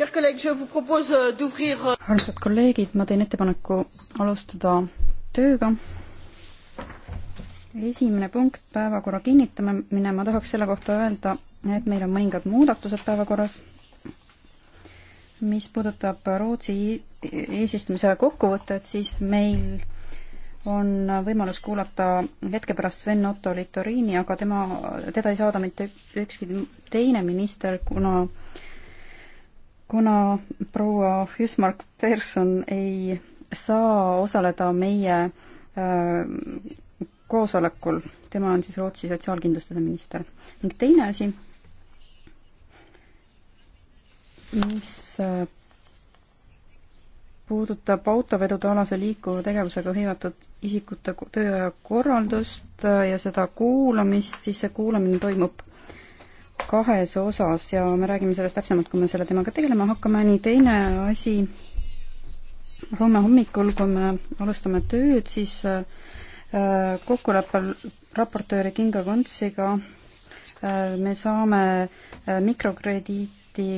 Euh, euh, armsad kolleegid, ma teen ettepaneku alustada tööga. esimene punkt, päevakorra kinnitamine, ma tahaks selle kohta öelda, et meil on mõningad muudatused päevakorras, mis puudutab Rootsi eesistumise kokkuvõtet, siis meil on võimalus kuulata hetke pärast Sven Otto Littorini, aga tema, teda ei saada mitte ükski teine minister, kuna äh, kuna proua Hüsmark Pearson ei saa osaleda meie äh, koosolekul, tema on siis Rootsi sotsiaalkindlustuse minister. ning teine asi, mis äh, puudutab autovedude alase liikuva tegevusega hõivatud isikute tööaja korraldust äh, ja seda kuulamist, siis see kuulamine toimub kahes osas ja me räägime sellest täpsemalt, kui me selle teemaga tegelema hakkame, nii teine asi, homme hommikul, kui me alustame tööd, siis äh, kokkuleppel raportööri Kinga Kontsiga äh, me saame äh, mikrokrediiti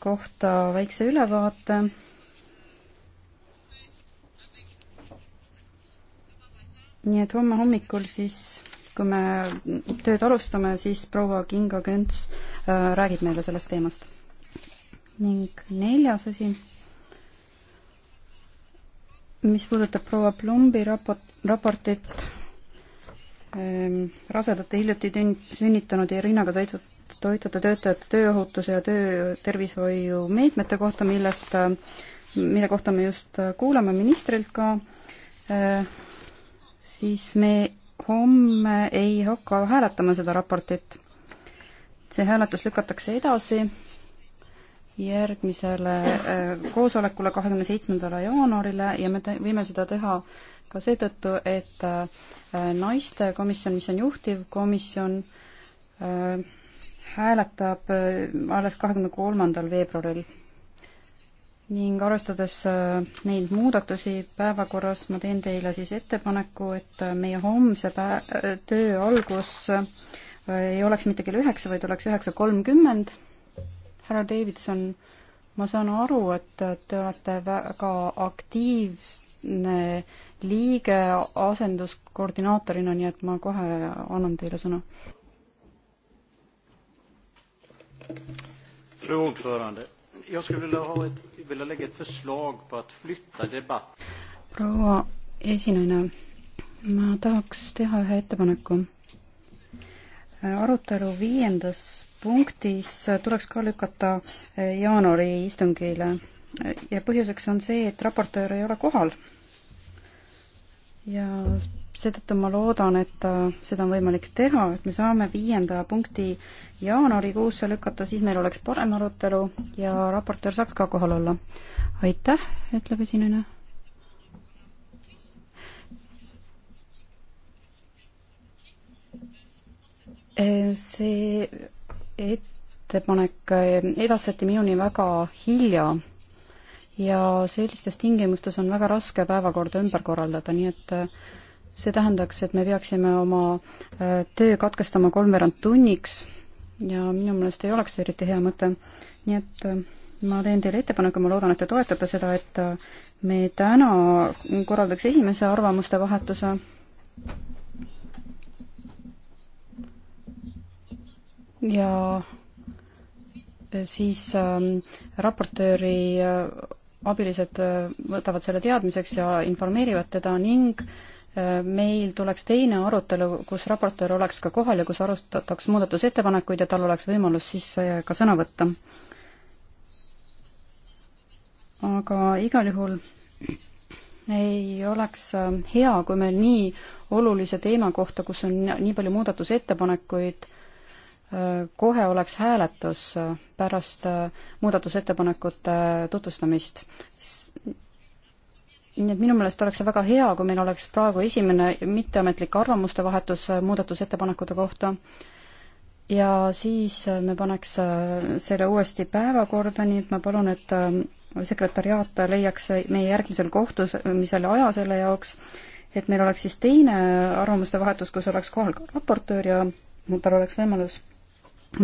kohta väikse ülevaate nii et homme hommikul siis kui me tööd alustame, siis proua Kinga Künts äh, räägib meile sellest teemast. ning neljas asi, mis puudutab proua Plumbi raport, raportit ähm, rasedate hiljuti tün-, sünnitanud ja rinnaga toitud toitude töötajate tööohutuse ja töötervishoiu meetmete kohta, millest, äh, mille kohta me just äh, kuulame ministrilt ka äh,, siis me homme ei hakka hääletama seda raportit. see hääletus lükatakse edasi järgmisele äh, koosolekule, kahekümne seitsmendale jaanuarile ja me võime seda teha ka seetõttu, et äh, naistekomisjon, mis on juhtivkomisjon, äh, hääletab alles kahekümne kolmandal veebruaril ning arvestades äh, neid muudatusi päevakorras, ma teen teile siis ettepaneku, et äh, meie homse pä-, äh, töö algus ei oleks mitte kell üheksa, vaid oleks üheksa kolmkümmend. härra Davidson, ma saan aru, et te olete väga aktiivne liige asenduskoordinaatorina, nii et ma kohe annan teile sõna. Fru ordförande, jag skulle vilja ha ett vilja lägga ett förslag på att flytta debatt. proua esinaine, ma tahaks teha ühe ettepaneku. arutelu viiendas punktis tuleks ka lükata jaanuari istungile ja põhjuseks on see, et raportöör ei ole kohal. ja seetõttu ma loodan, et äh, seda on võimalik teha, et me saame viienda punkti jaanuarikuusse lükata, siis meil oleks parem arutelu ja raportöör saaks ka kohal olla. aitäh, ütleb esineja. Äh, see ettepanek äh, edastati minuni väga hilja ja sellistes tingimustes on väga raske päevakorda ümber korraldada, nii et äh, see tähendaks, et me peaksime oma äh, töö katkestama kolmveerand tunniks ja minu meelest ei oleks see eriti hea mõte. nii et äh, ma teen teile ettepaneku, ma loodan, et te toetate seda, et äh, me täna korraldaks esimese arvamuste vahetuse ja siis äh, raportööri äh, abilised äh, võtavad selle teadmiseks ja informeerivad teda ning äh, meil tuleks teine arutelu, kus raportöör oleks ka kohal ja kus arutataks muudatusettepanekuid ja tal oleks võimalus siis äh, ka sõna võtta. aga igal juhul ei oleks äh, hea, kui meil nii olulise teema kohta, kus on nii palju muudatusettepanekuid, äh, kohe oleks hääletus pärast muudatusettepanekute tutvustamist nii et minu meelest oleks see väga hea, kui meil oleks praegu esimene mitteametlik arvamuste vahetus äh, muudatusettepanekute kohta ja siis äh, me paneks äh, selle uuesti päevakorda, nii et ma palun, et sekretäriaat leiaks meie järgmisel kohtumisel aja selle jaoks, et meil oleks siis teine arvamuste vahetus, kus oleks kohal ka raportöör ja tal oleks võimalus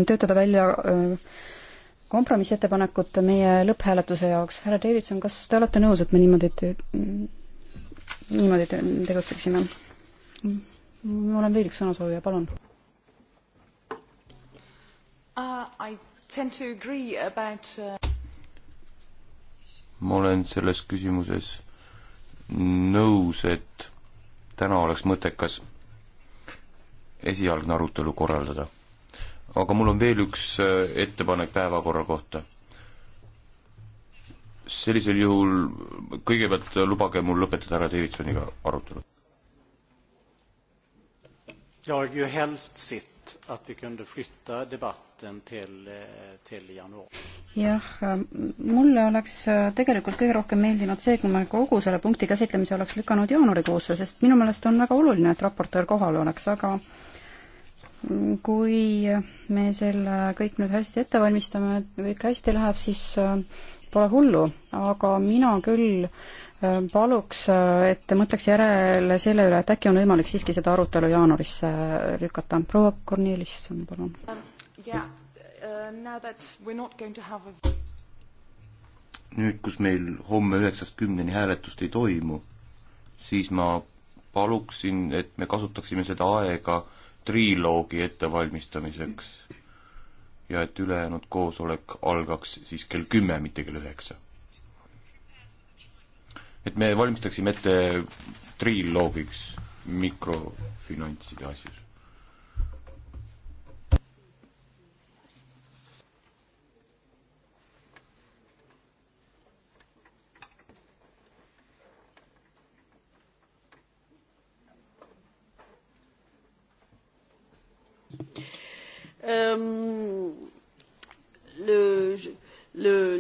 töötada välja öö, kompromissettepanekut meie lõpphääletuse jaoks. härra Davidson, kas te olete nõus, et me niimoodi töö, niimoodi tegutseksime? mul on veel üks sõnasoovija, palun uh,. About... Uh, ma olen selles küsimuses nõus, et täna oleks mõttekas esialgne arutelu korraldada aga mul on veel üks äh, ettepanek päevakorra kohta. sellisel juhul kõigepealt lubage mul lõpetada härra Davidsoniga arutelu. Jag hade ju helst sett att vi kunde flytta debatten till, eh, till januari. jah, ähm, mulle oleks äh, tegelikult kõige rohkem meeldinud see, kui me kogu selle punkti käsitlemise oleks lükanud jaanuarikuusse, sest minu meelest on väga oluline, et raportöör kohal oleks, aga äh, kui me selle kõik nüüd hästi ette valmistame, et kõik hästi läheb, siis äh, pole hullu, aga mina küll äh, paluks, äh, et te mõtleks järele selle üle, et äkki on võimalik siiski seda arutelu jaanuarisse lükata. proua Kornelisson, palun. Um, uh, nüüd, kus meil homme üheksast kümneni hääletust ei toimu, siis ma paluksin, et me kasutaksime seda aega triloogi ettevalmistamiseks ja et ülejäänud koosolek algaks siis kell kümme, mitte kell üheksa. et me valmistaksime ette triloogiks mikrofinantside asjus. Euh, le, le,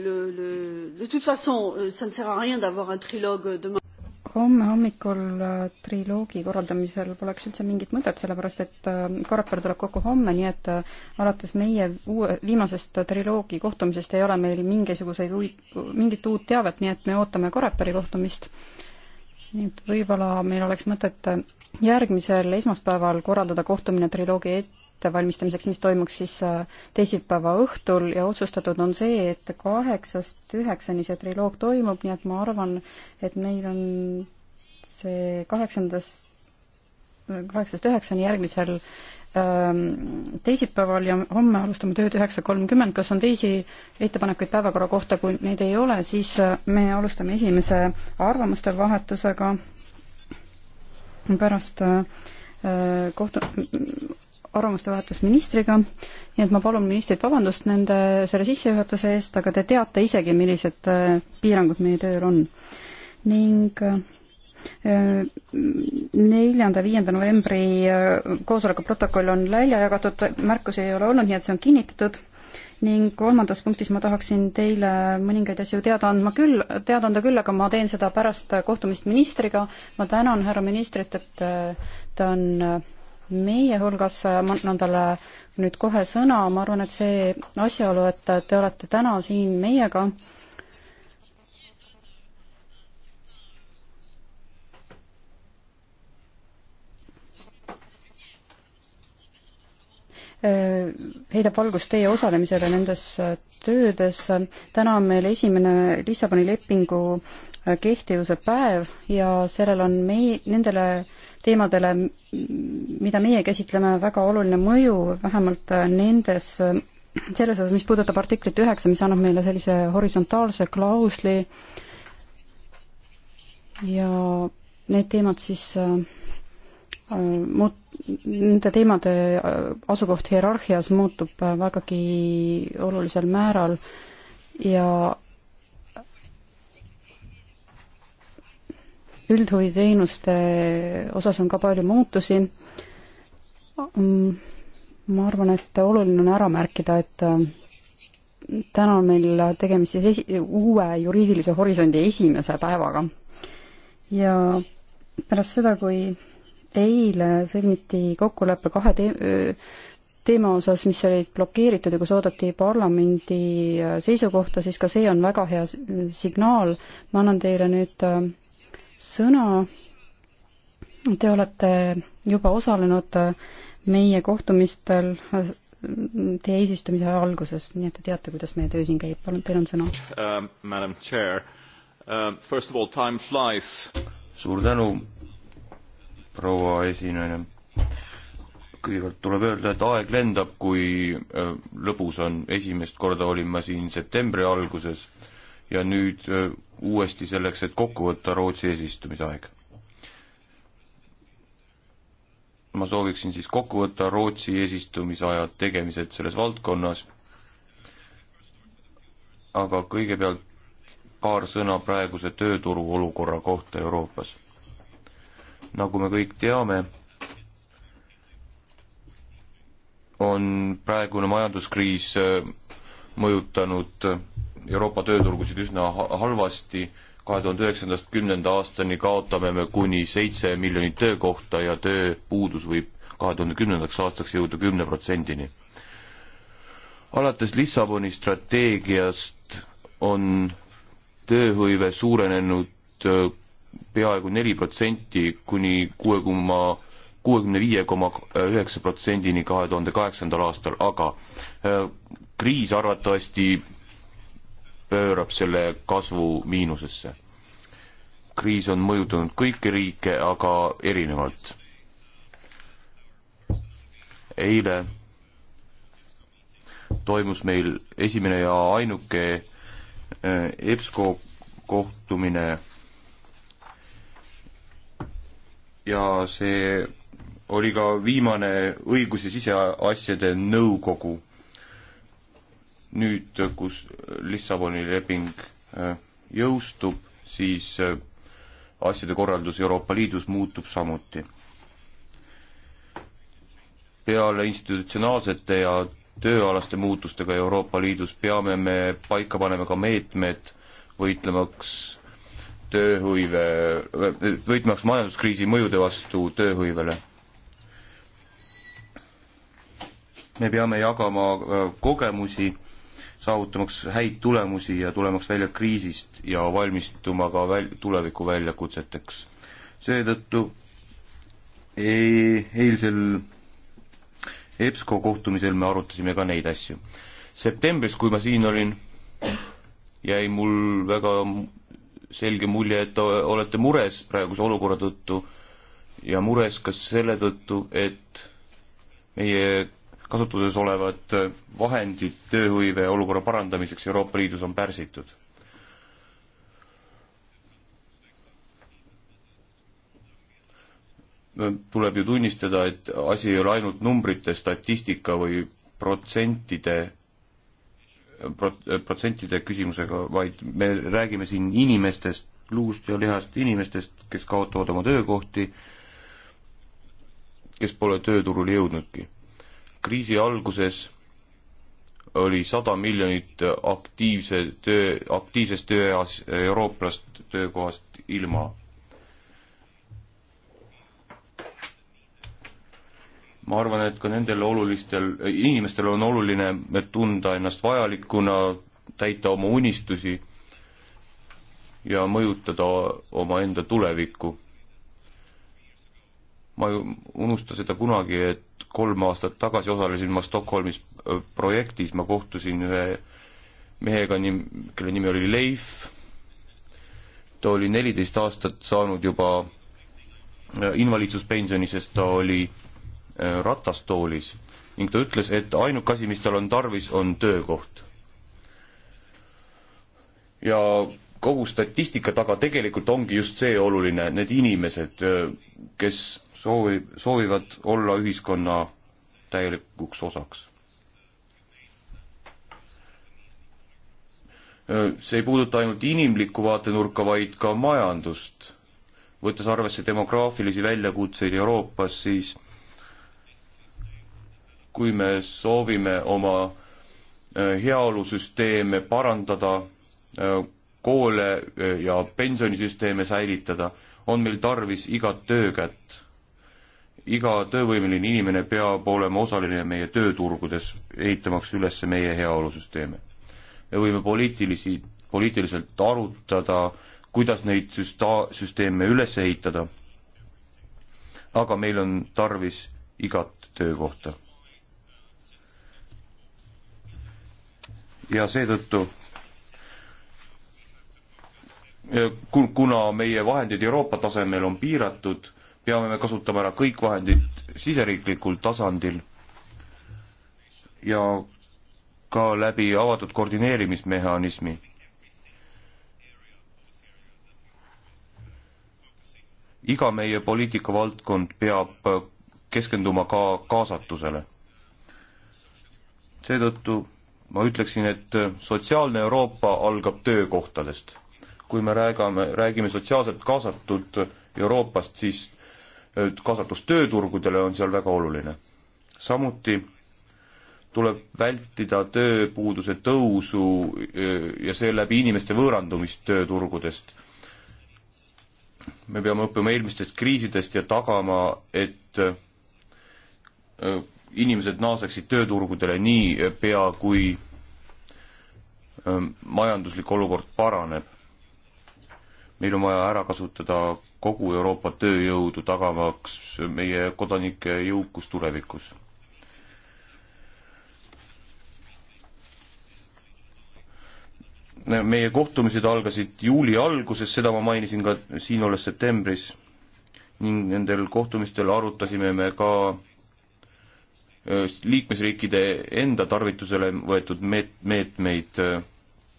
le, le, de toute façon, euh, ça ne sert à rien d'avoir un trilogue demain homme hommikul euh, triloogi korraldamisel poleks üldse mingit mõtet, sellepärast et äh, Karapäev tuleb kokku homme, nii et äh, alates meie uue, viimasest triloogi kohtumisest ei ole meil mingisuguseid uid, mingit uut teavet, nii et me ootame Karapäevi kohtumist. nii et võib-olla meil oleks mõtet äh, järgmisel esmaspäeval korraldada kohtumine triloogi et-, ettevalmistamiseks, mis toimuks siis äh, teisipäeva õhtul ja otsustatud on see, et kaheksast üheksani see triloog toimub, nii et ma arvan, et meil on see kaheksandast, kaheksast üheksani järgmisel ähm, teisipäeval ja homme alustame tööd üheksa kolmkümmend, kas on teisi ettepanekuid päevakorra kohta, kui neid ei ole, siis äh, me alustame esimese arvamuste vahetusega pärast äh, kohtu-, arvamuste vahetus ministriga, nii et ma palun ministrit vabandust nende, selle sissejuhatuse eest, aga te teate isegi, millised äh, piirangud meie tööl on. ning äh, äh, neljanda-viienda novembri koosoleku protokoll on välja jagatud, märkusi ei ole olnud, nii et see on kinnitatud ning kolmandas punktis ma tahaksin teile mõningaid asju teada andma küll, teada anda küll, aga ma teen seda pärast kohtumist ministriga. ma tänan härra ministrit, et ta on meie hulgas, ma annan talle nüüd kohe sõna, ma arvan, et see asjaolu, et te olete täna siin meiega, äh, heidab valgust teie osalemisele nendes äh, töödes. täna on meil esimene Lissaboni lepingu äh, kehtivuse päev ja sellel on mei-, nendele äh, teemadele, mida meie käsitleme, väga oluline mõju, vähemalt nendes, selles osas, mis puudutab artiklit üheksa, mis annab meile sellise horisontaalse klausli ja need teemad siis äh, muut-, nende teemade äh, asukoht hierarhias muutub vägagi olulisel määral ja üldhuviteenuste osas on ka palju muutusi. ma arvan, et oluline on ära märkida, et äh, täna on meil tegemist siis esi-, uue juriidilise horisondi esimese päevaga. ja pärast seda, kui eile sõlmiti kokkulepe kahe tee-, teema osas, mis olid blokeeritud ja kus oodati parlamendi äh, seisukohta, siis ka see on väga hea signaal. ma annan teile nüüd äh, sõna. Te olete juba osalenud meie kohtumistel teie eesistumise aja alguses, nii et te teate, kuidas meie töö siin käib, palun, teil on sõna uh,. Madam Chair uh,, first of all time flies. suur tänu, proua esinaine. kõigepealt tuleb öelda, et aeg lendab, kui uh, lõbus on, esimest korda olin ma siin septembri alguses ja nüüd uuesti selleks, et kokku võtta Rootsi eesistumise aeg. ma sooviksin siis kokku võtta Rootsi eesistumise aja tegemised selles valdkonnas, aga kõigepealt paar sõna praeguse tööturu olukorra kohta Euroopas. nagu me kõik teame, on praegune majanduskriis mõjutanud Euroopa tööturgusid üsna halvasti, kahe tuhande üheksandast kümnenda aastani kaotame me kuni seitse miljonit töökohta ja tööpuudus võib kahe tuhande kümnendaks aastaks jõuda kümne protsendini. alates Lissaboni strateegiast on tööhõive suurenenud peaaegu neli protsenti kuni kuue koma kuuekümne viie koma üheksa protsendini kahe tuhande kaheksandal aastal, aga kriis arvatavasti pöörab selle kasvu miinusesse. kriis on mõjutanud kõiki riike, aga erinevalt. eile toimus meil esimene ja ainuke äh, EBSCO kohtumine ja see oli ka viimane õigus- ja siseasjade nõukogu nüüd, kus Lissaboni leping äh, jõustub, siis äh, asjade korraldus Euroopa Liidus muutub samuti. peale institutsionaalsete ja tööalaste muutustega Euroopa Liidus peame me paika panema ka meetmed võitlemaks tööhõive, võitlemaks majanduskriisi mõjude vastu tööhõivele. me peame jagama äh, kogemusi saavutamaks häid tulemusi ja tulemaks välja kriisist ja valmistuma ka väl-, tuleviku väljakutseteks. seetõttu ei, eilsel EBSCO kohtumisel me arutasime ka neid asju. septembris, kui ma siin olin, jäi mul väga selge mulje, et te olete mures praeguse olukorra tõttu ja mures ka selle tõttu, et meie kasutuses olevad vahendid tööhõive olukorra parandamiseks Euroopa Liidus on pärsitud. tuleb ju tunnistada, et asi ei ole ainult numbrite, statistika või protsentide prot-, protsentide küsimusega, vaid me räägime siin inimestest, luust ja lihast inimestest, kes kaotavad oma töökohti, kes pole tööturule jõudnudki kriisi alguses oli sada miljonit aktiivse töö, aktiivses tööeas eurooplast töökohast ilma. ma arvan, et ka nendel olulistel, inimestel on oluline tunda ennast vajalikuna, täita oma unistusi ja mõjutada omaenda tulevikku ma ei unusta seda kunagi, et kolm aastat tagasi osalesin ma Stockholmis projektis, ma kohtusin ühe mehega, kelle nimi oli Leif, ta oli neliteist aastat saanud juba invaliidsuspensioni, sest ta oli ratastoolis ning ta ütles, et ainuke asi, mis tal on tarvis, on töökoht. ja kogu statistika taga tegelikult ongi just see oluline, need inimesed, kes soovi, soovivad olla ühiskonna täielikuks osaks. see ei puuduta ainult inimlikku vaatenurka, vaid ka majandust. võttes arvesse demograafilisi väljakutseid Euroopas, siis kui me soovime oma heaolusüsteeme parandada, koole ja pensionisüsteeme säilitada, on meil tarvis igat töökätt iga töövõimeline inimene peab olema osaline meie tööturgudes, ehitamaks üles meie heaolusüsteeme. me võime poliitilisi, poliitiliselt arutada, kuidas neid süsta-, süsteeme üles ehitada, aga meil on tarvis igat töökohta. ja seetõttu kuna meie vahendid Euroopa tasemel on piiratud, peame me kasutama ära kõik vahendid siseriiklikul tasandil ja ka läbi avatud koordineerimismehhanismi. iga meie poliitikavaldkond peab keskenduma ka kaasatusele. seetõttu ma ütleksin, et sotsiaalne Euroopa algab töökohtadest. kui me räägame, räägime sotsiaalselt kaasatud Euroopast, siis kaasatus tööturgudele on seal väga oluline. samuti tuleb vältida tööpuuduse tõusu äh, ja seeläbi inimeste võõrandumist tööturgudest. me peame õppima eelmistest kriisidest ja tagama, et äh, inimesed naaseksid tööturgudele niipea, kui äh, majanduslik olukord paraneb meil on vaja ära kasutada kogu Euroopa tööjõudu, tagamaks meie kodanike jõukus tulevikus. meie kohtumised algasid juuli alguses, seda ma mainisin ka siin olles septembris ning nendel kohtumistel arutasime me ka liikmesriikide enda tarvitusele võetud meet-, meetmeid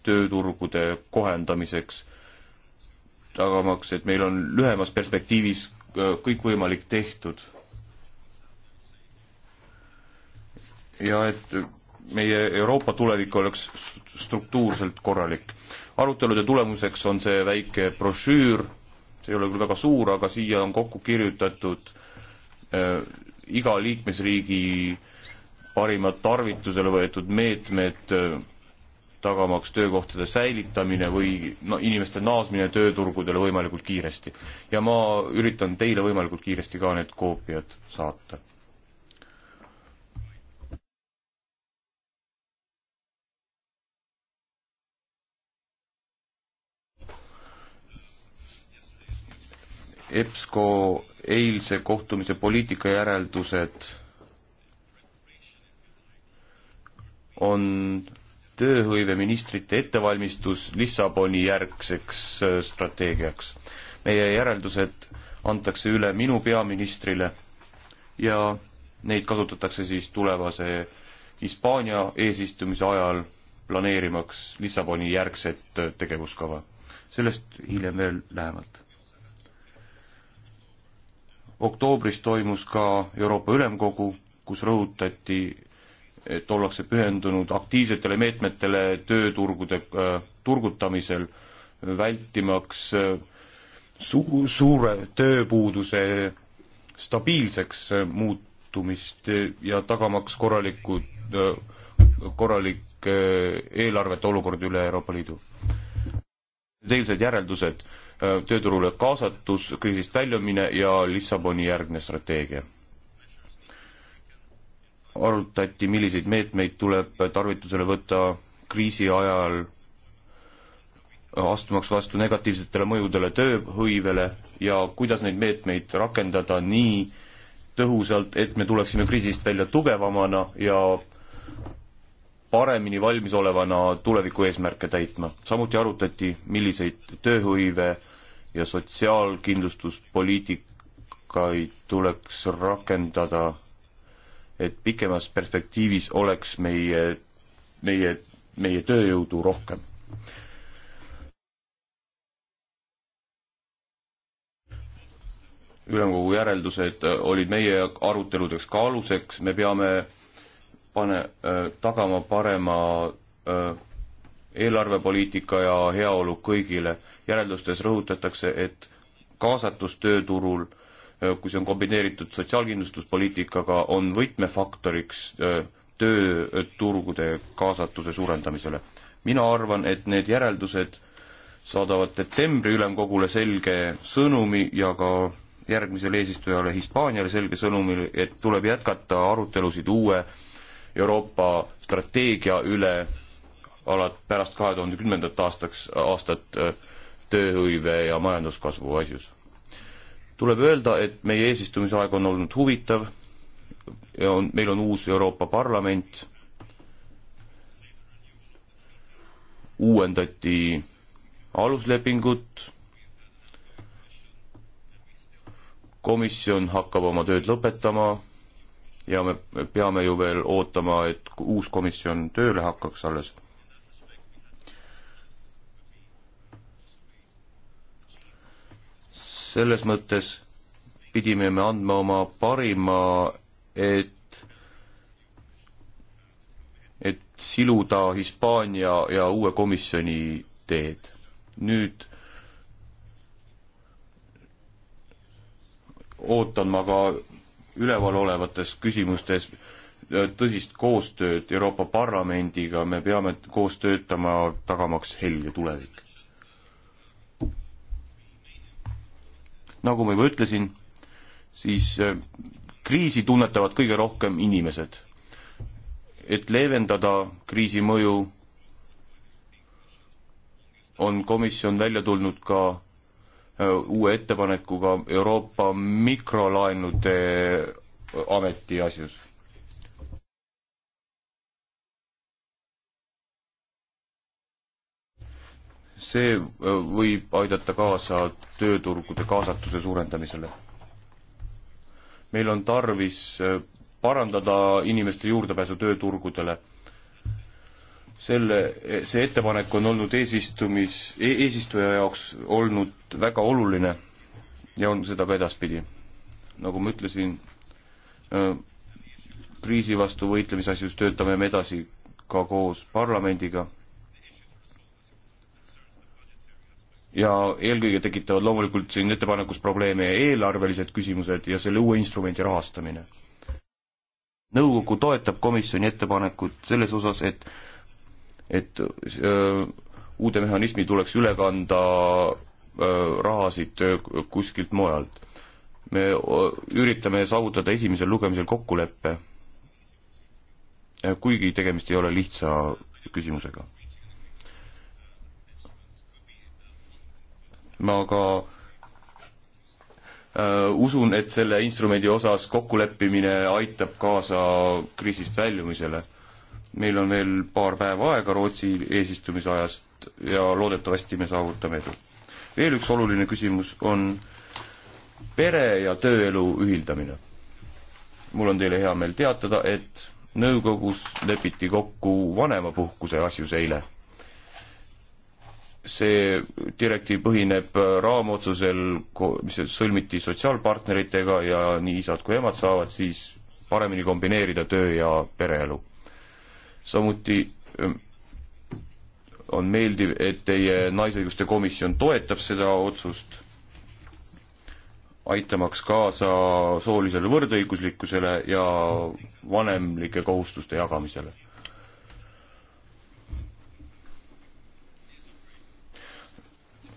tööturgude kohendamiseks tagamaks, et meil on lühemas perspektiivis äh, kõikvõimalik tehtud. ja et meie Euroopa tulevik oleks struktuurselt korralik. arutelude tulemuseks on see väike brošüür, see ei ole küll väga suur, aga siia on kokku kirjutatud äh, iga liikmesriigi parimad tarvitusele võetud meetmed äh, tagamaks töökohtade säilitamine või no inimeste naasmine tööturgudele võimalikult kiiresti. ja ma üritan teile võimalikult kiiresti ka need koopiad saata. EBSCO eilse kohtumise poliitikajäreldused on tööhõiveministrite ettevalmistus Lissaboni järgseks äh, strateegiaks. meie järeldused antakse üle minu peaministrile ja neid kasutatakse siis tulevase Hispaania eesistumise ajal planeerimaks Lissaboni järgset äh, tegevuskava. sellest hiljem veel lähemalt. oktoobris toimus ka Euroopa Ülemkogu, kus rõhutati et ollakse pühendunud aktiivsetele meetmetele tööturgude äh, turgutamisel, vältimaks äh, su-, suure tööpuuduse stabiilseks äh, muutumist ja tagamaks korralikud, korralik eelarvete olukord üle Euroopa Liidu. eilsed järeldused, tööturule kaasatus, kriisist väljumine ja Lissaboni järgne strateegia arutati, milliseid meetmeid tuleb tarvitusele võtta kriisi ajal, astumaks vastu negatiivsetele mõjudele tööhõivele ja kuidas neid meetmeid rakendada nii tõhusalt, et me tuleksime kriisist välja tugevamana ja paremini valmis olevana tuleviku eesmärke täitma. samuti arutati, milliseid tööhõive ja sotsiaalkindlustuspoliitikaid tuleks rakendada et pikemas perspektiivis oleks meie, meie, meie tööjõudu rohkem. ülemkogu järeldused olid meie aruteludeks ka aluseks, me peame pane, äh, tagama parema äh, eelarvepoliitika ja heaolu kõigile. järeldustes rõhutatakse, et kaasatus tööturul Äh, kui see on kombineeritud sotsiaalkindlustuspoliitikaga, on võtmefaktoriks äh, tööturgude kaasatuse suurendamisele. mina arvan, et need järeldused saadavad detsembri ülemkogule selge sõnumi ja ka järgmisele eesistujale Hispaaniale selge sõnumi, et tuleb jätkata arutelusid uue Euroopa strateegia üle alat-, pärast kahe tuhande kümnendat aastaks, aastat äh, tööhõive ja majanduskasvu asjus tuleb öelda, et meie eesistumisaeg on olnud huvitav ja on, meil on uus Euroopa Parlament, uuendati aluslepingut, komisjon hakkab oma tööd lõpetama ja me peame ju veel ootama, et uus komisjon tööle hakkaks alles selles mõttes pidime me andma oma parima, et, et siluda Hispaania ja uue komisjoni teed. nüüd ootan ma ka üleval olevates küsimustes tõsist koostööd Euroopa Parlamendiga, me peame koos töötama, tagamaks helge tulevik. nagu ma juba ütlesin, siis äh, kriisi tunnetavad kõige rohkem inimesed. et leevendada kriisi mõju, on komisjon välja tulnud ka äh, uue ettepanekuga Euroopa mikrolaenude äh, ameti asjus see äh, võib aidata kaasa tööturgude kaasatuse suurendamisele. meil on tarvis äh, parandada inimeste juurdepääsu tööturgudele. selle, see ettepanek on olnud eesistumis e, eesistuja jaoks olnud väga oluline ja on seda ka edaspidi. nagu ma ütlesin, äh, kriisi vastu võitlemise asjus töötame me edasi ka koos parlamendiga ja eelkõige tekitavad loomulikult siin ettepanekus probleeme eelarvelised küsimused ja selle uue instrumendi rahastamine. nõukogu toetab komisjoni ettepanekut selles osas, et et öö, uude mehhanismi tuleks üle kanda öö, rahasid öö, kuskilt mujalt. me öö, üritame saavutada esimesel lugemisel kokkuleppe, kuigi tegemist ei ole lihtsa küsimusega ma ka äh, usun, et selle instrumendi osas kokkuleppimine aitab kaasa kriisist väljumisele. meil on veel paar päeva aega Rootsi eesistumisajast ja loodetavasti me saavutame edu. veel üks oluline küsimus on pere- ja tööelu ühildamine. mul on teile hea meel teatada, et nõukogus lepiti kokku vanemapuhkuse asjus eile see direktiiv põhineb äh, raamotsusel, mis sõlmiti sotsiaalpartneritega ja nii isad kui emad saavad siis paremini kombineerida töö ja pereelu. samuti ähm, on meeldiv, et teie Naisõiguste Komisjon toetab seda otsust, aitamaks kaasa soolisele võrdõiguslikkusele ja vanemlike kohustuste jagamisele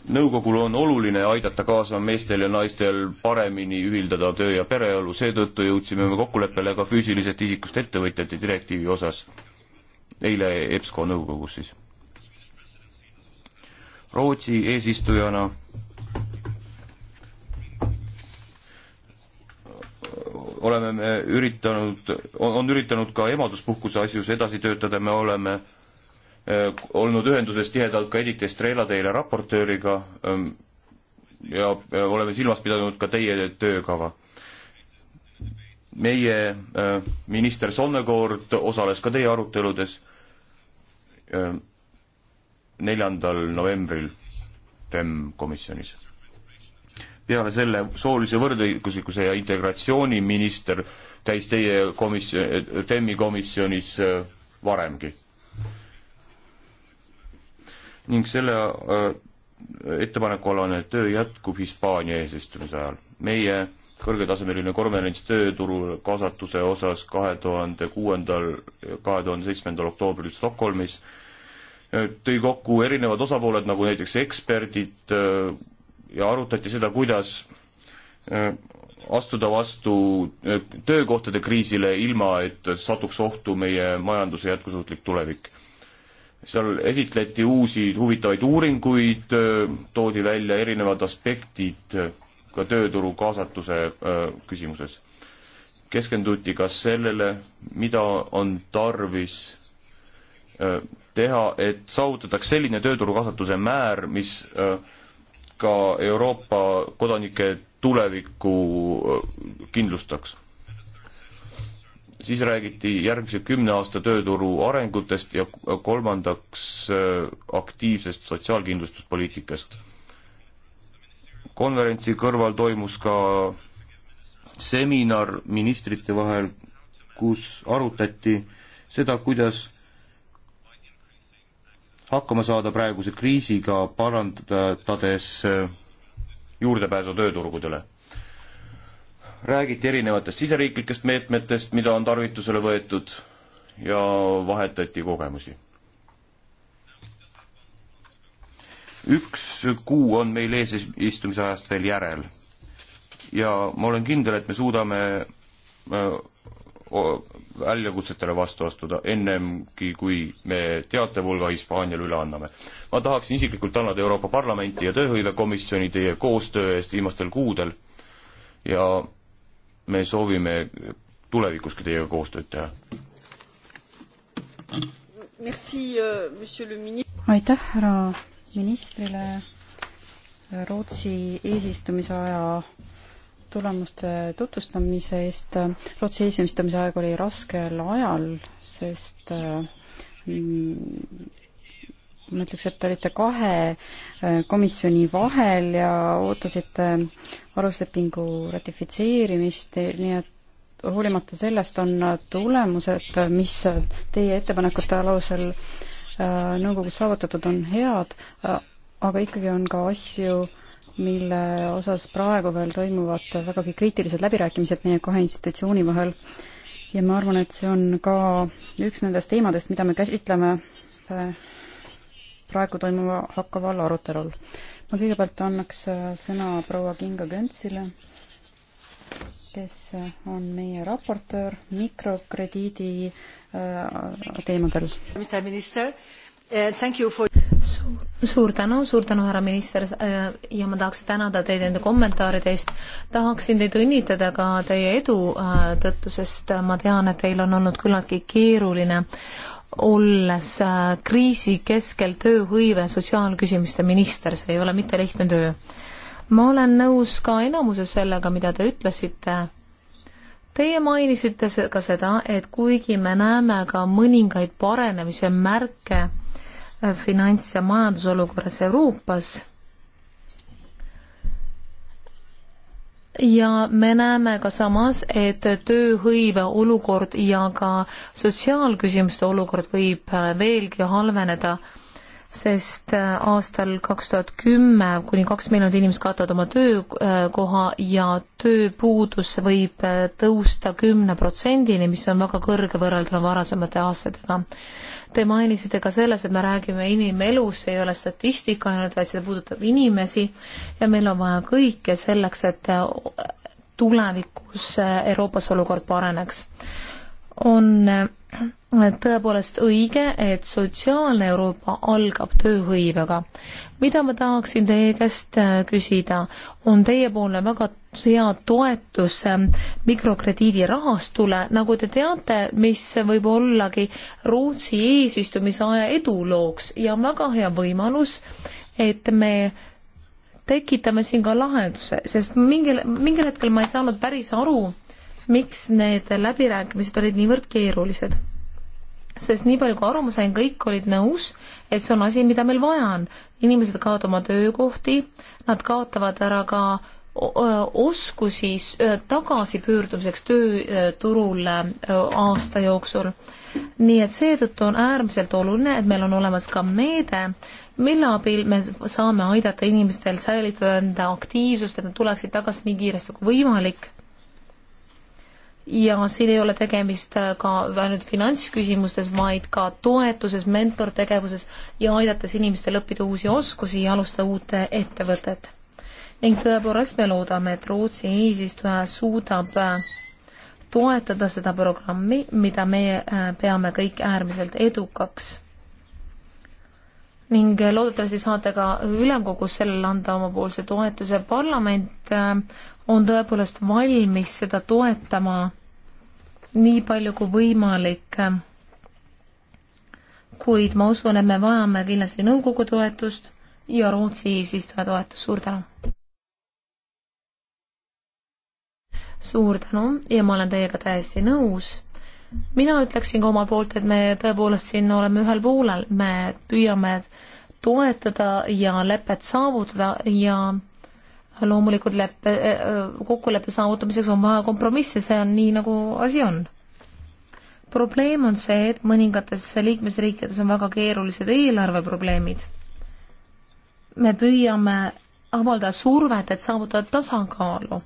nõukogul on oluline aidata kaasa meestel ja naistel paremini ühildada töö ja pereelu, seetõttu jõudsime me kokkuleppele ka füüsilisest isikust ettevõtjate direktiivi osas. eile EBSCO nõukogus siis. Rootsi eesistujana oleme me üritanud, on üritanud ka emaduspuhkuse asjus edasi töötada, me oleme äh, Äh, olnud ühenduses tihedalt ka Edith Estrela teile raportööriga ähm, ja oleme silmas pidanud ka teie töökava. meie äh, minister Sonnekoord osales ka teie aruteludes ähm, neljandal novembril FEM komisjonis. peale selle soolise võrdõiguslikkuse ja integratsiooni minister käis teie komisjon, FEM-i komisjonis äh, varemgi ning selle äh, ettepanekualane töö jätkub Hispaania eesistumise ajal. meie kõrgetasemeline konverents tööturu kaasatuse osas kahe tuhande kuuendal, kahe tuhande seitsmendal oktoobril Stockholmis äh, tõi kokku erinevad osapooled, nagu näiteks eksperdid äh, ja arutati seda, kuidas astuda vastu töökohtade kriisile, ilma et satuks ohtu meie majanduse jätkusuutlik tulevik seal esitleti uusi huvitavaid uuringuid, toodi välja erinevad aspektid ka tööturu kaasatuse äh, küsimuses. keskenduti ka sellele, mida on tarvis äh, teha, et saavutataks selline tööturu kaasatuse määr, mis äh, ka Euroopa kodanike tulevikku kindlustaks siis räägiti järgmise kümne aasta tööturu arengutest ja kolmandaks äh, aktiivsest sotsiaalkindlustuspoliitikast. konverentsi kõrval toimus ka seminar ministrite vahel, kus arutati seda, kuidas hakkama saada praeguse kriisiga, parandades äh, juurdepääsu tööturgudele räägiti erinevatest siseriiklikest meetmetest, mida on tarvitusele võetud ja vahetati kogemusi. üks kuu on meil eesistumise ajast veel järel ja ma olen kindel, et me suudame äh, väljakutsetele vastu astuda ennemgi, kui me teatepulga Hispaaniale üle anname. ma tahaksin isiklikult tänada Euroopa Parlamenti ja Tööhõivekomisjoni teie koostöö eest viimastel kuudel ja me soovime tulevikuski teiega koostööd teha. Euh, aitäh härra ministrile Rootsi eesistumise aja tulemuste tutvustamise eest. Rootsi eesistumise aeg oli raskel ajal, sest äh, ma ütleks, et te olite kahe äh, komisjoni vahel ja ootasite äh, aluslepingu ratifitseerimist, nii et hoolimata sellest on tulemused, mis teie ettepanekute alusel äh, nõukogus saavutatud on head, aga ikkagi on ka asju, mille osas praegu veel toimuvad vägagi kriitilised läbirääkimised meie kahe institutsiooni vahel ja ma arvan, et see on ka üks nendest teemadest, mida me käsitleme praegu toimuma hakkaval arutelul. ma kõigepealt annaks äh, sõna proua Kinga Köntsile, kes äh, on meie raportöör mikrokrediidi äh, teemadel. Eh, for... suur, suur tänu, suur tänu, härra minister ja ma tahaks tänada teid nende kommentaaride eest. tahaksin teid õnnitleda ka teie edu tõttu, sest ma tean, et teil on olnud küllaltki keeruline olles äh, kriisi keskel tööhõive sotsiaalküsimuste minister, see ei ole mitte lihtne töö. ma olen nõus ka enamuse sellega, mida te ütlesite. Teie mainisite ka seda, et kuigi me näeme ka mõningaid paranemise märke äh, finants- ja majandusolukorras Euroopas ja me näeme ka samas, et tööhõive olukord ja ka sotsiaalküsimuste olukord võib äh, veelgi halveneda sest äh, aastal kaks tuhat kümme kuni kaks miljonit inimest kaotavad oma töökoha äh, ja tööpuudus võib äh, tõusta kümne protsendini, mis on väga kõrge võrrelduna varasemate aastatega. Te mainisite ka selles, et me räägime inimelust, see ei ole statistika ainult, vaid see puudutab inimesi ja meil on vaja kõike selleks, et tulevikus Euroopas olukord paraneks. on tõepoolest õige, et sotsiaalne Euroopa algab tööhõivega. mida ma tahaksin teie käest äh, küsida, on teiepoolne väga hea toetus äh, mikrokrediidirahastule, nagu te teate, mis võib ollagi Rootsi eesistumise aja edulooks ja on väga hea võimalus, et me tekitame siin ka lahenduse, sest mingil, mingil hetkel ma ei saanud päris aru, miks need läbirääkimised olid niivõrd keerulised. sest nii palju, kui aru ma sain, kõik olid nõus, et see on asi, mida meil vaja on. inimesed kaotavad oma töökohti, nad kaotavad ära ka oskusi tagasipöördumiseks tööturule aasta jooksul. nii et seetõttu on äärmiselt oluline, et meil on olemas ka meede, mille abil me saame aidata inimestel säilitada enda aktiivsust, et nad tuleksid tagasi nii kiiresti kui võimalik ja siin ei ole tegemist äh, ka ainult finantsküsimustes, vaid ka toetuses, mentortegevuses ja aidates inimestel õppida uusi oskusi ja alustada uut ettevõtet. ning tõepoolest me loodame, et Rootsi eesistuja suudab äh, toetada seda programmi, mida meie äh, peame kõik äärmiselt edukaks. ning loodetavasti saate ka ülemkogus sellele anda omapoolse toetuse, parlament on tõepoolest valmis seda toetama nii palju kui võimalik. kuid ma usun, et me vajame kindlasti nõukogu toetust ja Rootsi eesistuja toetust, suur tänu! suur tänu ja ma olen teiega täiesti nõus. mina ütleksin ka oma poolt, et me tõepoolest siin oleme ühel poolel, me püüame toetada ja lepet saavutada ja loomulikult leppe, äh, äh, kokkuleppe saavutamiseks on vaja kompromisse, see on nii, nagu asi on. probleem on see, et mõningates liikmesriikides on väga keerulised eelarveprobleemid. me püüame avaldada survet, et saavutada tasakaalu.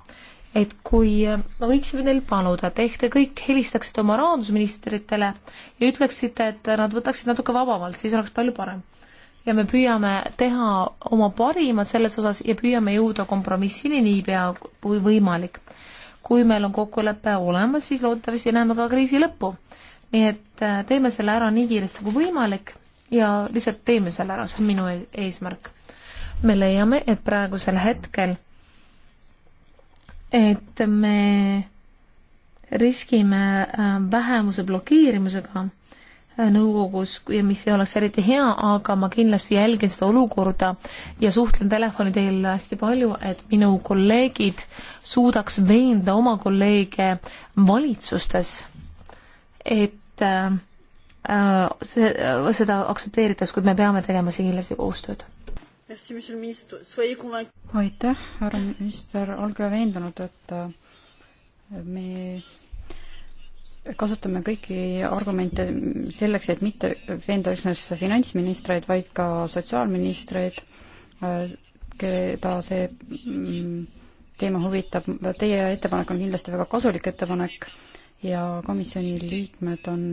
et kui, ma võiksin teil paluda, et ehk te kõik helistaksite oma rahandusministritele ja ütleksite, et nad võtaksid natuke vabamalt, siis oleks palju parem ja me püüame teha oma parimad selles osas ja püüame jõuda kompromissini niipea kui võimalik. kui meil on kokkulepe olemas, siis loodetavasti näeme ka kriisi lõppu. nii et äh, teeme selle ära nii kiiresti kui võimalik ja lihtsalt teeme selle ära, see on minu e-, eesmärk. me leiame, et praegusel hetkel, et me riskime äh, vähemuse blokeerimisega nõukogus ja mis ei oleks eriti hea, aga ma kindlasti jälgin seda olukorda ja suhtlen telefoni teel hästi palju, et minu kolleegid suudaks veenda oma kolleege valitsustes, et äh, äh see, äh, seda aktsepteerides, kuid me peame tegema siin kindlasti koostööd. aitäh, härra minister, olge veendunud, et äh, me kasutame kõiki argumente selleks, et mitte veenda üksnes finantsministreid, vaid ka sotsiaalministreid, keda see mm, teema huvitab. Teie ettepanek on kindlasti väga kasulik ettepanek ja komisjoni liikmed on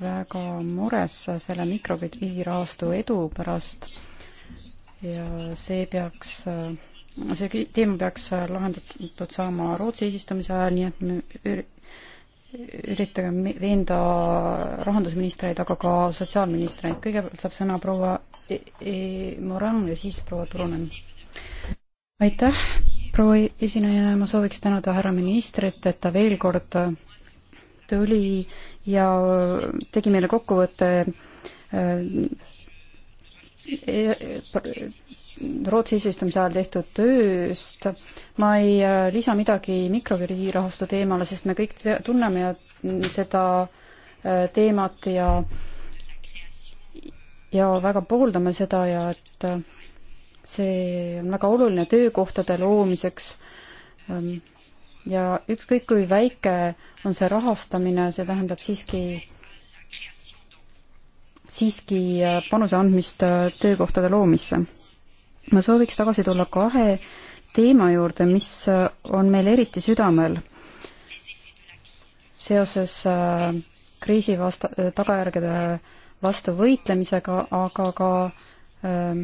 väga mures selle mikrokrediidirahastu edu pärast ja see peaks äh, see teema peaks lahendatud saama Rootsi eesistumise ajal, nii et me üritame veenda rahandusministreid, aga ka sotsiaalministreid. kõigepealt saab sõna proua e e Moran ja siis proua Turunen. aitäh, proua esinejana, ma sooviks tänada härra ministrit, et ta veel kord tuli ja tegi meile kokkuvõtte äh, Rootsi eesistumise ajal tehtud tööst. ma ei äh, lisa midagi mikrokradiirahastu teemale, sest me kõik te tunneme seda äh, teemat ja ja väga pooldame seda ja et äh, see on väga oluline töökohtade loomiseks. Ähm, ja ükskõik kui väike on see rahastamine, see tähendab siiski siiski äh, panuse andmist äh, töökohtade loomisse. ma sooviks tagasi tulla kahe teema juurde, mis äh, on meil eriti südamel seoses kriisi vasta-, tagajärgede vastu võitlemisega, aga ka ähm,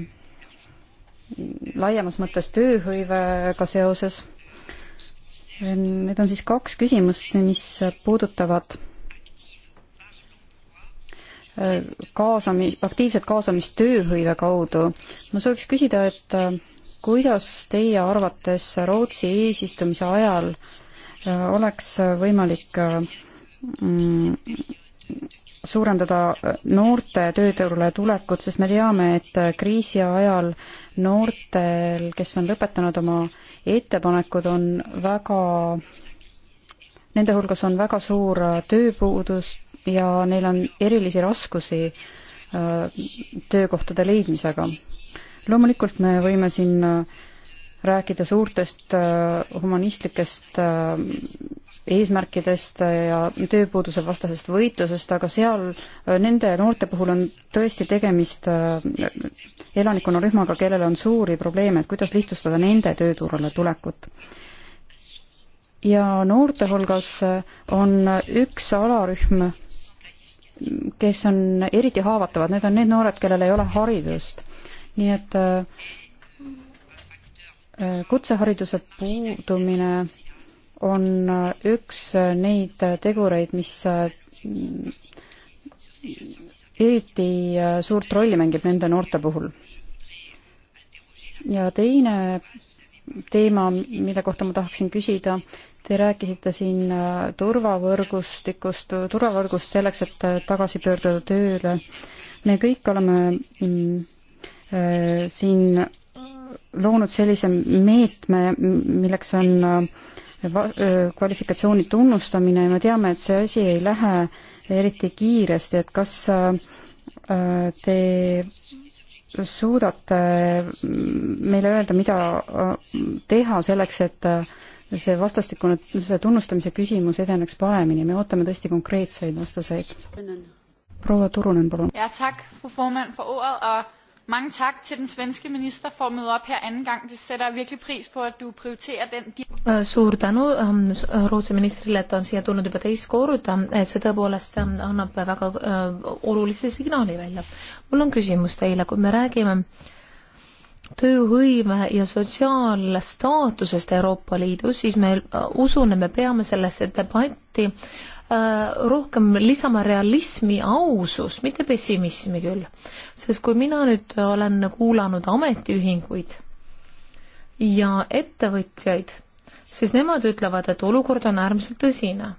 laiemas mõttes tööhõivega seoses. Need on siis kaks küsimust, mis puudutavad kaasami-, aktiivset kaasamist tööhõive kaudu. ma sooviks küsida, et äh, kuidas teie arvates Rootsi eesistumise ajal äh, oleks võimalik äh, mm, suurendada noorte tööturule tulekut, sest me teame, et kriisi ajal noortel, kes on lõpetanud oma ettepanekud, on väga, nende hulgas on väga suur tööpuudus, ja neil on erilisi raskusi äh, töökohtade leidmisega. loomulikult me võime siin äh, rääkida suurtest äh, humanistlikest eesmärkidest ja tööpuuduse vastasest võitlusest, aga seal nende noorte puhul on tõesti tegemist elanikkonnarühmaga, kellel on suuri probleeme, et kuidas lihtsustada nende tööturule tulekut. ja noorte hulgas on üks alarühm, kes on eriti haavatavad, need on need noored, kellel ei ole haridust. nii et äh, äh, kutsehariduse puudumine on äh, üks neid tegureid, mis eriti suurt rolli mängib nende noorte puhul. ja teine teema, mille kohta ma tahaksin küsida, Te rääkisite siin äh, turvavõrgustikust, turvavõrgust selleks, et äh, tagasi pöörduda tööle. me kõik oleme mm, äh, siin loonud sellise meetme, milleks on kvalifikatsiooni tunnustamine ja me teame, et see asi ei lähe eriti kiiresti, et kas te suudate meile öelda, mida teha selleks, et see vastastikune, see tunnustamise küsimus edeneks paremini, me ootame tõesti konkreetseid vastuseid. proua Turunen, palun. ja tak, fru Formann, for ordet og mange tak til den svenske minister for at møde op her anden gang. Det sætter virkelig pris på, at du prioriterer den. Äh, suur tänu ähm, äh, Rootsi ministrile, et ta on siia tulnud juba teist korda, et see tõepoolest ähm, annab väga äh, olulise signaali välja. mul on küsimus teile, kui me räägime äh, tööhõive ja sotsiaalstaatusest Euroopa Liidus, siis me äh, usun, et me peame sellesse debatti äh, rohkem lisama realismi, ausust, mitte pessimismi küll. sest kui mina nüüd olen kuulanud ametiühinguid ja ettevõtjaid, siis nemad ütlevad, et olukord on äärmiselt tõsine.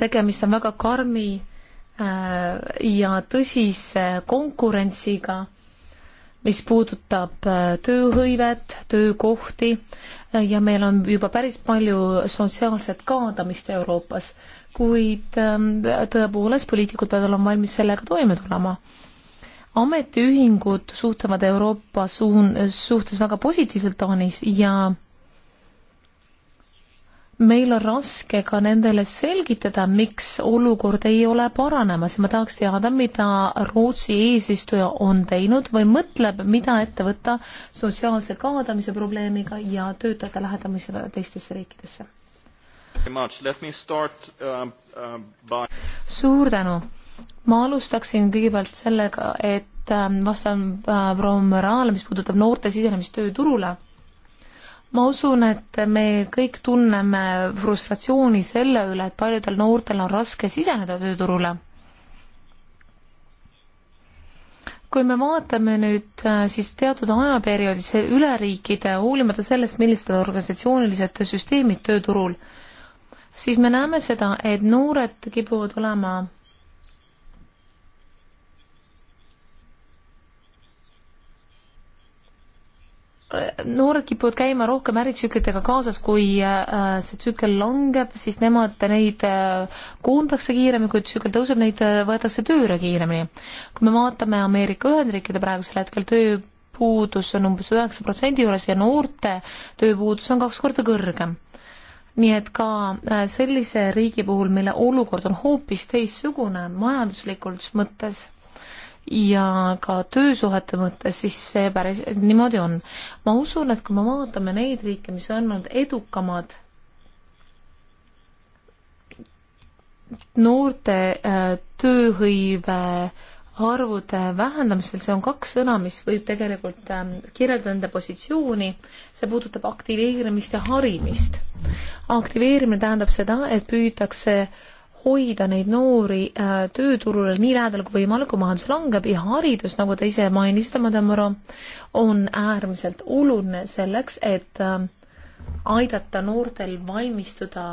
tegemist on väga karmi Äh, ja tõsise konkurentsiga, mis puudutab äh, tööhõivet, töökohti äh, ja meil on juba päris palju sotsiaalset kaadamist Euroopas, kuid ähm, tõepoolest poliitikud peavad olema valmis sellega toime tulema ametiühingud suhtuvad Euroopa suun-, suhtes väga positiivselt Taanis ja meil on raske ka nendele selgitada, miks olukord ei ole paranemas ja ma tahaks teada, mida Rootsi eesistuja on teinud või mõtleb, mida ette võtta sotsiaalse kaadamise probleemiga ja töötajate lähedamisega teistesse riikidesse. suur tänu. ma alustaksin kõigepealt sellega, et ähm, vastan äh, proua Meraale, mis puudutab noorte sisenemist tööturule ma usun, et me kõik tunneme frustratsiooni selle üle, et paljudel noortel on raske siseneda tööturule. kui me vaatame nüüd äh, siis teatud ajaperioodis üle riikide, hoolimata sellest, millised on organisatsioonilised süsteemid tööturul, siis me näeme seda, et noored kipuvad olema noored kipuvad käima rohkem äritsüklitega kaasas, kui äh, see tsükkel langeb, siis nemad, neid äh, koondatakse kiiremini, kui tsükkel tõuseb, neid äh, võetakse tööle kiiremini. kui me vaatame Ameerika Ühendriikide praegusel hetkel tööpuudus on umbes üheksa protsendi juures ja noorte tööpuudus on kaks korda kõrgem. nii et ka sellise riigi puhul, mille olukord on hoopis teistsugune majanduslikult mõttes ja ka töösuhete mõttes, siis see päris niimoodi on. ma usun, et kui me vaatame neid riike, mis on olnud edukamad noorte äh, tööhõive arvude vähendamisel, see on kaks sõna, mis võib tegelikult ähm, kirjeldada nende positsiooni, see puudutab aktiveerimist ja harimist. aktiveerimine tähendab seda, et püütakse äh, hoida neid noori äh, tööturule nii lähedal kui võimalik, kui majandus langeb ja haridus, nagu te ise mainisite, madam Moro, on äärmiselt oluline selleks, et äh, aidata noortel valmistuda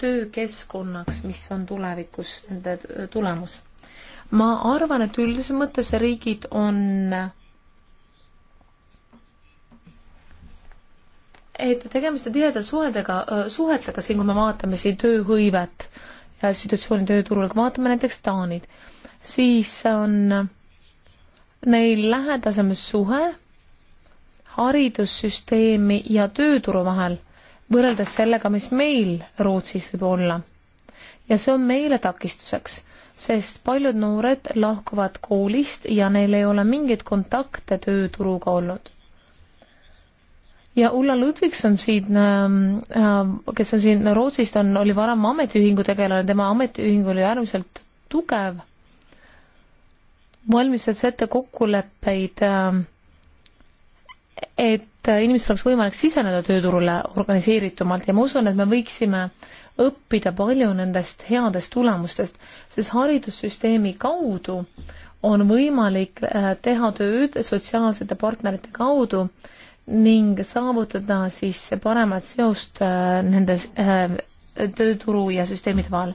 töökeskkonnaks, mis on tulevikus nende tulemus. ma arvan, et üldises mõttes riigid on et tegemist on tihedalt suhedega, äh, suhetega siin, kui me vaatame siin tööhõivet Äh, situatsiooni tööturul, kui vaatame näiteks Taanit, siis on neil lähedasem suhe haridussüsteemi ja tööturu vahel võrreldes sellega, mis meil Rootsis võib olla. ja see on meile takistuseks, sest paljud noored lahkuvad koolist ja neil ei ole mingeid kontakte tööturuga olnud ja Ulla Ludvigson siin, ähm, ähm, kes on siin Rootsist, on, oli varem ametiühingu tegelane, tema ametiühing oli äärmiselt tugev, valmistas ette kokkuleppeid, ähm, et inimestel oleks võimalik siseneda tööturule organiseeritumalt ja ma usun, et me võiksime õppida palju nendest headest tulemustest, sest haridussüsteemi kaudu on võimalik äh, teha tööd sotsiaalsete partnerite kaudu äh, ning saavutada siis paremat seost äh, nende äh, tööturu ja süsteemide vahel.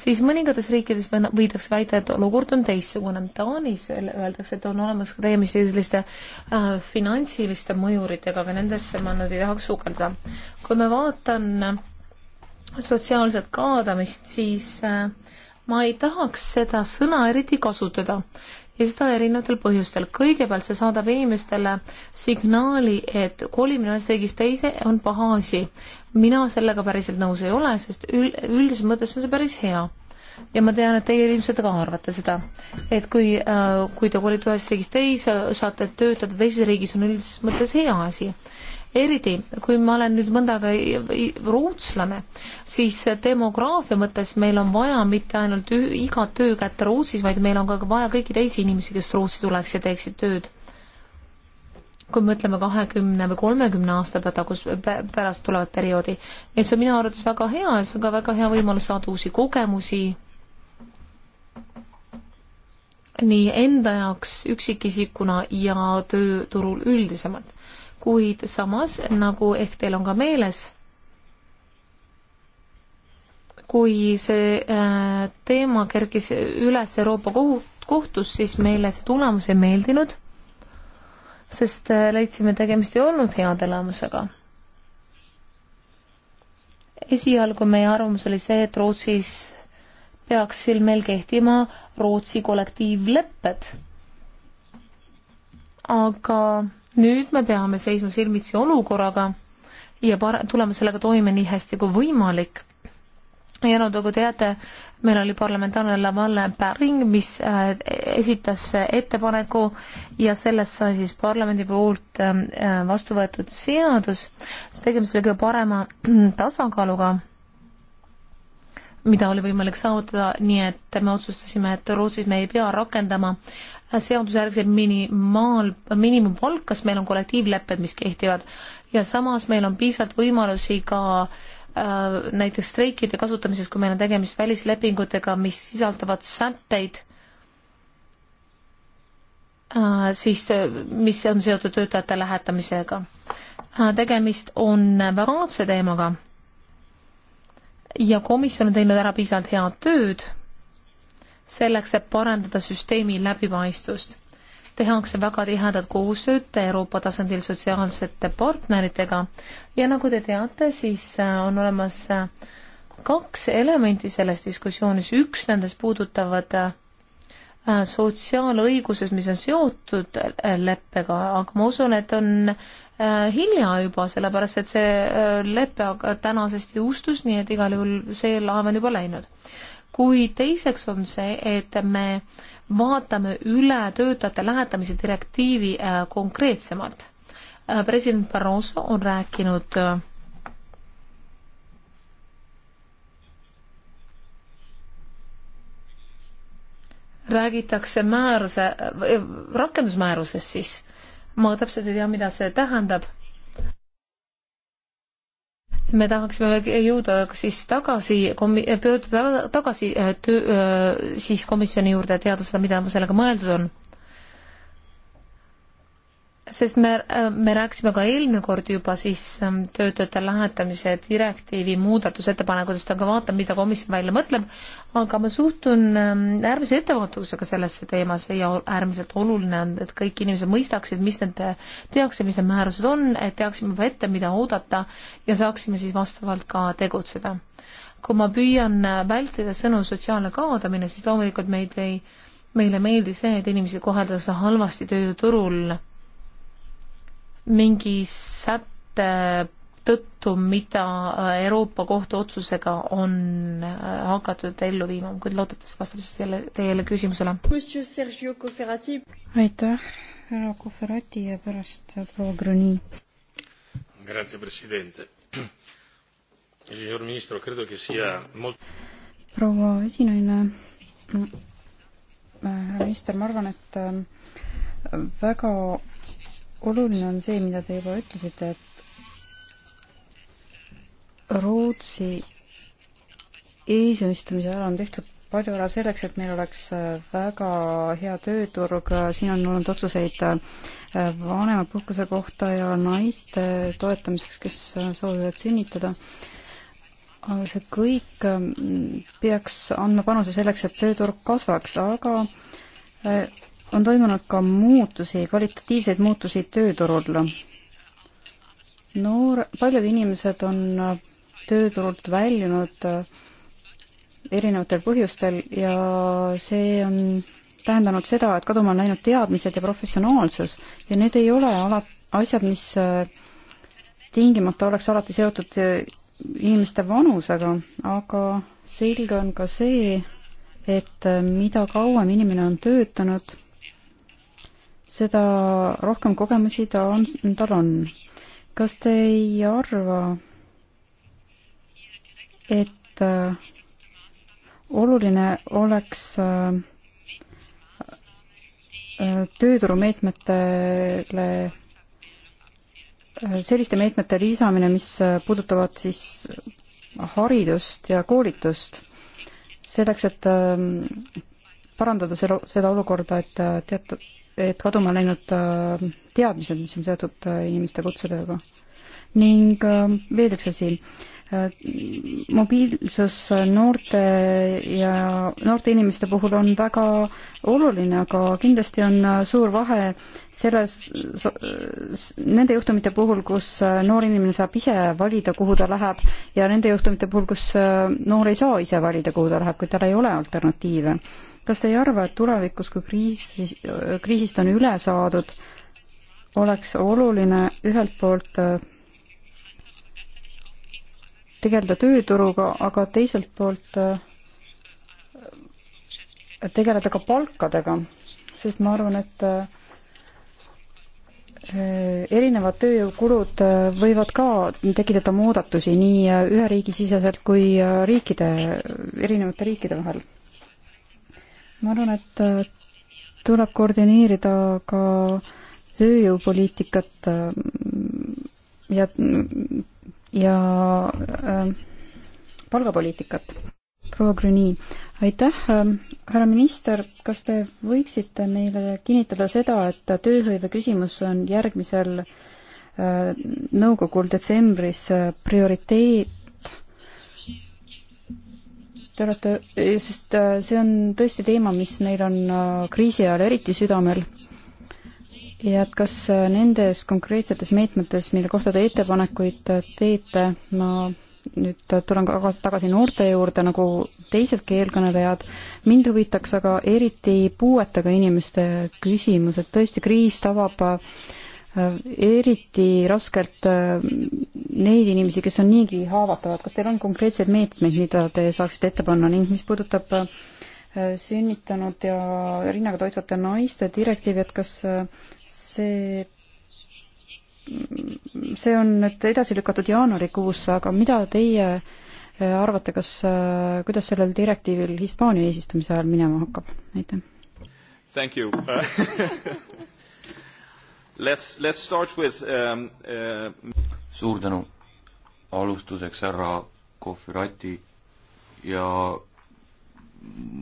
siis mõningates riikides võidakse väita, et olukord on teistsugune. Taanis öeldakse, et on olemas ka täiesti selliste äh, finantsiliste mõjuritega, aga nendesse ma nüüd ei tahaks sukelda. kui ma vaatan äh, sotsiaalset kaadamist, siis äh, ma ei tahaks seda sõna eriti kasutada, ja seda erinevatel põhjustel. kõigepealt see saadab inimestele signaali, et kolimine ühest riigist teise on paha asi. mina sellega päriselt nõus ei ole, sest ül-, üldises mõttes on see päris hea. ja ma tean, et teie ilmselt ka arvate seda, et kui äh,, kui te kolite ühest riigist teise, saate töötada teises riigis, on üldises mõttes hea asi eriti kui ma olen nüüd mõnda aega rootslane, siis demograafia mõttes meil on vaja mitte ainult üh, iga töökätt Rootsis, vaid meil on ka vaja kõiki teisi inimesi, kes Rootsi tuleks ja teeksid tööd. kui me ütleme kahekümne või kolmekümne aasta tagus, pärast tulevat perioodi, et see on minu arvates väga hea ja see on ka väga hea võimalus saada uusi kogemusi nii enda jaoks üksikisikuna ja tööturul üldisemalt kuid samas, nagu ehk teil on ka meeles, kui see äh, teema kerkis üles Euroopa kohtus, siis meile see tulemus ei meeldinud, sest äh, leidsime, tegemist ei olnud hea tulemusega. esialgu meie arvamus oli see, et Rootsis peaks meil kehtima Rootsi kollektiivlepped, aga nüüd me peame seisma silmitsi olukorraga ja par-, tulema sellega toime nii hästi kui võimalik. ja no nagu teate, meil oli parlamentaarne Lavalle päring, mis äh, esitas ettepaneku ja sellest sai siis parlamendi poolt äh, vastu võetud seadus, see tegemist oli kõige parema tasakaaluga mida oli võimalik saavutada, nii et me otsustasime, et Rootsis me ei pea rakendama seadusjärgse minimaal, miinimumpalk, kas meil on kollektiivlepped, mis kehtivad ja samas meil on piisavalt võimalusi ka äh, näiteks streikide kasutamises, kui meil on tegemist välislepingutega, mis sisaldavad sätteid äh,, siis mis on seotud töötajate lähetamisega äh,. tegemist on väga raadse teemaga ja komisjon on teinud ära piisavalt head tööd selleks, et parandada süsteemi läbipaistvust. tehakse väga tihedat koostööd Euroopa tasandil sotsiaalsete partneritega ja nagu te teate, siis äh, on olemas äh, kaks elementi selles diskussioonis, üks nendest puudutavad äh, sotsiaalõiguses, mis on seotud leppega, aga ma usun, et on hilja juba, sellepärast et see lepe tänasest jõustus, nii et igal juhul see laev on juba läinud kuid teiseks on see, et me vaatame üle töötajate lähetamise direktiivi äh, konkreetsemalt. Äh, president Barroso on rääkinud äh, räägitakse määruse, rakendusmääruses siis, ma täpselt ei tea, mida see tähendab me tahaksime jõuda siis tagasi, pöörduda tagasi töö, siis komisjoni juurde ja teada seda, mida sellega mõeldud on sest me, me rääkisime ka eelmine kord juba siis ähm, töötajate lähetamise direktiivi muudatusettepanekutest, aga vaatame, mida komisjon välja mõtleb, aga ma suhtun ähm, äärmise ettevaatusega sellesse teemasse ja äärmiselt oluline on, et kõik inimesed mõistaksid, mis nende, teaksid, mis need määrused on, et teaksime juba ette, mida oodata ja saaksime siis vastavalt ka tegutseda. kui ma püüan äh, vältida sõnu sotsiaalne kaadamine, siis loomulikult meid ei meile ei meeldi see, et inimesi koheldakse halvasti tööturul mingi sätte tõttu, mida äh, Euroopa Kohtu otsusega on äh, hakatud ellu viima, kuid loodetavasti vastab siis teile, teie küsimusele. aitäh, härra Koferati ja pärast äh, proua Grüni. proua esinaine, härra minister, ma arvan, et väga oluline on see, mida te juba ütlesite, et Rootsi eesistumise ajal on tehtud palju ära selleks, et meil oleks äh, väga hea tööturg, siin on olnud otsuseid äh, vanemapuhkuse kohta ja naiste toetamiseks, kes äh, soovivad sünnitada. see kõik peaks andma panuse selleks, et tööturg kasvaks, aga on toimunud ka muutusi, kvalitatiivseid muutusi tööturul. noor, paljud inimesed on tööturult väljunud äh, erinevatel põhjustel ja see on tähendanud seda, et kaduma on läinud teadmised ja professionaalsus ja need ei ole ala, asjad, mis äh, tingimata oleks alati seotud äh, inimeste vanusega, aga selge on ka see, et mida kauem inimene on töötanud, seda rohkem kogemusi ta on, tal on. kas te ei arva, et äh, oluline oleks äh, äh, tööturumeetmetele selliste meetmete lisamine, mis puudutavad siis haridust ja koolitust, selleks et ähm, parandada selle, seda olukorda, et teatud et kaduma läinud äh, teadmised, mis on seotud äh, inimeste kutsetööga. ning äh, veel üks asi, mobiilsus noorte ja noorte inimeste puhul on väga oluline, aga kindlasti on suur vahe selles, nende juhtumite puhul, kus noor inimene saab ise valida, kuhu ta läheb, ja nende juhtumite puhul, kus noor ei saa ise valida, kuhu ta läheb, kui tal ei ole alternatiive kas te ei arva, et tulevikus, kui kriis, kriisist on üle saadud, oleks oluline ühelt poolt äh, tegeleda tööturuga, aga teiselt poolt äh, tegeleda ka palkadega, sest ma arvan, et äh, erinevad tööjõukulud võivad ka tekitada muudatusi nii ühe riigi siseselt kui riikide, erinevate riikide vahel ma arvan, et äh, tuleb koordineerida ka tööjõupoliitikat äh, ja, ja äh, palgapoliitikat. proua Grüni, aitäh, ähm, härra minister, kas te võiksite meile kinnitada seda, et tööhõive küsimus on järgmisel äh, nõukogul detsembris äh, prioriteet, te olete, sest äh, see on tõesti teema, mis meil on äh, kriisi ajal eriti südamel. ja et kas äh, nendes konkreetsetes meetmetes, mille kohta te ettepanekuid teete, ma nüüd tulen ka tagasi noorte juurde, nagu teisedki eelkõnelejad, mind huvitaks aga eriti puuetega inimeste küsimus, et tõesti kriis tabab äh, Äh, eriti raskelt äh, neid inimesi, kes on niigi haavatavad. kas teil on konkreetseid meetmeid, mida te saaksite ette panna ning mis puudutab äh, sünnitanud ja rinnaga toitvate naiste direktiivi, et kas see see on nüüd edasi lükatud jaanuarikuusse, aga mida teie arvate, kas, kuidas sellel direktiivil Hispaania eesistumise ajal minema hakkab? aitäh! Let's, let's start with um, uh... suur tänu. alustuseks härra Kohverati ja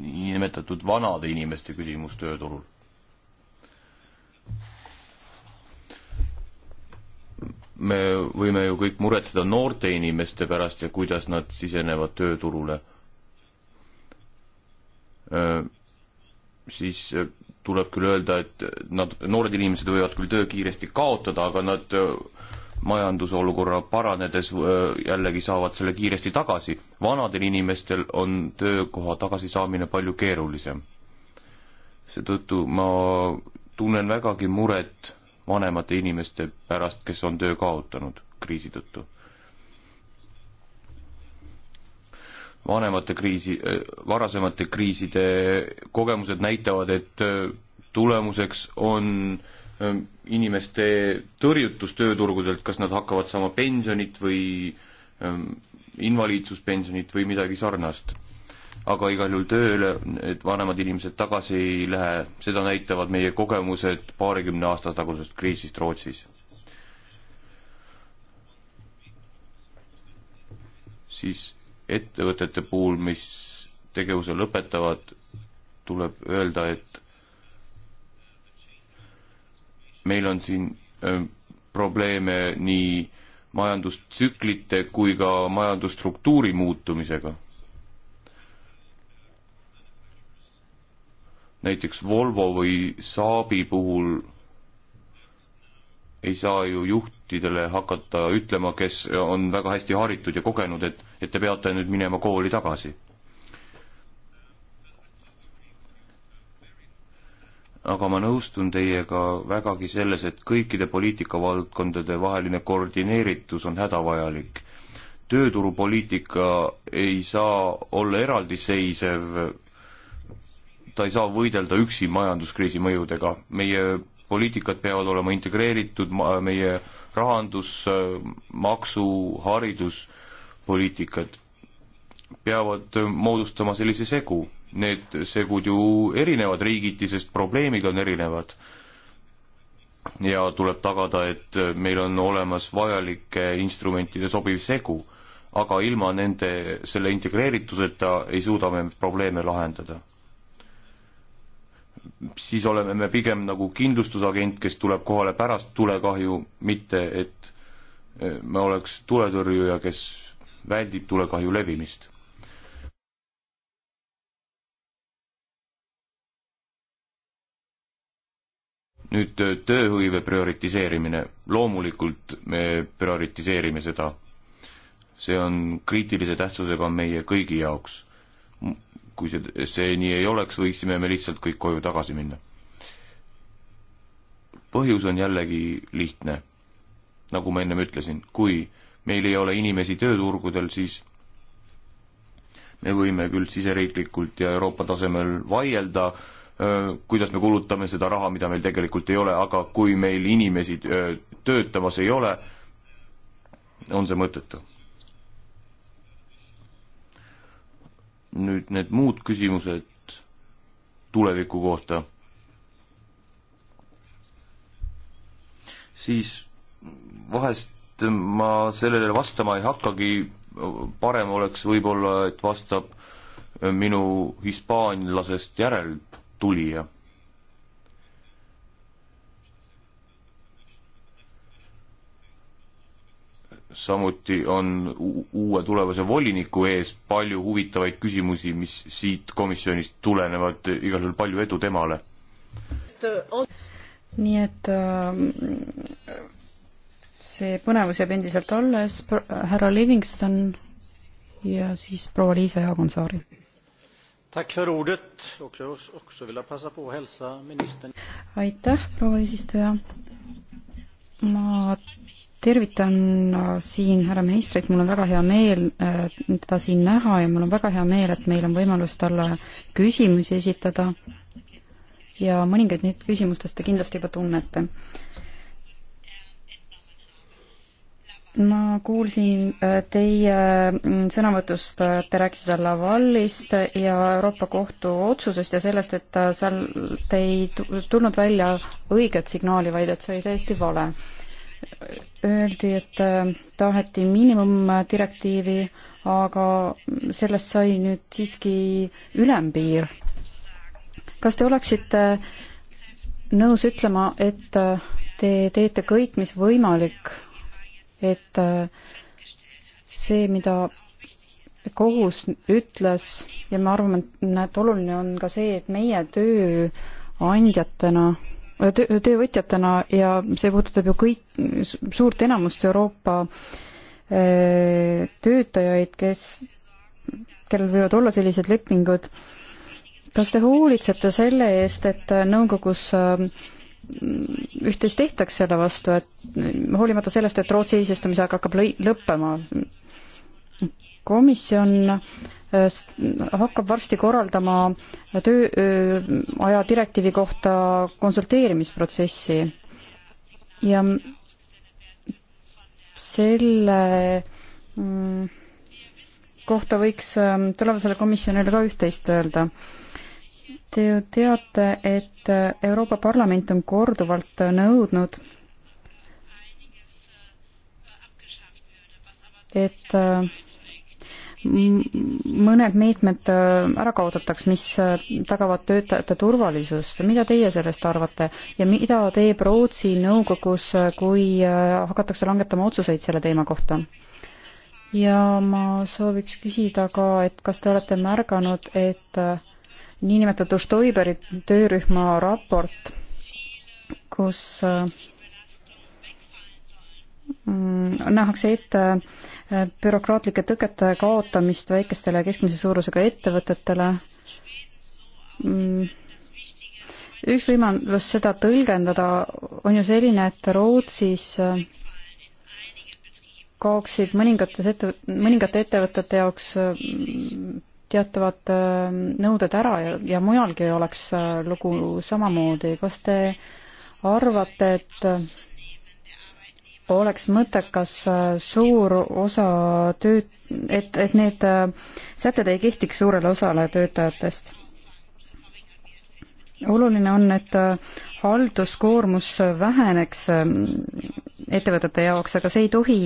niinimetatud vanade inimeste küsimus tööturul. me võime ju kõik muretseda noorte inimeste pärast ja kuidas nad sisenevad tööturule. Äh, siis äh, tuleb küll öelda, et nad, noored inimesed võivad küll töö kiiresti kaotada, aga nad äh, majandusolukorra paranedes äh, jällegi saavad selle kiiresti tagasi. vanadel inimestel on töökoha tagasisaamine palju keerulisem. seetõttu ma tunnen vägagi muret vanemate inimeste pärast, kes on töö kaotanud kriisi tõttu vanemate kriisi, varasemate kriiside kogemused näitavad, et äh, tulemuseks on ähm, inimeste tõrjutus tööturgudelt, kas nad hakkavad saama pensionit või ähm, invaliidsuspensionit või midagi sarnast. aga igal juhul tööle need vanemad inimesed tagasi ei lähe, seda näitavad meie kogemused paarikümne aasta tagusest kriisist Rootsis. siis ettevõtete puhul, mis tegevuse lõpetavad, tuleb öelda, et meil on siin probleeme nii majandustsüklite kui ka majandusstruktuuri muutumisega. näiteks Volvo või Saabi puhul ei saa ju juht juhtidele hakata ütlema, kes on väga hästi haritud ja kogenud, et, et te peate nüüd minema kooli tagasi. aga ma nõustun teiega vägagi selles, et kõikide poliitikavaldkondade vaheline koordineeritus on hädavajalik. tööturupoliitika ei saa olla eraldiseisev, ta ei saa võidelda üksi majanduskriisi mõjudega, meie poliitikad peavad olema integreeritud meie rahandus, maksu, hariduspoliitikad peavad moodustama sellise segu. Need segud ju erinevad riigiti, sest probleemid on erinevad. ja tuleb tagada, et meil on olemas vajalike instrumentide sobiv segu, aga ilma nende, selle integreerituseta ei suuda me probleeme lahendada siis oleme me pigem nagu kindlustusagent, kes tuleb kohale pärast tulekahju, mitte et eh, me oleks tuletõrjuja, kes väldib tulekahju levimist. nüüd eh, tööhõive prioritiseerimine, loomulikult me prioritiseerime seda. see on kriitilise tähtsusega meie kõigi jaoks kui see, see nii ei oleks, võiksime me lihtsalt kõik koju tagasi minna. põhjus on jällegi lihtne. nagu ma ennem ütlesin, kui meil ei ole inimesi tööturgudel, siis me võime küll siseriiklikult ja Euroopa tasemel vaielda, kuidas me kulutame seda raha, mida meil tegelikult ei ole, aga kui meil inimesi töötamas ei ole, on see mõttetu nüüd need muud küsimused tuleviku kohta, siis vahest ma sellele vastama ei hakkagi, parem oleks võib-olla, et vastab minu hispaanlasest järeltulija samuti on uue tulevase voliniku ees palju huvitavaid küsimusi, mis siit komisjonist tulenevad, igal juhul palju edu temale! nii et äh, see põnevus jääb endiselt alles, härra Livingston ja siis proua Liisa Jaagonsaari. aitäh, proua eesistuja! ma tervitan äh, siin härra ministrit, mul on väga hea meel äh, teda siin näha ja mul on väga hea meel, et meil on võimalus talle küsimusi esitada. ja mõningaid neist küsimustest te kindlasti juba tunnete. ma kuulsin äh, teie mm, sõnavõtust, te rääkisite Lavalist ja Euroopa Kohtu otsusest ja sellest, et seal te ei tulnud välja õiget signaali, vaid et see oli täiesti vale öeldi, et äh, taheti miinimumdirektiivi, aga sellest sai nüüd siiski ülempiir. kas te oleksite nõus ütlema, et äh, te teete kõik, mis võimalik, et äh, see, mida kohus ütles ja me arvame, et oluline on ka see, et meie tööandjatena töövõtjatena ja see puudutab ju kõik, suurt enamust Euroopa eh, töötajaid, kes, kellel võivad olla sellised lepingud. kas te hoolitsete selle eest, et nõukogus eh, üht-teist tehtaks selle vastu, et hoolimata sellest, et Rootsi eesistumise aeg hakkab lõi-, lõppema, komisjon Äh, hakkab varsti korraldama tööaja äh, direktiivi kohta konsulteerimisprotsessi ja selle mm, kohta võiks ähm, tulevasele komisjonile ka üht-teist öelda. Te ju teate, et äh, Euroopa Parlament on korduvalt nõudnud, et äh, mõned meetmed äh, ära kaotataks, mis äh, tagavad töötajate turvalisust. mida teie sellest arvate ja mida teeb Rootsi nõukogus, äh, kui hakatakse langetama otsuseid selle teema kohta? ja ma sooviks küsida ka, et kas te olete märganud, et niinimetatud Stoiberi töörühma raport, kus mm, nähakse ette äh, bürokraatlike tõkete kaotamist väikestele ja keskmise suurusega ettevõtetele. Mm. üks võimalus seda tõlgendada on ju selline, et Rootsis äh, kaoksid mõningates ette, mõningate ettevõtete jaoks äh, teatavad äh, nõuded ära ja, ja mujalgi oleks lugu samamoodi. kas te arvate, et oleks mõttekas äh, suur osa töö, et, et need äh, sätted ei kehtiks suurele osale töötajatest. oluline on, et äh, halduskoormus väheneks ähm, ettevõtete jaoks, aga see ei tohi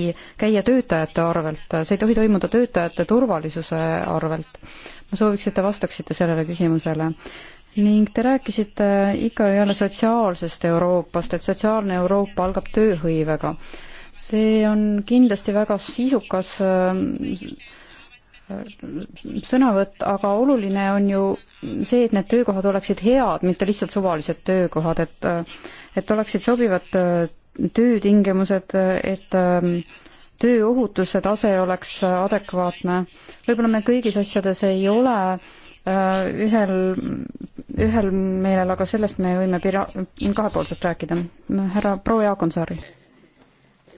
käia töötajate arvelt, see ei tohi toimuda töötajate turvalisuse arvelt. ma sooviks, et te vastaksite sellele küsimusele ning te rääkisite ikka ja jälle sotsiaalsest Euroopast, et sotsiaalne Euroopa algab tööhõivega. see on kindlasti väga sisukas äh, sõnavõtt, aga oluline on ju see, et need töökohad oleksid head, mitte lihtsalt suvalised töökohad, et äh, et oleksid sobivad äh, töötingimused, et tööohutuse tase oleks adekvaatne. võib-olla me kõigis asjades ei ole äh, Äh, ühel, ühel meelel, aga sellest me võime pira-, kahepoolselt rääkida. härra proua Jaakonsaari.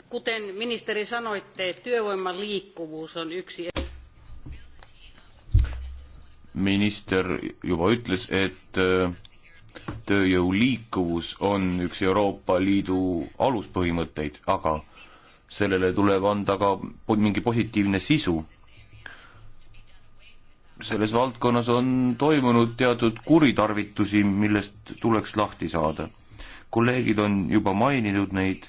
Kuten ministeri sanoitte, työvoiman liikkuvuus on yksi e- minister juba ütles, et äh, tööjõu liikuvus on üks Euroopa Liidu aluspõhimõtteid, aga sellele tuleb anda ka mingi positiivne sisu selles valdkonnas on toimunud teatud kuritarvitusi, millest tuleks lahti saada. kolleegid on juba maininud neid,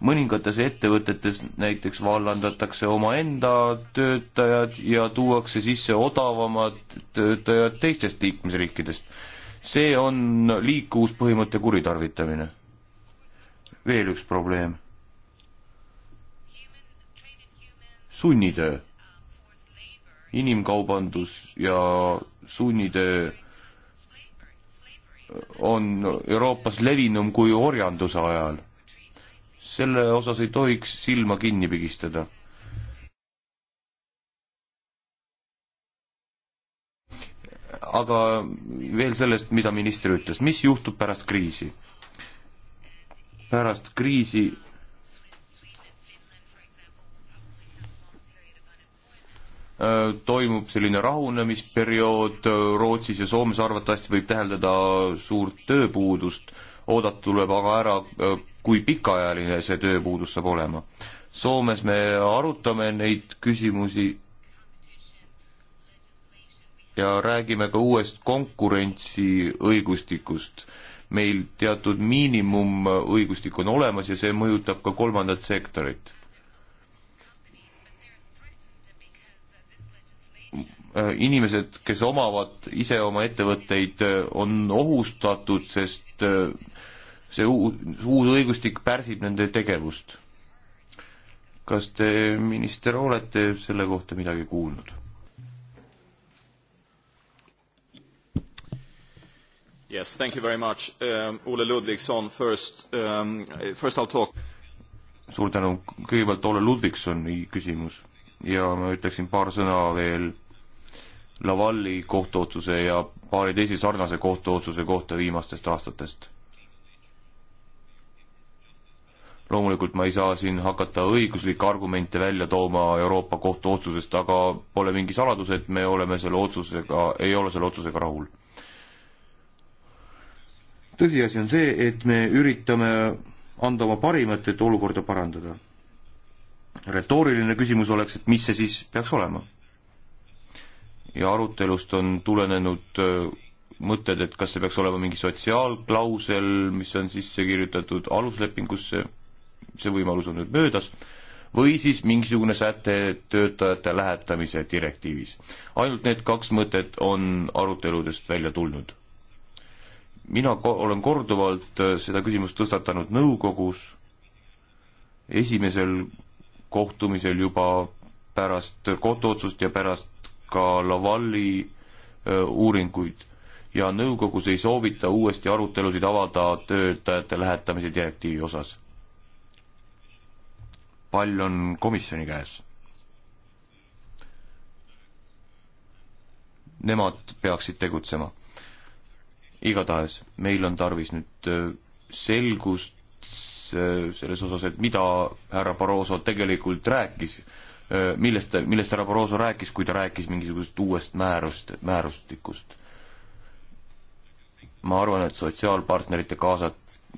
mõningates ettevõtetes näiteks vallandatakse omaenda töötajad ja tuuakse sisse odavamad töötajad teistest liikmesriikidest. see on liikuvuspõhimõtte kuritarvitamine. veel üks probleem. sunnitöö inimkaubandus ja sunnitöö on Euroopas levinum kui orjanduse ajal. selle osas ei tohiks silma kinni pigistada. aga veel sellest, mida minister ütles, mis juhtub pärast kriisi? pärast kriisi Äh, toimub selline rahunemisperiood, äh, Rootsis ja Soomes arvatavasti võib täheldada suurt tööpuudust, oodata tuleb aga ära, äh, kui pikaajaline see tööpuudus saab olema. Soomes me arutame neid küsimusi ja räägime ka uuest konkurentsiõigustikust. meil teatud miinimumõigustik on olemas ja see mõjutab ka kolmandat sektorit Äh, inimesed, kes omavad ise oma ettevõtteid, äh, on ohustatud, sest äh, see uus, uus õigustik pärsib nende tegevust. kas te, minister, olete selle kohta midagi kuulnud? Yes, thank you very much um,. Ole Ludvigsson first um,, first I will talk. suur tänu, kõigepealt Ole Ludvigsoni küsimus ja ma ütleksin paar sõna veel Lavalli kohtuotsuse ja paari teise sarnase kohtuotsuse kohta viimastest aastatest. loomulikult ma ei saa siin hakata õiguslikke argumente välja tooma Euroopa Kohtu otsusest, aga pole mingi saladus, et me oleme selle otsusega, ei ole selle otsusega rahul. tõsiasi on see, et me üritame anda oma parimat, et olukorda parandada. retooriline küsimus oleks, et mis see siis peaks olema ja arutelust on tulenenud äh, mõtted, et kas see peaks olema mingi sotsiaalklausel, mis on sisse kirjutatud aluslepingusse, see võimalus on nüüd möödas, või siis mingisugune säte töötajate lähetamise direktiivis. ainult need kaks mõtet on aruteludest välja tulnud. mina ko olen korduvalt äh, seda küsimust tõstatanud nõukogus, esimesel kohtumisel juba pärast kohtuotsust ja pärast ka Lavalli uuringuid ja nõukogus ei soovita uuesti arutelusid avada töötajate lähetamise direktiivi osas. pall on komisjoni käes. Nemad peaksid tegutsema. igatahes meil on tarvis nüüd selgust selles osas, et mida härra Barroso tegelikult rääkis millest, millest härra Barroso rääkis, kui ta rääkis mingisugusest uuest määrust, määrustikust. ma arvan, et sotsiaalpartnerite kaasa,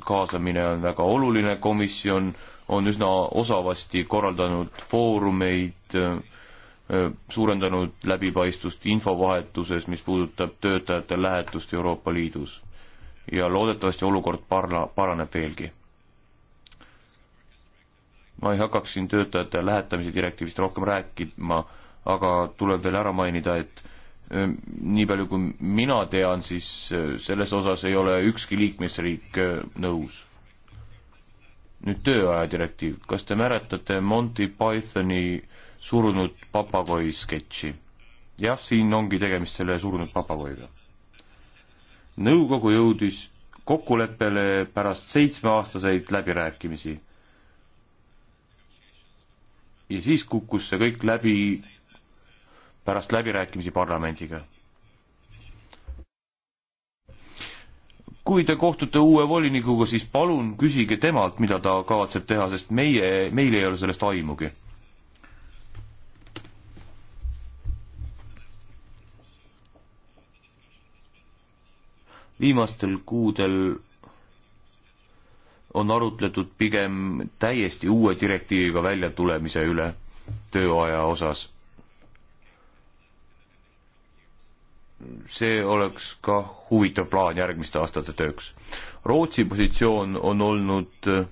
kaasamine on väga oluline, komisjon on üsna osavasti korraldanud foorumeid, suurendanud läbipaistvust infovahetuses, mis puudutab töötajate lähetust Euroopa Liidus. ja loodetavasti olukord parla-, paraneb veelgi ma ei hakkaks siin töötajate lähetamise direktiivist rohkem rääkima, aga tuleb veel ära mainida, et nii palju kui mina tean, siis selles osas ei ole ükski liikmesriik nõus. nüüd tööaja direktiiv, kas te mäletate Monty Pythoni surnud papagoi sketši? jah, siin ongi tegemist selle surnud papagoiga. nõukogu jõudis kokkuleppele pärast seitsmeaastaseid läbirääkimisi ja siis kukkus see kõik läbi pärast läbirääkimisi parlamendiga. kui te kohtute uue volinikuga, siis palun küsige temalt, mida ta kavatseb teha, sest meie, meil ei ole sellest aimugi. viimastel kuudel on arutletud pigem täiesti uue direktiiviga väljatulemise üle tööaja osas. see oleks ka huvitav plaan järgmiste aastate tööks. Rootsi positsioon on olnud äh,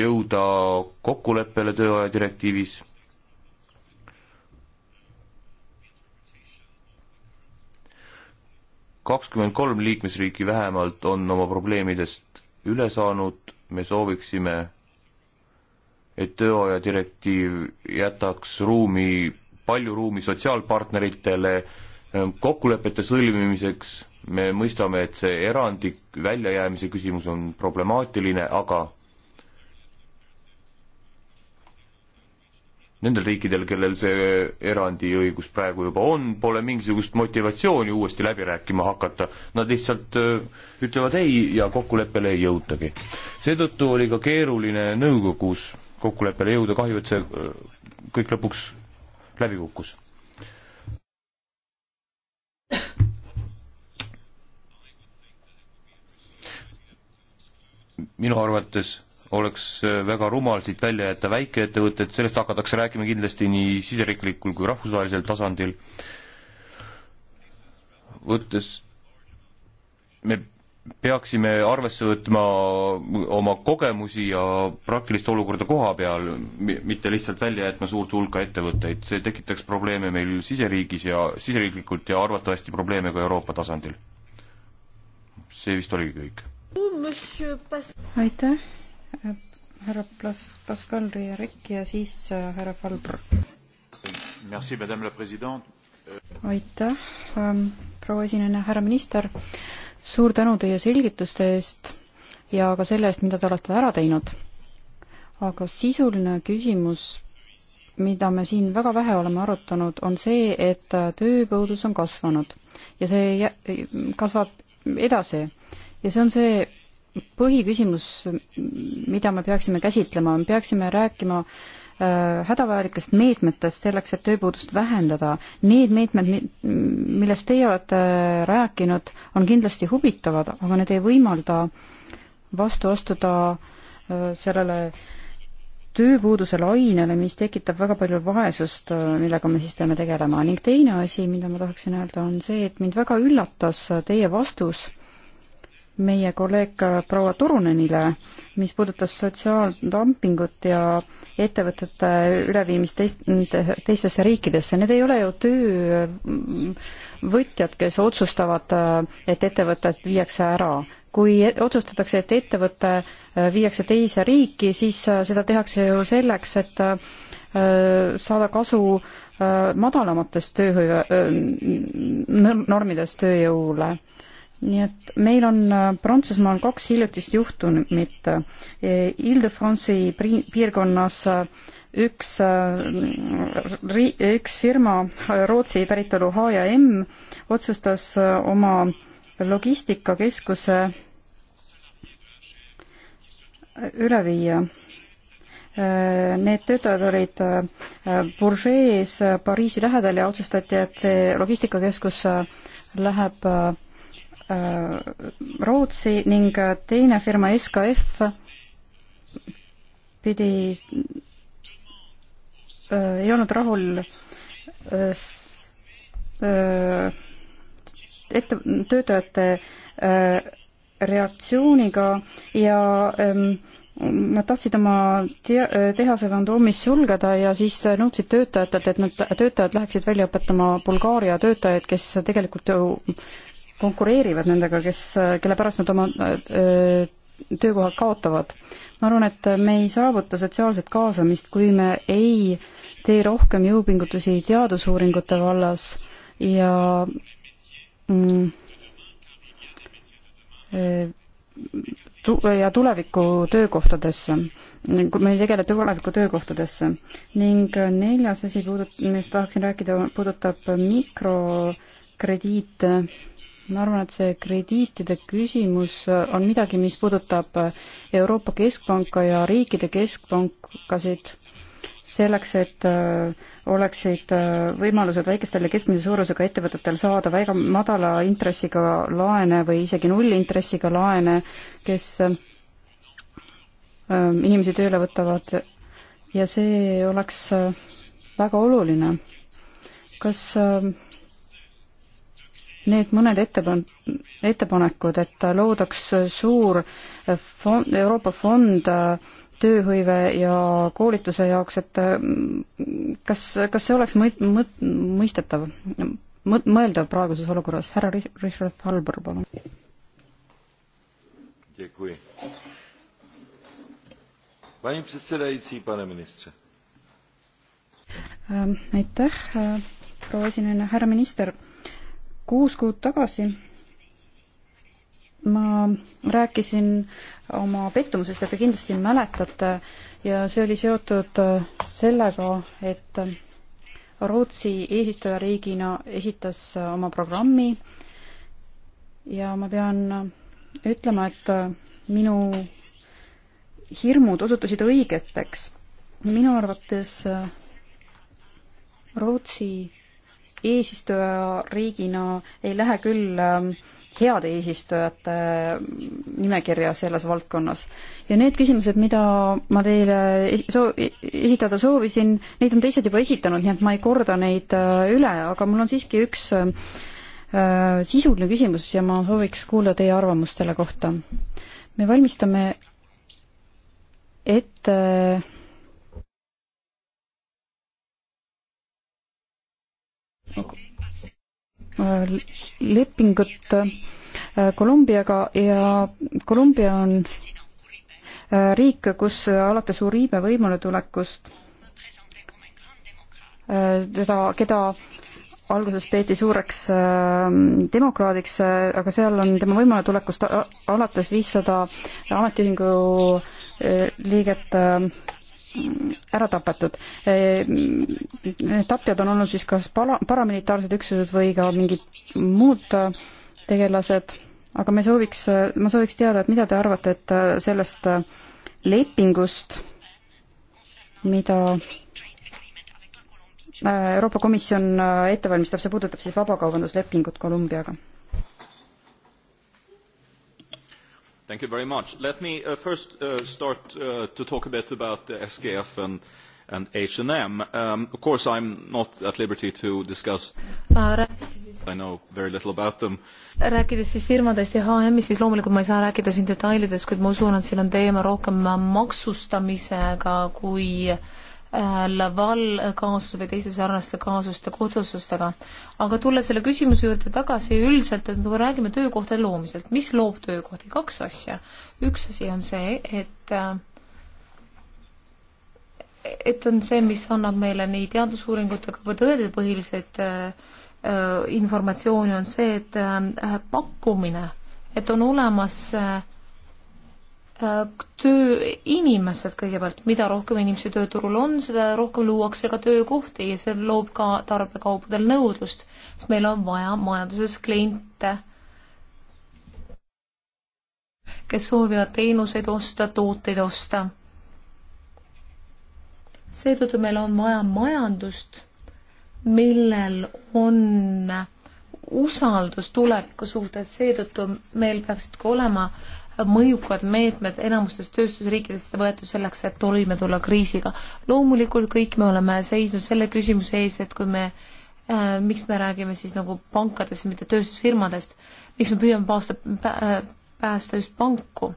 jõuda kokkuleppele tööaja direktiivis kakskümmend kolm liikmesriiki vähemalt on oma probleemidest üle saanud, me sooviksime, et tööaja direktiiv jätaks ruumi, palju ruumi sotsiaalpartneritele ähm, kokkulepete sõlmimiseks, me mõistame, et see erandi väljajäämise küsimus on problemaatiline, aga Nendel riikidel, kellel see erandiõigus praegu juba on, pole mingisugust motivatsiooni uuesti läbi rääkima hakata, nad lihtsalt äh, ütlevad ei ja kokkuleppele ei jõutagi. seetõttu oli ka keeruline nõukogus kokkuleppele jõuda, kahju, et see äh, kõik lõpuks läbi kukkus minu arvates oleks äh, väga rumal siit välja jätta väikeettevõtted, sellest hakatakse rääkima kindlasti nii siseriiklikul kui rahvusvahelisel tasandil. võttes, me peaksime arvesse võtma oma kogemusi ja praktilist olukorda koha peal, mitte lihtsalt välja jätma suurt hulka ettevõtteid, see tekitaks probleeme meil siseriigis ja siseriiklikult ja arvatavasti probleeme ka Euroopa tasandil. see vist oligi kõik. aitäh härra Plas-, Pascal Rierek ja siis äh, härra Falbr. aitäh, ähm, proua esineja, härra minister, suur tänu teie selgituste eest ja ka selle eest, mida te olete ära teinud. aga sisuline küsimus, mida me siin väga vähe oleme arutanud, on see, et äh, tööpuudus on kasvanud ja see kasvab edasi ja see on see põhiküsimus, mida me peaksime käsitlema, me peaksime rääkima äh, hädavajalikest meetmetest selleks, et tööpuudust vähendada. Need meetmed, millest teie olete rääkinud, on kindlasti huvitavad, aga need ei võimalda vastu astuda äh, sellele tööpuuduse lainele, mis tekitab väga palju vaesust, äh, millega me siis peame tegelema. ning teine asi, mida ma tahaksin öelda, on see, et mind väga üllatas teie vastus meie kolleeg proua Turunenile, mis puudutas sotsiaaldumpingut ja ettevõtete üleviimist teist, teistesse riikidesse, need ei ole ju töövõtjad, kes otsustavad, et ettevõtted viiakse ära. kui e-, otsustatakse, et ettevõte e, viiakse teise riiki, siis e, seda tehakse ju selleks, et saada kasu madalamatest tööhõive, normidest tööjõule nii et meil on äh, Prantsusmaal kaks hiljutist juhtumit. Äh, Ile-de-France'i piirkonnas äh, üks, üks firma, Rootsi päritolu H&M, otsustas oma logistikakeskuse üle viia Need töötajad olid Bourgeois Pariisi lähedal ja otsustati, et see logistikakeskus läheb Äh, Rootsi ning äh, teine firma SKF pidi, äh, ei olnud rahul ette, töötajate reaktsiooniga ja ähm, Nad tahtsid oma tehase Vendoomis sulgeda ja siis nõudsid töötajatelt, et nad, töötajad läheksid välja õpetama Bulgaaria töötajaid, kes tegelikult ju konkureerivad nendega, kes, kelle pärast nad oma öö, äh, töökohad kaotavad. ma arvan, et me ei saavuta sotsiaalset kaasamist, kui me ei tee rohkem jõupingutusi teadusuuringute vallas ja mm, äh, tu-, ja tuleviku töökohtadesse, kui me ei tegele tuleviku töökohtadesse. ning neljas asi puudut-, millest tahaksin rääkida, puudutab mikrokrediite ma arvan, et see krediitide küsimus äh, on midagi, mis puudutab äh, Euroopa Keskpanka ja riikide keskpankasid selleks, et äh, oleksid võimalused väikestel ja keskmise suurusega ettevõtetel saada väga madala intressiga laene või isegi nullintressiga laene, kes inimesi tööle võtavad ja see oleks väga oluline. kas äh, need mõned ettepan-, ettepanekud, et loodaks suur fond, Euroopa fond äh, tööhõive ja koolituse jaoks, et äh, kas, kas see oleks mõt-, mõt-, mõistetav, mõt-, mõeldav praeguses olukorras? härra Richard Halber, palun. Äh, aitäh, proua esineja, härra minister kuus kuud tagasi ma rääkisin oma pettumusest ja te kindlasti mäletate ja see oli seotud sellega, et Rootsi eesistujariigina esitas oma programmi ja ma pean ütlema, et minu hirmud osutusid õigeteks. minu arvates Rootsi eesistujariigina ei lähe küll ähm, heade eesistujate äh, nimekirja selles valdkonnas. ja need küsimused, mida ma teile soo-, e-, esitada soovisin, neid on teised juba esitanud, nii et ma ei korda neid äh, üle, aga mul on siiski üks äh, sisuline küsimus ja ma sooviks kuulda teie arvamust selle kohta. me valmistame ette äh, lepingut äh, Kolumbiaga ja Kolumbia on äh, riik, kus äh, alates Uribe võimuletulekust teda, keda alguses peeti suureks ähm, demokraadiks, aga seal on tema võimuletulekust alates viissada ametiühingu liiget ära tapetud. Ehm, tapjad on olnud siis kas para-, paramilitaarsed üksused või ka mingid muud äh, tegelased, aga me sooviks, äh, ma sooviks teada, et mida te arvate, et äh, sellest lepingust, mida Euroopa Komisjon ette valmistab, see puudutab siis vabakaubanduslepingut Kolumbiaga Thank you very much. Let me uh, first uh, start uh, to talk a bit about the SKF and and H&M. Um, of course, I'm not at liberty to discuss. I know very little about them. rääkides siis firmadest ja H&M-ist, siis loomulikult ma ei saa rääkida siin detailidest, kuid ma usun, et siin on teema rohkem maksustamisega kui äh, Laval kaasuse või teiste sarnaste kaasuste kohtuotsustega. aga tulles selle küsimuse juurde tagasi üldiselt, et me räägime töökohtade loomiselt, mis loob töökohti, kaks asja. üks asi on see, et et on see, mis annab meile nii teadusuuringutega või tõendipõhilised äh, informatsiooni, on see, et äh, pakkumine, et on olemas äh, Äh, tööinimesed kõigepealt, mida rohkem inimesi tööturul on, seda rohkem luuakse ka töökohti ja see loob ka tarbekaupadel nõudlust, sest meil on vaja majanduses kliente, kes soovivad teenuseid osta, tooteid osta. seetõttu meil on vaja majandust, millel on usaldus tuleviku suhtes, seetõttu meil peaksid ka olema äh, mõjukad meetmed enamustes tööstusriikides võetud selleks, et toime tulla kriisiga. loomulikult kõik me oleme seisnud selle küsimuse ees, et kui me äh, miks me räägime siis nagu pankadest, mitte tööstusfirmadest, miks me püüame päästa pä,, päästa just panku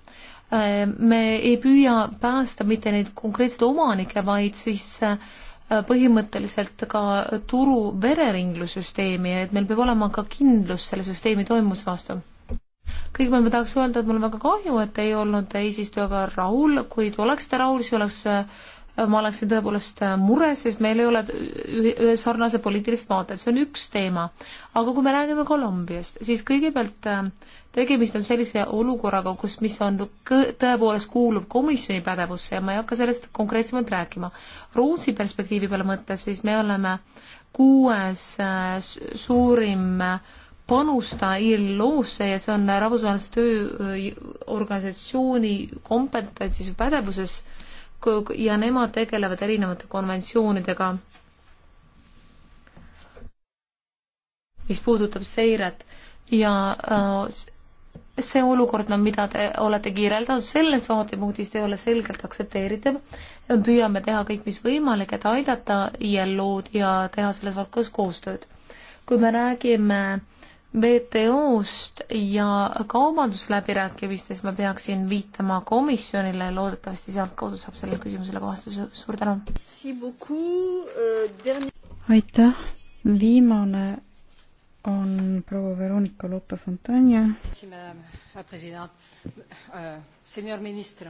äh,. me ei püüa päästa mitte neid konkreetseid omanikke, vaid siis äh, põhimõtteliselt ka turu vereringlüssüsteemi, et meil peab olema ka kindlus selle süsteemi toimumise vastu kõigepealt ma tahaks öelda, et mul on väga kahju, et ei olnud eesistujaga rahul, kuid oleksite rahul, siis oleks äh, ma oleksin tõepoolest äh, mures, sest meil ei ole ühe sarnase poliitilist vaadet, see on üks teema. aga kui me räägime Kolumbiast, siis kõigepealt äh, tegemist on sellise olukorraga, kus, mis on tõepoolest kuulub komisjoni pädevusse ja ma ei hakka sellest konkreetsemalt rääkima. Rootsi perspektiivi peale mõttes, siis me oleme kuues suurim äh, panusta ILO-sse ja see on rahvusvahelise tööorganisatsiooni kompetentsis või pädevuses ja nemad tegelevad erinevate konventsioonidega, mis puudutab seiret ja äh, see olukord, no mida te olete kirjeldanud, selles vaatepunktist ei ole selgelt aktsepteeritav. püüame teha kõik, mis võimalik, et aidata ILO-d ja teha selles valdkonnas koostööd. kui me räägime äh, WTO-st ja kaubandusläbirääkimistest ma peaksin viitama komisjonile, loodetavasti sealtkaudu saab sellele küsimusele ka vastuse, suur tänu! aitäh, viimane on proua Veronika Lope-Fontanje. Euh, señor ministro,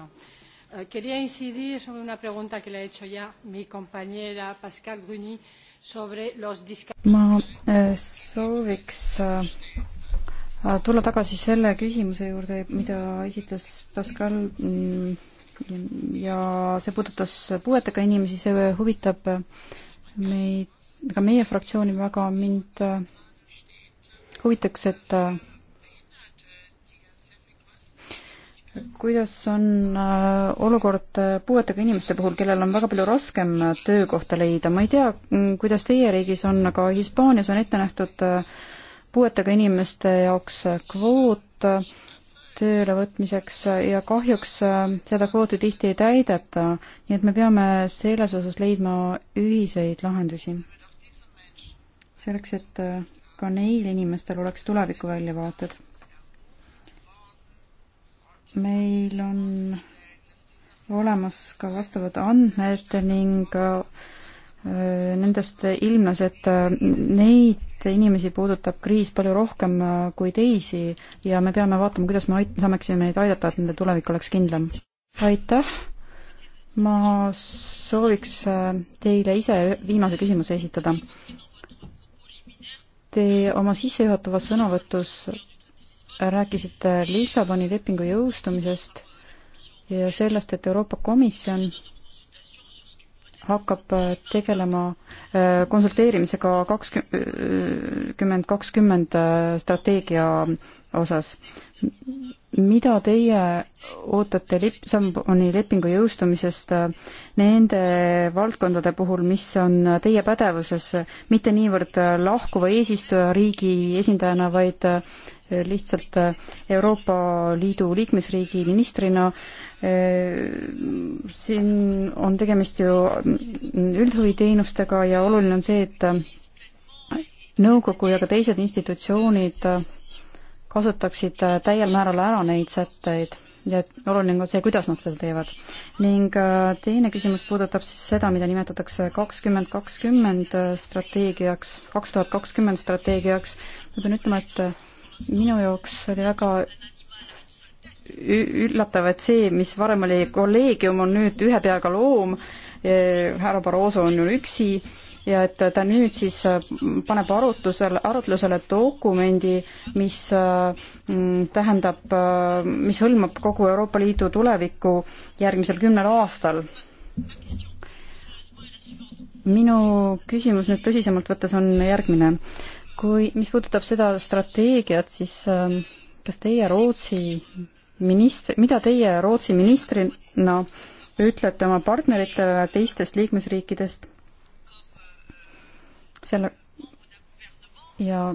euh, quería incidir sobre una pregunta que le ha hecho ya mi compañera Pascal Gruny ma eh, sooviks äh, tulla tagasi selle küsimuse juurde, mida esitas Pascal mm, ja see puudutas puuetega inimesi, see huvitab meid, ka meie fraktsiooni väga, mind äh, huvitaks, et äh, kuidas on äh, olukord äh, puuetega inimeste puhul, kellel on väga palju raskem äh, töökohta leida, ma ei tea, mm, kuidas teie riigis on, aga Hispaanias on ette nähtud puuetega inimeste jaoks kvoot tööle võtmiseks ja kahjuks seda kvooti tihti ei täideta, nii et me peame selles osas leidma ühiseid lahendusi. selleks, et ka neil inimestel oleks tuleviku väljavaated meil on olemas ka vastavad andmed ning äh, nendest ilmnes, et äh, neid inimesi puudutab kriis palju rohkem äh, kui teisi ja me peame vaatama, kuidas me ait-, saaksime neid aidata, et nende tulevik oleks kindlam. aitäh, ma sooviks teile ise viimase küsimuse esitada. Te oma sissejuhatavas sõnavõtus rääkisite Lissaboni lepingu jõustumisest ja sellest, et Euroopa Komisjon hakkab äh, tegelema äh, konsulteerimisega äh, kakskümmend kakskümmend strateegia osas. mida teie ootate Lissaboni lepingu jõustumisest nende valdkondade puhul, mis on teie pädevuses, mitte niivõrd lahkuva eesistujariigi esindajana, vaid lihtsalt äh, Euroopa Liidu liikmesriigi ministrina. Äh, siin on tegemist ju mm, üldhuviteenustega ja oluline on see, et äh, nõukogu ja ka teised institutsioonid kasutaksid täiel määral ära neid sätteid ja oluline on ka see, kuidas nad seda teevad. ning teine küsimus puudutab siis seda, mida nimetatakse kakskümmend kakskümmend strateegiaks, kaks tuhat kakskümmend strateegiaks. ma pean ütlema, et minu jaoks oli väga üllatav, et see, mis varem oli kolleegium, on nüüd ühe peaga loom, härra Barroso on ju üksi ja et ta nüüd siis paneb arutusele, arutlusele dokumendi, mis mm, tähendab, mis hõlmab kogu Euroopa Liidu tulevikku järgmisel kümnel aastal. minu küsimus nüüd tõsisemalt võttes on järgmine kui, mis puudutab seda strateegiat, siis ähm, kas teie Rootsi ministri, mida teie Rootsi ministrina ütlete oma partneritele teistest liikmesriikidest selle ja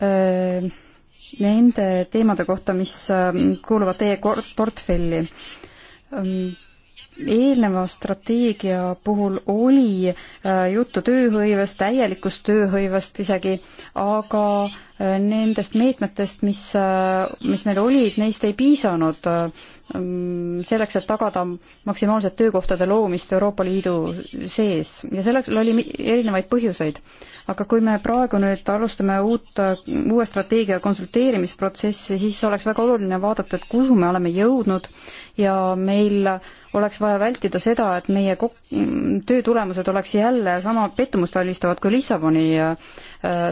öö, äh, nende teemade kohta, mis ähm, kuuluvad teie portfelli. Ähm, eelneva strateegia puhul oli äh, juttu tööhõivest, täielikust tööhõivest isegi, aga äh, nendest meetmetest, mis, äh, mis meil olid, neist ei piisanud selleks, et tagada maksimaalset töökohtade loomist Euroopa Liidu sees ja selleks oli erinevaid põhjuseid. aga kui me praegu nüüd alustame uut, uue strateegia konsulteerimisprotsessi, siis oleks väga oluline vaadata, et kuhu me oleme jõudnud ja meil oleks vaja vältida seda, et meie kok-, töö tulemused oleks jälle sama pettumust valmistavad, kui Lissaboni äh,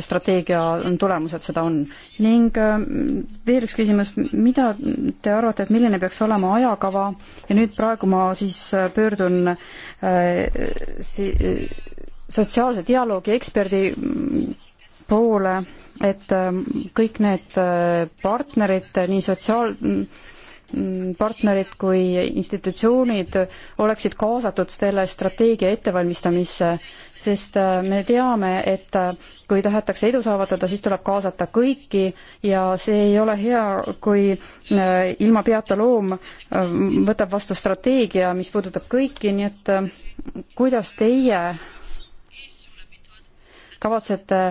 strateegia tulemused seda on. ning äh, veel üks küsimus, mida te arvate, et milline peaks olema ajakava ja nüüd praegu ma siis äh, pöördun si-, sotsiaalse dialoogi eksperdi mm, poole, et kõik need partnerid, nii sotsiaal- Mm, partnerid kui institutsioonid oleksid kaasatud selle strateegia ettevalmistamisse, sest äh, me teame, et äh, kui tahetakse edu saavutada, siis tuleb kaasata kõiki ja see ei ole hea, kui äh, ilma peata loom võtab vastu strateegia, mis puudutab kõiki, nii et kuidas teie kavatsete,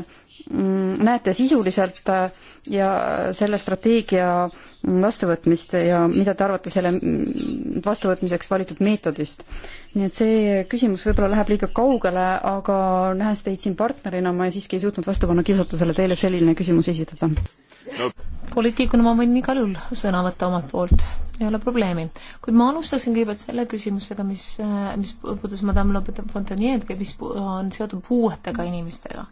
mm, näete sisuliselt ja selle strateegia vastuvõtmist ja mida te arvate selle vastuvõtmiseks valitud meetodist? nii et see küsimus võib-olla läheb liiga kaugele, aga nähes teid siin partnerina, ma siiski ei suutnud vastu panna kiusatusele teile selline küsimus esitada no.. poliitikuna ma võin igal juhul sõna võtta omalt poolt, ei ole probleemi. kuid ma alustaksin kõigepealt selle küsimusega, mis, äh, mis puudutas Madame Lopetab Fontanier'd, mis on seotud puuetega inimestega.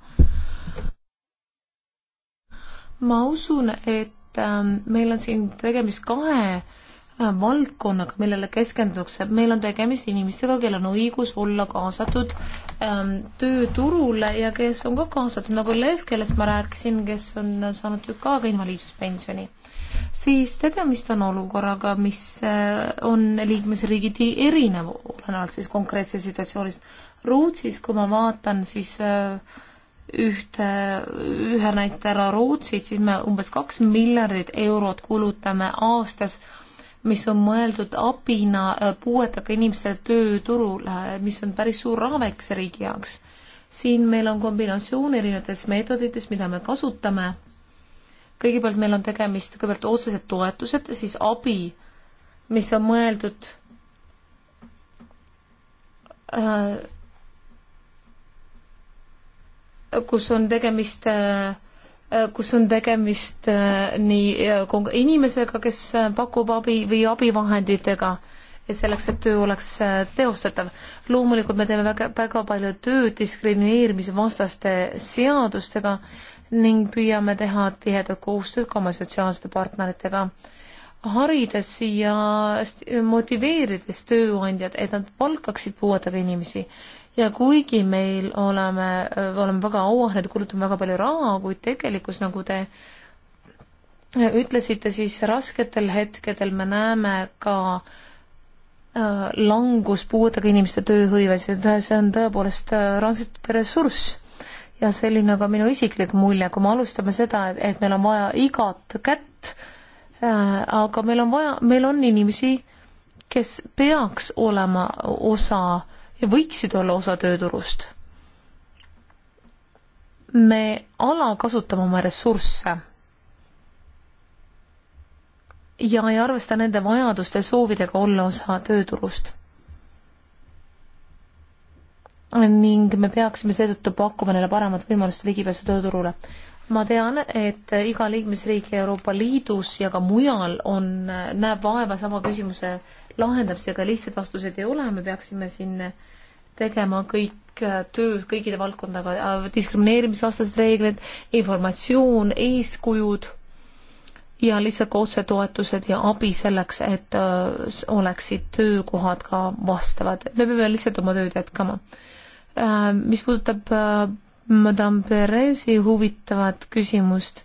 ma usun, et et ähm, meil on siin tegemist kahe äh, valdkonnaga, millele keskendutakse, meil on tegemist inimestega, kellel on õigus olla kaasatud ähm, tööturule ja kes on ka kaasatud, nagu Lev, kellest ma rääkisin, kes on saanud tükk aega invaliidsuspensioni. siis tegemist on olukorraga, mis äh, on liikmesriigiti erinev, olenevalt siis konkreetsest situatsioonist. Rootsis, kui ma vaatan, siis äh, ühte, ühe näitena Rootsit, siis me umbes kaks miljardit eurot kulutame aastas, mis on mõeldud abina äh, puuetega inimestele tööturule, mis on päris suur raha väikese riigi jaoks. siin meil on kombinatsioon erinevatest meetoditest, mida me kasutame. kõigepealt meil on tegemist kõigepealt otsesed toetused, siis abi, mis on mõeldud äh, kus on tegemist äh, kus on tegemist äh, nii äh, inimesega, kes pakub abi või abivahenditega ja selleks, et töö oleks teostatav. loomulikult me teeme väga, väga palju tööd diskrimineerimisvastaste seadustega ning püüame teha tihedat koostööd ka oma sotsiaalsete partneritega, harides ja motiveerides tööandjad, et nad palkaksid puuetega inimesi ja kuigi meil oleme, oleme väga auahned, kulutame väga palju raha, kuid tegelikkus, nagu te ütlesite, siis rasketel hetkedel me näeme ka äh, langus puudega inimeste tööhõives ja see on tõepoolest äh, raisatud ressurss ja selline ka minu isiklik mulje, kui me alustame seda, et, et meil on vaja igat kätt äh,, aga meil on vaja, meil on inimesi, kes peaks olema osa ja võiksid olla osa tööturust. me alakasutame oma ressursse ja ei arvesta nende vajaduste, soovidega olla osa tööturust. ning me peaksime seetõttu pakkuma neile paremat võimalust ligipääsu tööturule ma tean, et iga liikmesriik Euroopa Liidus ja ka mujal on, näeb vaeva sama küsimuse lahendab see, aga lihtsaid vastuseid ei ole, me peaksime siin tegema kõik äh, tööd kõigile valdkondadega, äh, diskrimineerimisvastased reeglid, informatsioon, eeskujud ja lihtsalt ka otsetoetused ja abi selleks, et äh, oleksid töökohad ka vastavad. me peame lihtsalt oma tööd jätkama äh,. mis puudutab äh, Madame Perezi huvitavat küsimust,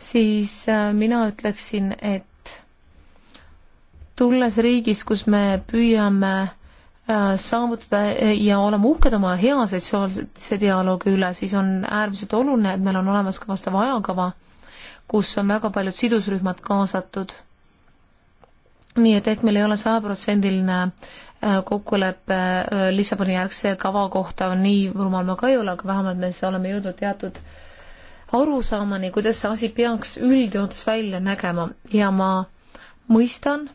siis äh, mina ütleksin, et tulles riigist, kus me püüame äh, saavutada äh, ja olema uhked oma hea seksuaalse dialoogi üle, siis on äärmiselt oluline, et meil on olemas ka vastav ajakava, kus on väga paljud sidusrühmad kaasatud. nii et ehk meil ei ole sajaprotsendiline äh, kokkulepe Lissaboni järgse kava kohta, nii rumal ma ka ei ole, aga vähemalt me oleme jõudnud teatud arusaamani, kuidas see asi peaks üldjoontes välja nägema ja ma mõistan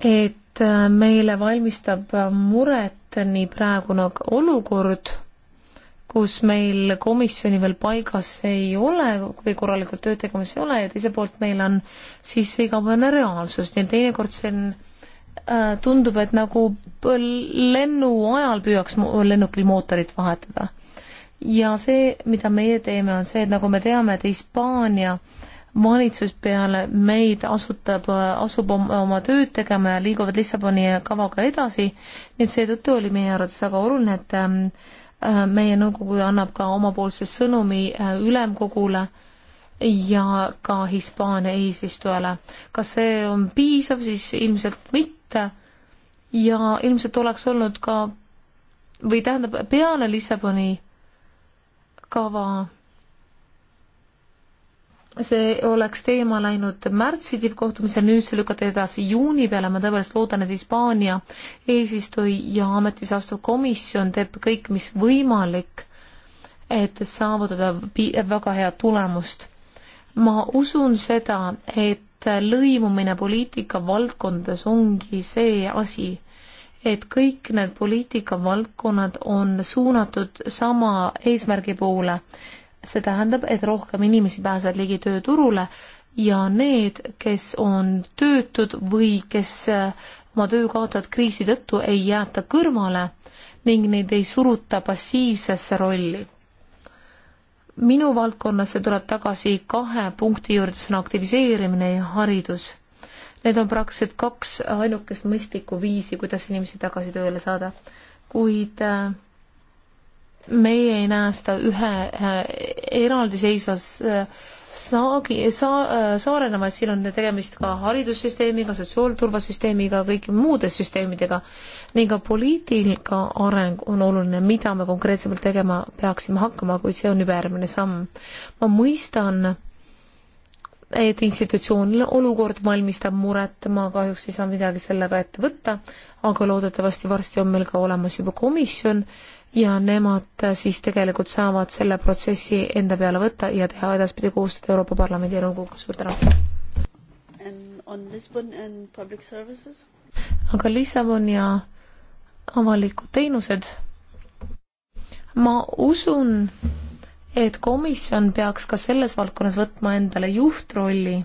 et äh, meile valmistab muret nii praegune olukord, kus meil komisjoni veel paigas ei ole või korralikult tööd tegemas ei ole ja teiselt poolt meil on siis see igapäevane reaalsus, nii et teinekord see on äh, tundub, et nagu lennu ajal püüaks lennukil mootorit vahetada. ja see, mida meie teeme, on see, et nagu me teame, et Hispaania äh, valitsus peale meid asutab, asub oma tööd tegema ja liiguvad Lissaboni kavaga edasi, nii et seetõttu oli meie arvates väga oluline, et ähm, äh, meie nõukogu annab ka omapoolse sõnumi äh, ülemkogule ja ka Hispaania eesistujale. kas see on piisav, siis ilmselt mitte ja ilmselt oleks olnud ka või tähendab, peale Lissaboni kava see oleks teema läinud märtsi tippkohtumisel, nüüd see lükati edasi juuni peale, ma tõepoolest loodan, et Hispaania eesistuja ametisse astuv komisjon teeb kõik, mis võimalik, et saavutada väga head tulemust. ma usun seda, et lõimumine poliitikavaldkondades ongi see asi, et kõik need poliitikavaldkonnad on suunatud sama eesmärgi poole see tähendab, et rohkem inimesi pääseb ligi tööturule ja need, kes on töötud või kes eh, oma töö kaotavad kriisi tõttu, ei jäeta kõrvale ning neid ei suruta passiivsesse rolli. minu valdkonnas see tuleb tagasi kahe punkti juurde, see on aktiviseerimine ja haridus. Need on praktiliselt kaks ainukest mõistlikku viisi, kuidas inimesi tagasi tööle saada, kuid äh, meie ei näe seda ühe äh, eraldiseisvas äh, saagi, saa-, äh, saarena, vaid siin on tegemist ka haridussüsteemiga, sotsiaalturvasüsteemiga, kõigi muude süsteemidega. nii ka poliitika areng on oluline, mida me konkreetsemalt tegema peaksime hakkama, kui see on juba järgmine samm. ma mõistan, et institutsioonile olukord valmistab muret, ma kahjuks ei saa midagi sellega ette võtta, aga loodetavasti varsti on meil ka olemas juba komisjon, ja nemad siis tegelikult saavad selle protsessi enda peale võtta ja teha edaspidi koostööd Euroopa Parlamendi ja nõukoguga, suur tänu! aga Lissabon ja avalikud teenused, ma usun, et komisjon peaks ka selles valdkonnas võtma endale juhtrolli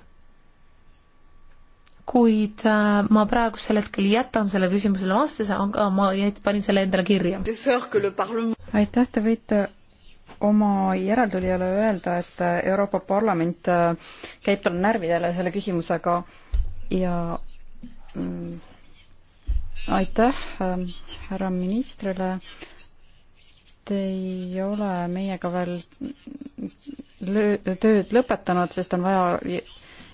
kuid äh, ma praegusel hetkel jätan selle küsimusele vastuse, aga ma panin selle endale kirja. aitäh, te võite oma järeltulijale öelda, et äh, Euroopa Parlament äh, käib tal närvidele selle küsimusega ja mm, aitäh ähm, härra ministrile. Te ei ole meiega veel mm, tööd lõpetanud, sest on vaja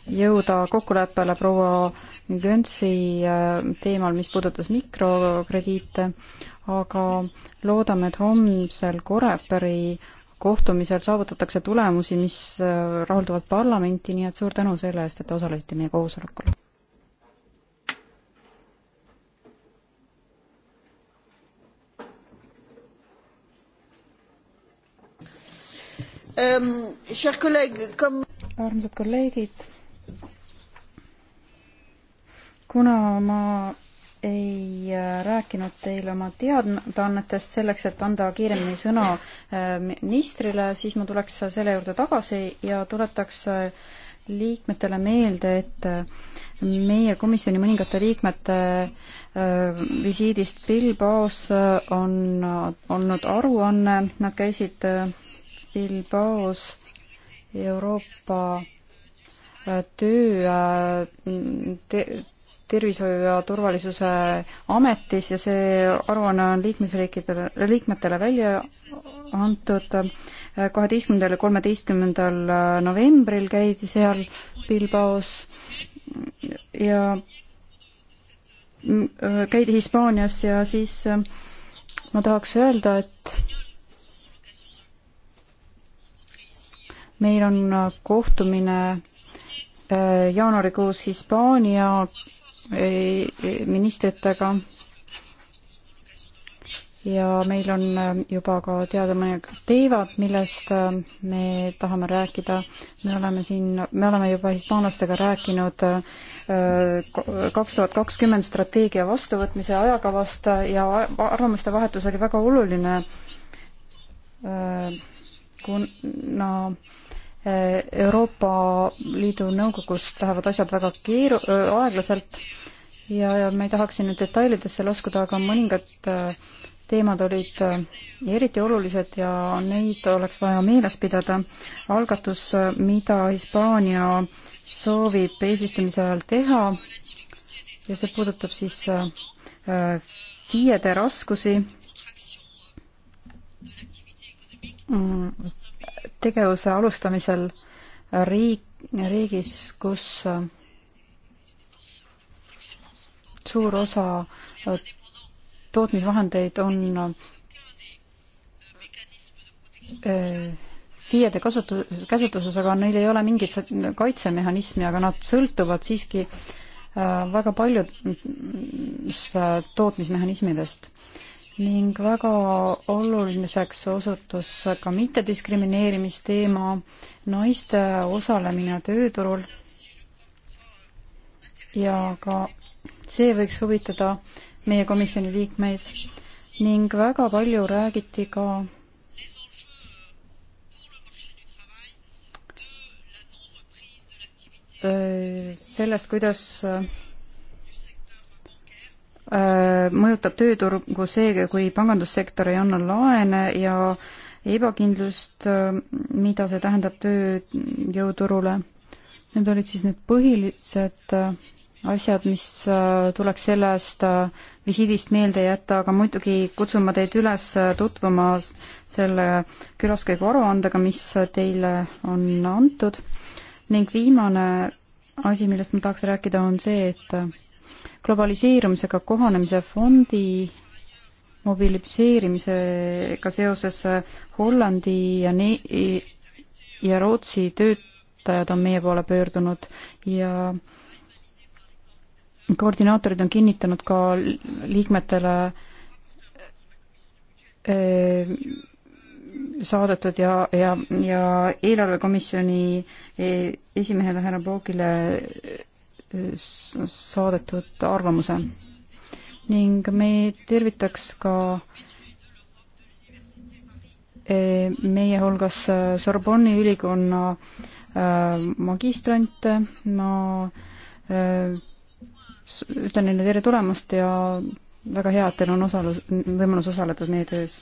jõuda kokkuleppele proua Gönsi äh, teemal, mis puudutas mikrokrediite, aga loodame, et homsel Coreperi kohtumisel saavutatakse tulemusi, mis äh, rahuldavad parlamenti, nii et suur tänu selle eest, et te osalesite meie koosolekul. Ähm, armsad kolleegid kuna ma ei äh, rääkinud teile oma teadannetest selleks, et anda kiiremini sõna äh, ministrile, siis ma tuleks selle juurde tagasi ja tuletaks äh, liikmetele meelde, et meie komisjoni mõningate liikmete visiidist Bilbaos on olnud aruanne, nad käisid Bilbaos Euroopa töö te, tervishoiu ja turvalisuse ametis ja see aruanne on liikmesriikidele, liikmetele välja antud. kaheteistkümnendal ja kolmeteistkümnendal novembril käidi seal Bilbaos ja käidi Hispaanias ja siis ma tahaks öelda, et meil on kohtumine äh, jaanuarikuus Hispaania ministritega ja meil on ähm, juba ka teada mõned teevad, millest ähm, me tahame rääkida. me oleme siin, me oleme juba hispaanlastega rääkinud äh, kaks tuhat kakskümmend strateegia vastuvõtmise ajakavast ja arvamuste vahetus oli väga oluline, äh, kuna Euroopa Liidu Nõukogust lähevad asjad väga keeru-, aeglaselt ja, ja ma ei tahaks siin nüüd detailidesse laskuda, aga mõningad äh, teemad olid äh, eriti olulised ja neid oleks vaja meeles pidada. algatus, äh, mida Hispaania soovib eesistumise ajal teha ja see puudutab siis FIE-de raskusi mm, tegevuse alustamisel riik, riigis, kus äh, suur osa äh, tootmisvahendeid on äh, FIE-de kasutus, käsutuses, aga neil ei ole mingit kaitsemehhanismi, aga nad sõltuvad siiski väga paljudest mm, mm, mm, tootmismehhanismidest ning väga oluliseks osutus ka mittediskrimineerimisteema, naiste osalemine tööturul ja ka see võiks huvitada meie komisjoni liikmeid ning väga palju räägiti ka sellest, kuidas Äh, mõjutab tööturgu see, kui pangandussektor ei anna laene ja ebakindlust, äh, mida see tähendab tööjõuturule. Need olid siis need põhilised äh, asjad, mis tuleks sellest visiidist meelde jätta, aga muidugi kutsun ma teid üles tutvuma selle külaskäigu aruandega, mis teile on antud. ning viimane asi, millest ma tahaks rääkida, on see, et globaliseerumisega kohanemise fondi mobiliseerimisega seoses Hollandi ja ne-, ja Rootsi töötajad on meie poole pöördunud ja koordinaatorid on kinnitanud ka liikmetele eh, saadetud ja, ja, ja eelarvekomisjoni eh, esimehele härra Boogile saadetud arvamuse. ning me tervitaks ka e, meie hulgas Sorbonni ülikonna e, magistrante, ma e, ütlen neile tere tulemast ja väga hea, et teil on osalus, võimalus osaleda meie töös.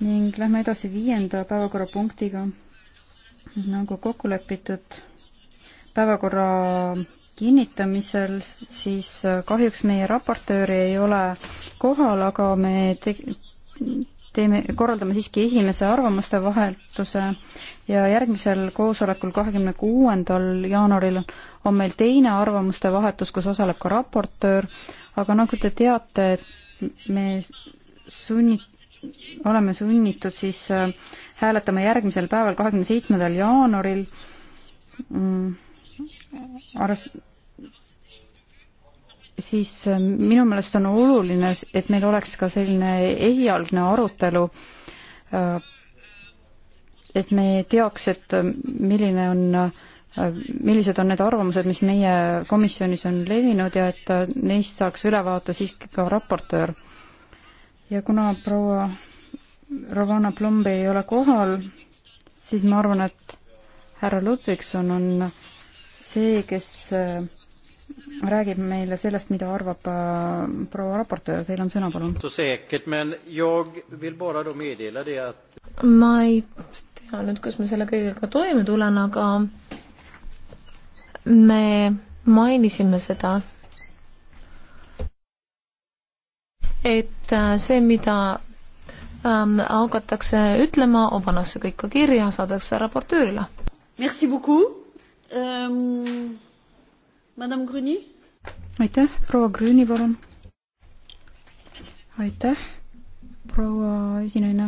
ning lähme edasi viienda päevakorrapunktiga, nagu kokku lepitud, päevakorra kinnitamisel, siis kahjuks meie raportööri ei ole kohal, aga me te teeme, korraldame siiski esimese arvamuste vahetuse ja järgmisel koosolekul, kahekümne kuuendal jaanuaril on meil teine arvamuste vahetus, kus osaleb ka raportöör, aga nagu te teate, et me sunni-, oleme sunnitud siis äh, hääletama järgmisel päeval, kahekümne seitsmendal jaanuaril mm, arvest-, siis äh, minu meelest on oluline, et meil oleks ka selline esialgne arutelu, äh, et me teaks, et äh, milline on, millised on need arvamused, mis meie komisjonis on levinud ja et neist saaks ülevaate siiski ka raportöör. ja kuna proua Ravana Plumbi ei ole kohal, siis ma arvan, et härra Ludvigson on see, kes räägib meile sellest, mida arvab äh, proua raportöör, teil on sõna, palun. ma ei tea nüüd, kus me selle kõigega toime tulen, aga me mainisime seda, et äh, see, mida ähm, hakatakse ütlema, pannakse kõik ka kirja, saadakse raportöörile. Merci beaucoup um... Ähm aitäh, proua Grüni, palun. aitäh, proua esinaine.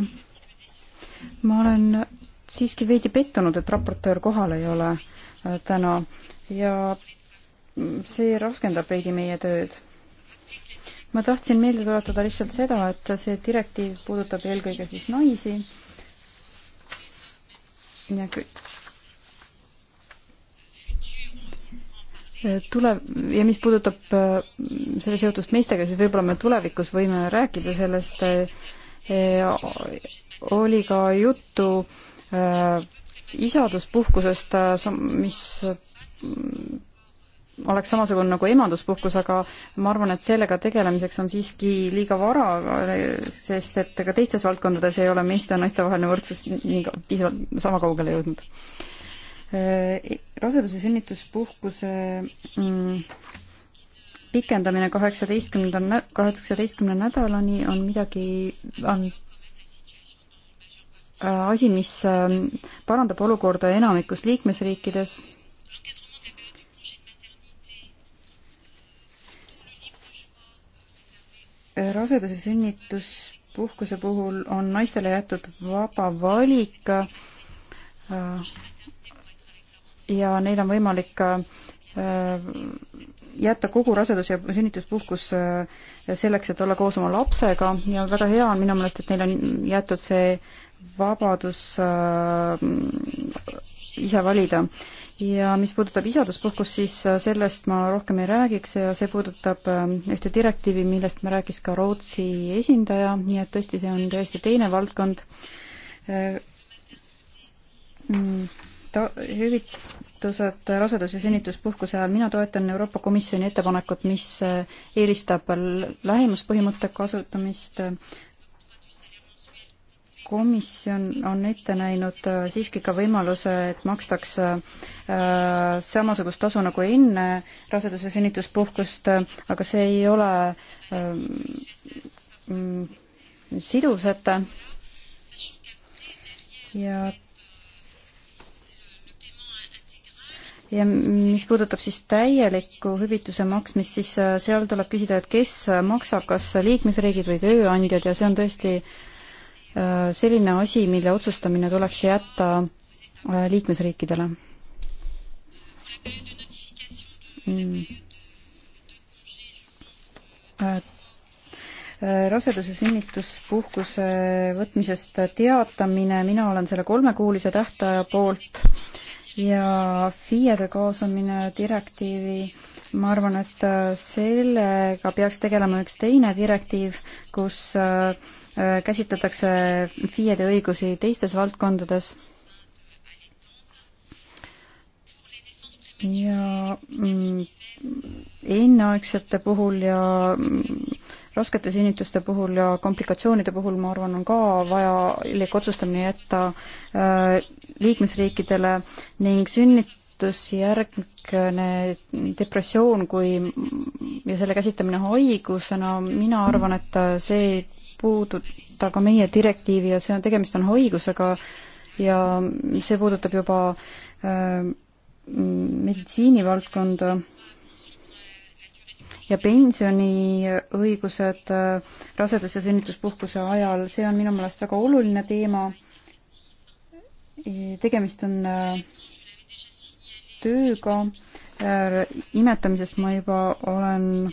ma olen siiski veidi pettunud, et raportöör kohal ei ole äh, täna ja see raskendab veidi meie tööd. ma tahtsin meelde tuletada lihtsalt seda, et see direktiiv puudutab eelkõige siis naisi ja tule- ja mis puudutab äh, selle seotust meestega, siis võib-olla me tulevikus võime rääkida sellest, äh, äh, oli ka juttu isaduspuhkusest, mis oleks samasugune nagu emaduspuhkus, aga ma arvan, et sellega tegelemiseks on siiski liiga vara, sest et ka teistes valdkondades ei ole meeste ja naiste vaheline võrdsus nii piisavalt sama kaugele jõudnud Äh, raseduse sünnituspuhkuse mm, pikendamine kaheksateistkümnenda, kaheksateistkümne nädalani on midagi, on äh, asi, mis ähm, parandab olukorda enamikus liikmesriikides. Äh, raseduse sünnituspuhkuse puhul on naistele jäetud vaba valik ja neil on võimalik äh, jätta kogu rasedus- ja sünnituspuhkus äh, selleks, et olla koos oma lapsega ja väga hea on minu meelest, et neil on jäetud see vabadus äh, ise valida. ja mis puudutab isaduspuhkust, siis sellest ma rohkem ei räägiks ja see puudutab ühte direktiivi, millest me rääkis ka Rootsi esindaja, nii et tõesti, see on täiesti teine valdkond. Mm, ta hüvit-, toetused rasedus- ja sünnituspuhkuse ajal, mina toetan Euroopa Komisjoni ettepanekut, mis äh, eelistab lähimuspõhimõtte kasutamist. komisjon on ette näinud äh, siiski ka võimaluse, et makstakse äh, samasugust tasu nagu enne rasedus- ja sünnituspuhkust, aga see ei ole mm, siduv säte ja ja mis puudutab siis täielikku hüvituse maksmist, siis äh, seal tuleb küsida, et kes äh, maksab, kas liikmesriigid või tööandjad ja see on tõesti äh, selline asi, mille otsustamine tuleks jätta liikmesriikidele. Mm. raseduse sünnituspuhkuse võtmisest teatamine, mina olen selle kolmekuulise tähtaja poolt ja FIE-de kaasamine direktiivi, ma arvan, et äh, sellega peaks tegelema üks teine direktiiv, kus äh, äh, käsitletakse FIE-de õigusi teistes valdkondades ja mm, enneaegsete puhul ja mm, raskete sünnituste puhul ja komplikatsioonide puhul, ma arvan, on ka vaja hiljaku otsustamine jätta liikmesriikidele ning sünnitusjärgne depressioon kui ja selle käsitlemine haigusena, mina arvan, et see ei puuduta ka meie direktiivi ja see on, tegemist on haigusega ja see puudutab juba äh, meditsiinivaldkonda ja pensioniõigused äh, rasedus- ja sünnituspuhkuse ajal, see on minu meelest väga oluline teema tegemist on äh, tööga, äh, imetamisest ma juba olen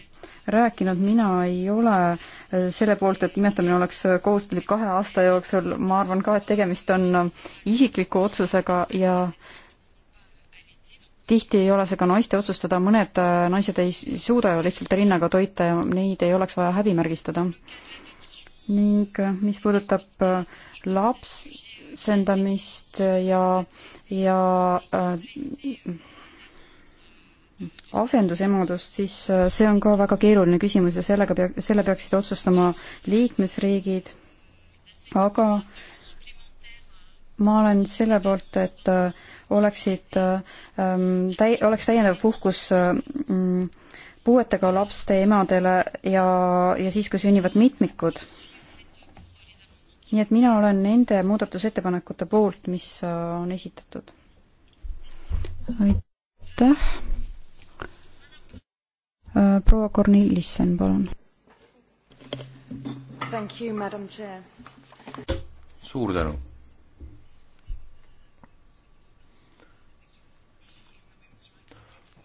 rääkinud, mina ei ole äh, selle poolt, et imetamine oleks kohustuslik kahe aasta jooksul, ma arvan ka, et tegemist on isikliku otsusega ja tihti ei ole see ka naiste otsustada, mõned naised ei suuda ju lihtsalt rinnaga toita ja neid ei oleks vaja häbimärgistada. ning mis puudutab laps, otsendamist ja, ja äh, ahvendusemadust, siis äh, see on ka väga keeruline küsimus ja sellega pea, selle peaksid otsustama liikmesriigid, aga ma olen selle poolt, et äh, oleksid äh, ähm,, täi-, oleks täiendav puhkus ähm, puuetega laste emadele ja, ja siis, kui sünnivad mitmikud nii et mina olen nende muudatusettepanekute poolt, mis äh, on esitatud. aitäh. Äh, proua Kornelissen, palun. suur tänu.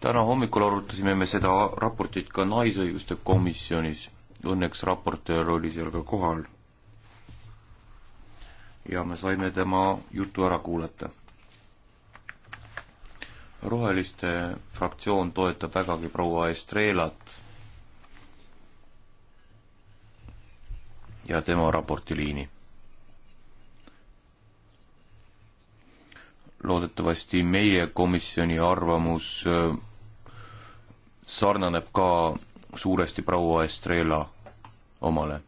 täna hommikul arutasime me seda raportit ka Naisõiguste komisjonis. Õnneks raportöör oli seal ka kohal ja me saime tema jutu ära kuulata. roheliste fraktsioon toetab vägagi proua Estrelat ja tema raporti liini. loodetavasti meie komisjoni arvamus äh, sarnaneb ka suuresti proua Estrela omale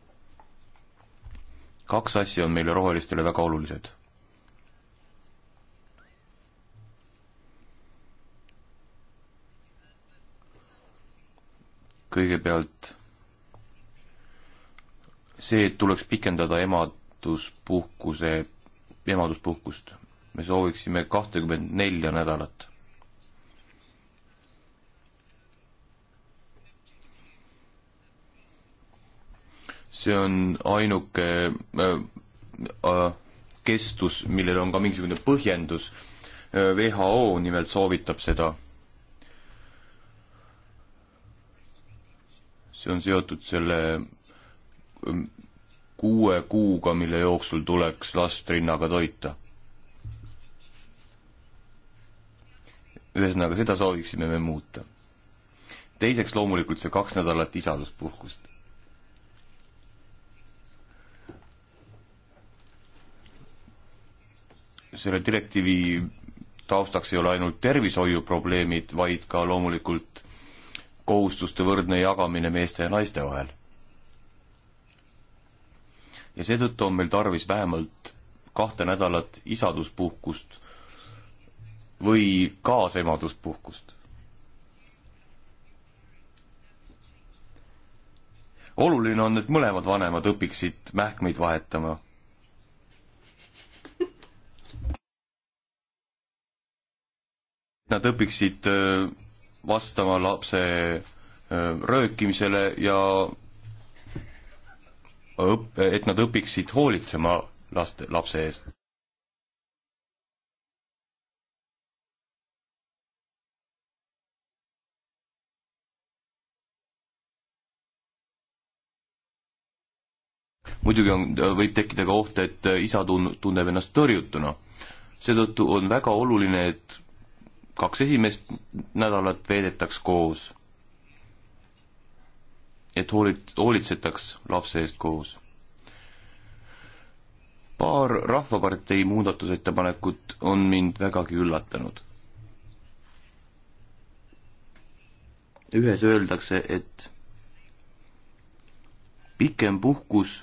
kaks asja on meile rohelistele väga olulised. kõigepealt see, et tuleks pikendada emaduspuhkuse, emaduspuhkust. me sooviksime kahtekümmend nelja nädalat see on ainuke äh, äh, kestus, millel on ka mingisugune põhjendus. WHO äh, nimelt soovitab seda. see on seotud selle ähm, kuue kuuga, mille jooksul tuleks last rinnaga toita. ühesõnaga, seda sooviksime me muuta. teiseks loomulikult see kaks nädalat isaduspuhkust selle direktiivi taustaks ei ole ainult tervishoiuprobleemid, vaid ka loomulikult kohustuste võrdne jagamine meeste ja naiste vahel. ja seetõttu on meil tarvis vähemalt kahte nädalat isaduspuhkust või kaasemaduspuhkust. oluline on, et mõlemad vanemad õpiksid mähkmeid vahetama nad õpiksid äh, vastama lapse äh, röökimisele ja õpp-, et nad õpiksid hoolitsema laste, lapse eest. muidugi on, võib tekkida ka oht, et isa tun-, tunneb ennast tõrjutuna. seetõttu on väga oluline, et kaks esimest nädalat veedetaks koos. et hoolit-, hoolitsetaks lapse eest koos. paar Rahvapartei muudatusettepanekut on mind vägagi üllatanud. ühes öeldakse, et pikem puhkus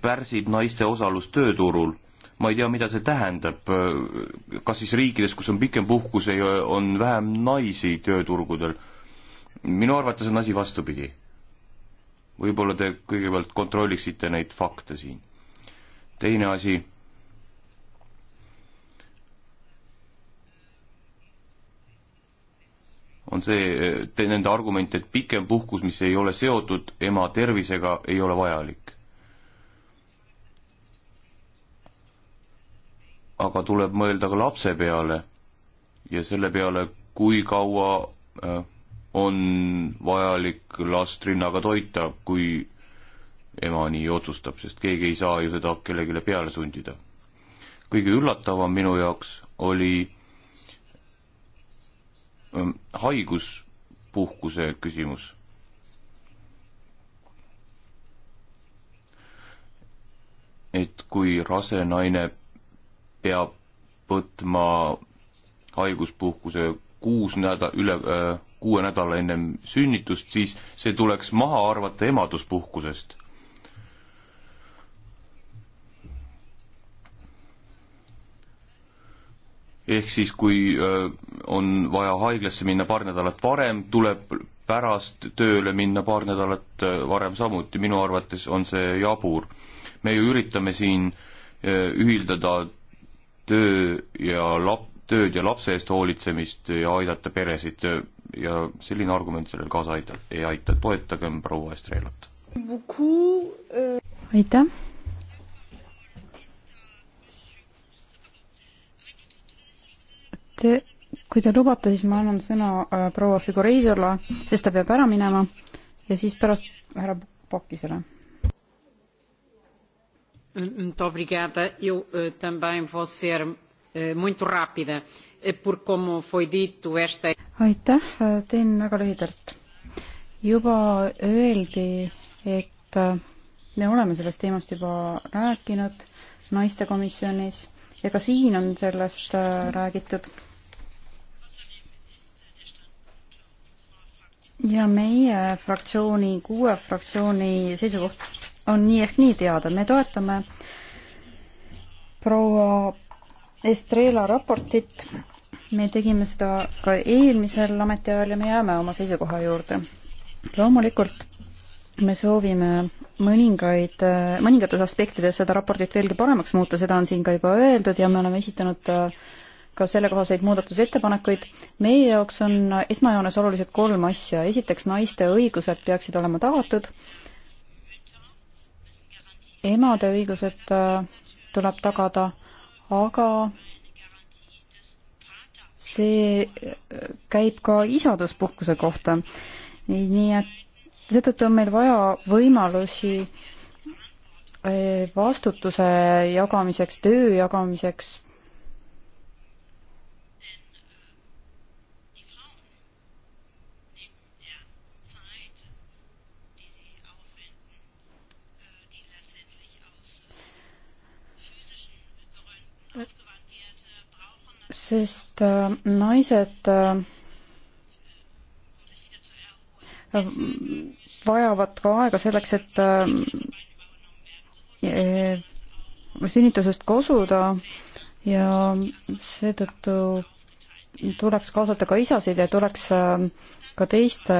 pärsib naiste osalust tööturul. ma ei tea, mida see tähendab, kas siis riikides, kus on pikem puhkus, on vähem naisi tööturgudel? minu arvates on asi vastupidi. võib-olla te kõigepealt kontrolliksite neid fakte siin. teine asi on see, nende argument, et pikem puhkus, mis ei ole seotud ema tervisega, ei ole vajalik. aga tuleb mõelda ka lapse peale ja selle peale, kui kaua äh, on vajalik last rinnaga toita, kui ema nii otsustab, sest keegi ei saa ju seda kellelegi peale sundida. kõige üllatavam minu jaoks oli ähm, haiguspuhkuse küsimus. et kui rase naine peab võtma haiguspuhkuse kuus näda-, üle äh, kuue nädala ennem sünnitust, siis see tuleks maha arvata emaduspuhkusest. ehk siis, kui äh, on vaja haiglasse minna paar nädalat varem, tuleb pärast tööle minna paar nädalat äh, varem samuti, minu arvates on see jabur. me ju üritame siin äh, ühildada töö ja lap-, tööd ja lapse eest hoolitsemist ja aidata peresid ja selline argument sellele kaasa aita-, ei aita, toetagem proua Estrelat. aitäh. Te, kui te lubate, siis ma annan sõna äh, proua Figureidole, sest ta peab ära minema ja siis pärast härra Pakisele Muito obrigada. Eu uh, também vou ser uh, muito rápida, eh, porque como foi dito esta... aitäh, teen väga lühidalt. juba öeldi, et me oleme sellest teemast juba rääkinud naistekomisjonis ja ka siin on sellest räägitud. ja meie fraktsiooni, kuue fraktsiooni seisukoht on nii ehk nii teada, me toetame proua Estrela raportit, me tegime seda ka eelmisel ametiajal ja me jääme oma seisukoha juurde. loomulikult me soovime mõningaid, mõningates aspektides seda raportit veelgi paremaks muuta, seda on siin ka juba öeldud ja me oleme esitanud äh, ka sellekohaseid muudatusettepanekuid. meie jaoks on esmajoones olulised kolm asja. esiteks, naiste õigused peaksid olema tagatud emade õigused äh, tuleb tagada, aga see äh, käib ka isaduspuhkuse kohta. nii et seetõttu on meil vaja võimalusi äh, vastutuse jagamiseks, töö jagamiseks sest äh, naised äh, vajavad ka aega selleks, et äh, e-, sünnitusest kosuda ja seetõttu tuleks kaasata ka isasid ja tuleks ka teiste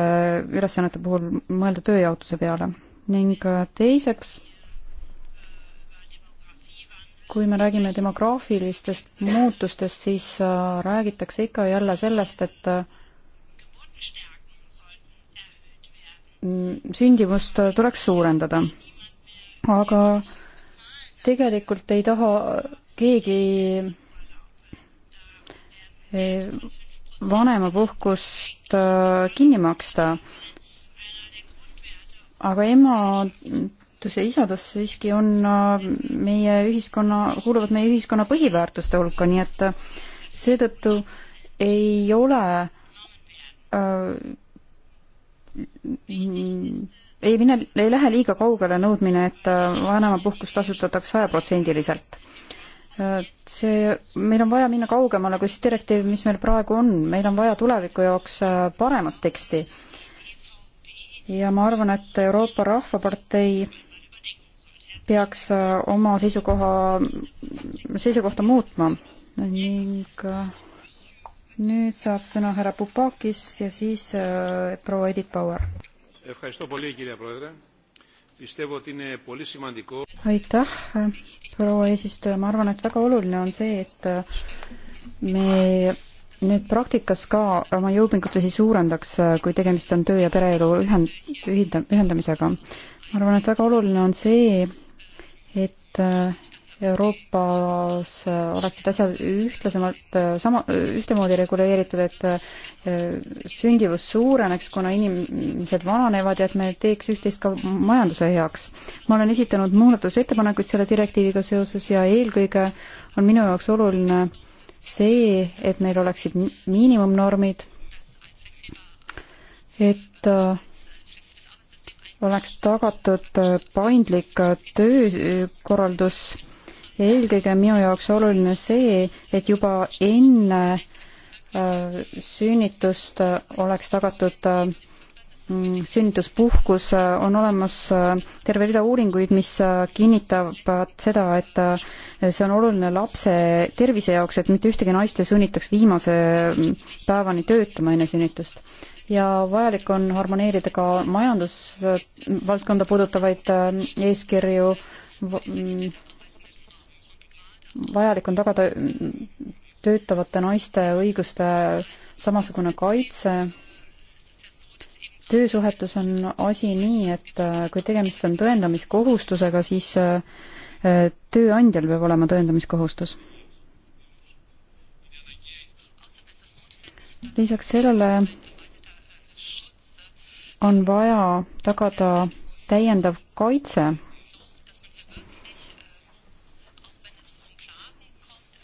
ülesannete puhul mõelda tööjaotuse peale. ning teiseks kui me räägime demograafilistest muutustest, siis äh, räägitakse ikka ja jälle sellest, et äh, mm, sündimust tuleks suurendada. aga tegelikult ei taha keegi äh, vanemapuhkust kinni maksta. aga ema väärtus ja isadus siiski on äh, meie ühiskonna, kuuluvad meie ühiskonna põhiväärtuste hulka, nii et äh, seetõttu ei ole äh, ei mine, ei lähe liiga kaugele nõudmine, et äh, vanemapuhkust tasutatakse sajaprotsendiliselt see, meil on vaja minna kaugemale kui see direktiiv, mis meil praegu on, meil on vaja tuleviku jaoks paremat teksti. ja ma arvan, et Euroopa Rahvapartei peaks äh, oma seisukoha, seisukohta muutma ning äh, nüüd saab sõna härra Pupakis ja siis äh, proua Edith Bauer. aitäh, proua eesistuja, ma arvan, et väga oluline on see, et äh, me nüüd praktikas ka oma jõupingutusi suurendaks, kui tegemist on töö ja pereelu ühend-, ühenda-, ühendamisega. ma arvan, et väga oluline on see, et äh, Euroopas äh, oleksid asjad ühtlasemalt, äh, sama, ühtemoodi reguleeritud, et sündivus suureneks, kuna inimesed vananevad ja et me teeks üht-teist ka majanduse heaks. ma olen esitanud muudatusettepanekuid selle direktiiviga seoses ja eelkõige on minu jaoks oluline see, et meil oleksid miinimumnormid, et äh, oleks tagatud äh, paindlik äh, töökorraldus ja eelkõige minu jaoks oluline see, et juba enne äh, sünnitust oleks tagatud mm, sünnituspuhkus, on olemas terve rida uuringuid, mis kinnitavad seda, et see on oluline lapse tervise jaoks, et mitte ühtegi naist ei sunnitaks viimase mm, päevani töötama enne sünnitust ja vajalik on harmoneerida ka majandusvaldkonda puudutavaid äh, eeskirju. Mm, vajalik on tagada mm, töötavate naiste õiguste samasugune kaitse töösuhetes on asi nii, et äh, kui tegemist on tõendamiskohustusega, siis äh, tööandjal peab olema tõendamiskohustus. lisaks sellele on vaja tagada täiendav kaitse,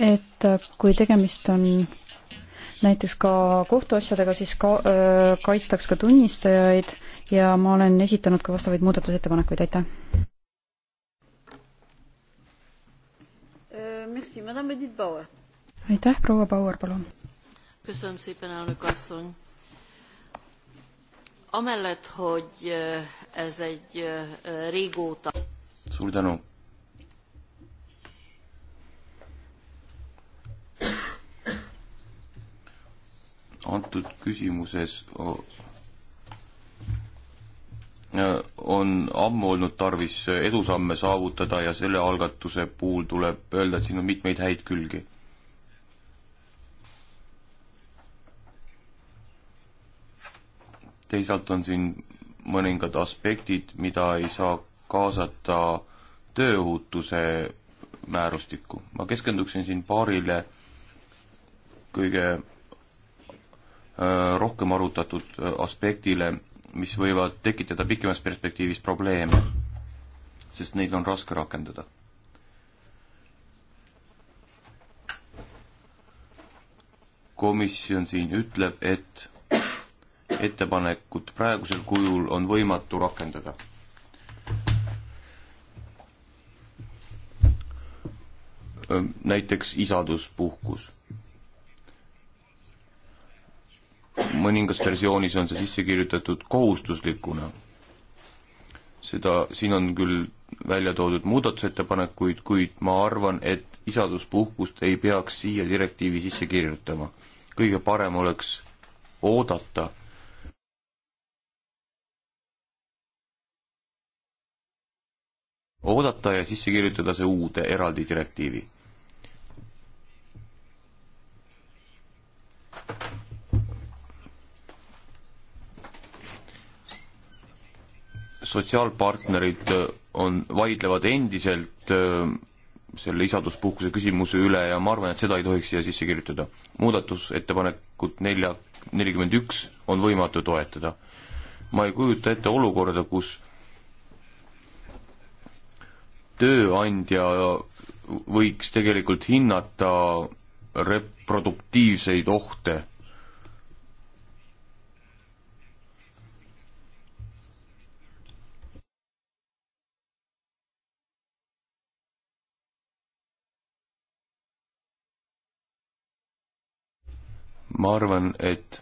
et kui tegemist on näiteks ka kohtuasjadega, siis ka, öö, kaitstaks ka tunnistajaid ja ma olen esitanud ka vastavaid muudatusettepanekuid, aitäh. Äh, aitäh, proua Bauer, palun. köszönöm szépen, elnök asszony amellett, hogy ez egy régóta... Suur tänu. antud küsimuses on ammu olnud tarvis edusamme saavutada ja selle algatuse puhul tuleb öelda, et siin on mitmeid häid külgi teisalt on siin mõningad aspektid, mida ei saa kaasata tööohutuse määrustikku. ma keskenduksin siin paarile kõige äh, rohkem arutatud äh, aspektile, mis võivad tekitada pikemas perspektiivis probleeme, sest neid on raske rakendada. komisjon siin ütleb, et ettepanekut praegusel kujul on võimatu rakendada. näiteks isaduspuhkus. mõningas versioonis on see sisse kirjutatud kohustuslikuna. seda, siin on küll välja toodud muudatusettepanekuid, kuid ma arvan, et isaduspuhkust ei peaks siia direktiivi sisse kirjutama. kõige parem oleks oodata oodata ja sisse kirjutada see uude eraldi direktiivi. sotsiaalpartnerid äh, on, vaidlevad endiselt äh, selle isaduspuhkuse küsimuse üle ja ma arvan, et seda ei tohiks siia sisse kirjutada. muudatusettepanekut nelja, nelikümmend üks on võimatu toetada. ma ei kujuta ette olukorda, kus tööandja võiks tegelikult hinnata reproduktiivseid ohte. ma arvan, et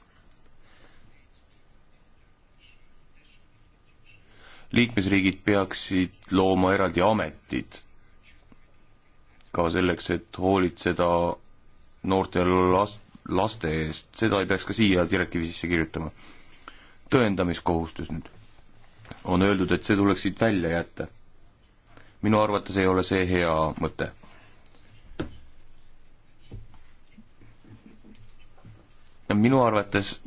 liikmesriigid peaksid looma eraldi ametid ka selleks, et hoolitseda noorte last, laste eest, seda ei peaks ka siia direktiivi sisse kirjutama. tõendamiskohustus nüüd. on öeldud, et see tuleks siit välja jätta. minu arvates ei ole see hea mõte. minu arvates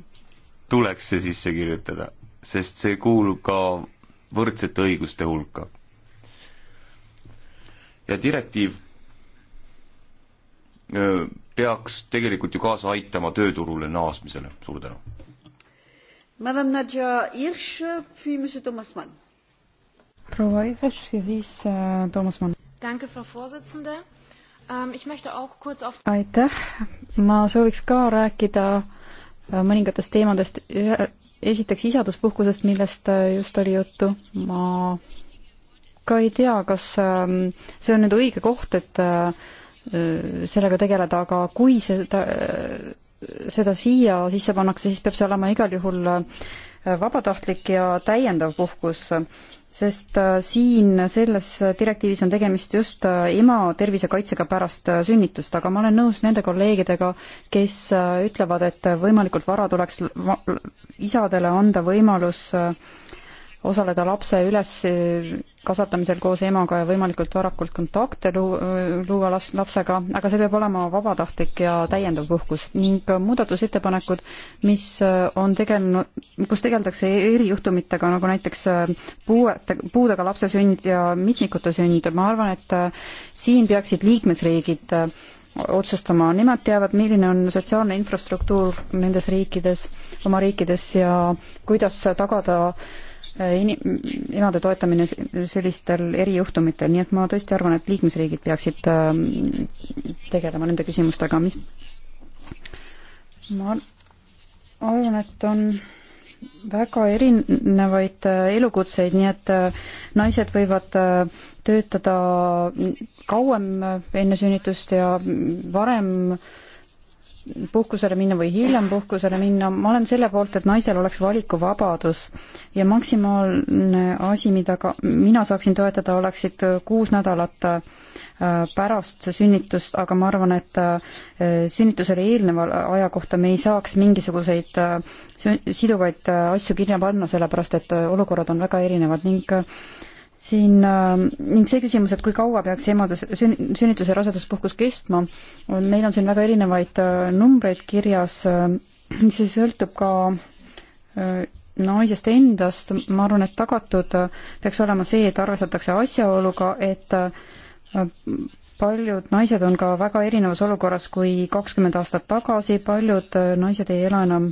tuleks see sisse kirjutada, sest see kuulub ka võrdsete õiguste hulka. ja direktiiv peaks tegelikult ju kaasa aitama tööturule naasmisele. suur tänu. Madame Nadja Hirš, puis Monsieur Thomas Mann. proua Hirš ja siis äh, Toomas Mann. Danke, Frau Vorsitzende ähm,. Ich möchte auch kurz auf aitäh, ma sooviks ka rääkida äh, mõningatest teemadest, esiteks isaduspuhkusest, millest äh, just oli juttu, ma ka ei tea, kas ähm, see on nüüd õige koht, et äh, sellega tegeleda, aga kui seda, äh, seda siia sisse pannakse, siis peab see olema igal juhul vabatahtlik ja täiendav puhkus, sest äh, siin selles direktiivis on tegemist just äh, ema tervisekaitsega pärast äh, sünnitust, aga ma olen nõus nende kolleegidega, kes ütlevad, et võimalikult vara tuleks isadele anda võimalus osaleda lapse üles kasvatamisel koos emaga ja võimalikult varakult kontakte luua laps, lapsega, aga see peab olema vabatahtlik ja täiendav puhkus ning muudatusettepanekud, mis äh, on tegelenud, kus tegeldakse erijuhtumitega, nagu näiteks äh, puuete, puudega lapse sünd ja mitmikute sünd, ma arvan, et äh, siin peaksid liikmesriigid otsustama, nemad teavad, milline on sotsiaalne infrastruktuur nendes riikides, oma riikides ja kuidas tagada äh, Äh, emade toetamine sellistel erijuhtumitel, nii et ma tõesti arvan, et liikmesriigid peaksid ähm, tegelema nende küsimustega, mis ma arvan, et on väga erinevaid äh, elukutseid, nii et äh, naised võivad töötada kauem enne sünnitust ja varem äh, puhkusele minna või hiljem puhkusele minna, ma olen selle poolt, et naisel oleks valikuvabadus ja maksimaalne asi, mida ka mina saaksin toetada, oleksid kuus nädalat äh, pärast sünnitust, aga ma arvan, et äh, sünnitusele eelneva aja kohta me ei saaks mingisuguseid äh, siduvaid asju kirja panna, sellepärast et olukorrad on väga erinevad ning äh, siin äh, ning see küsimus, et kui kaua peaks emadus, sünnitus ja raseduspuhkus kestma, on, meil on siin väga erinevaid äh, numbreid kirjas, äh, see sõltub ka naisest endast, ma arvan, et tagatud peaks olema see, et arvestatakse asjaoluga, et paljud naised on ka väga erinevas olukorras kui kakskümmend aastat tagasi, paljud naised ei ela enam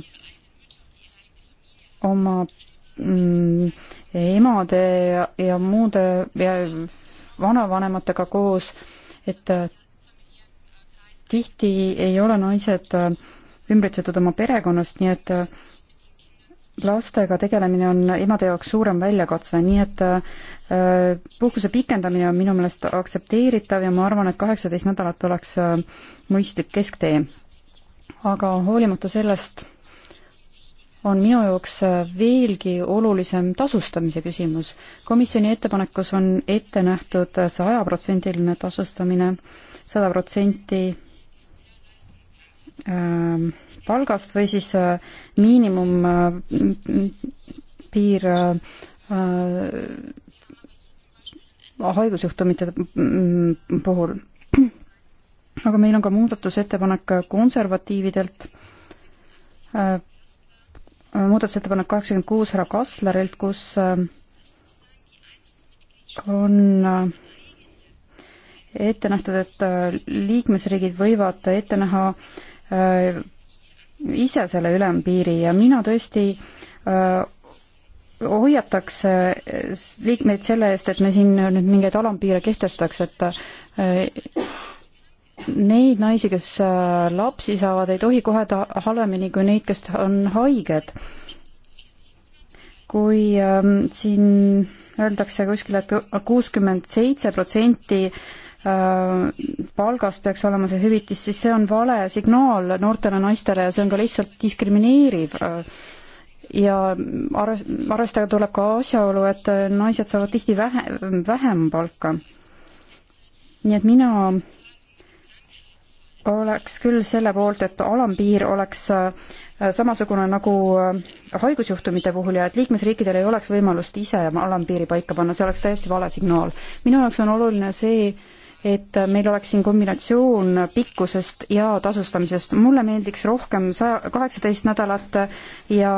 oma mm, emade ja, ja muude ja vanavanematega koos, et äh, tihti ei ole naised äh, ümbritsetud oma perekonnast, nii et äh, lastega tegelemine on emade jaoks suurem väljakutse, nii et puhkuse pikendamine on minu meelest aktsepteeritav ja ma arvan, et kaheksateist nädalat oleks mõistlik kesktee. aga hoolimata sellest on minu jaoks äh, veelgi olulisem tasustamise küsimus. komisjoni ettepanekus on ette nähtud äh, sajaprotsendiline tasustamine, sada protsenti ähm, palgast või siis äh, miinimumpiir haigusjuhtumite mm, puhul. aga meil on ka muudatusettepanek konservatiividelt muudatusettepanek kaheksakümmend kuus härra Kasslerilt, kus äh, on äh, ette nähtud, et äh, liikmesriigid võivad ette näha ise selle ülempiiri ja mina tõesti hoiataks liikmeid selle eest, et me siin nüüd mingeid alampiire kehtestaks, et neid naisi, kes äh, lapsi saavad, ei tohi kohelda halvemini kui neid, kes on haiged. kui ähm, siin öeldakse kuskil et, et kuuskümmend seitse protsenti äh, palgast peaks olema see hüvitis, siis see on vale signaal noortele naistele ja see on ka lihtsalt diskrimineeriv äh, ja arves-, arvestada tuleb ka asjaolu, et naised saavad tihti vähe, vähem palka. nii et mina oleks küll selle poolt, et alampiir oleks äh, samasugune nagu äh, haigusjuhtumite puhul ja et liikmesriikidel ei oleks võimalust ise alampiiri paika panna, see oleks täiesti vale signaal. minu jaoks on oluline see, et meil oleks siin kombinatsioon pikkusest ja tasustamisest. mulle meeldiks rohkem saja, kaheksateist nädalat ja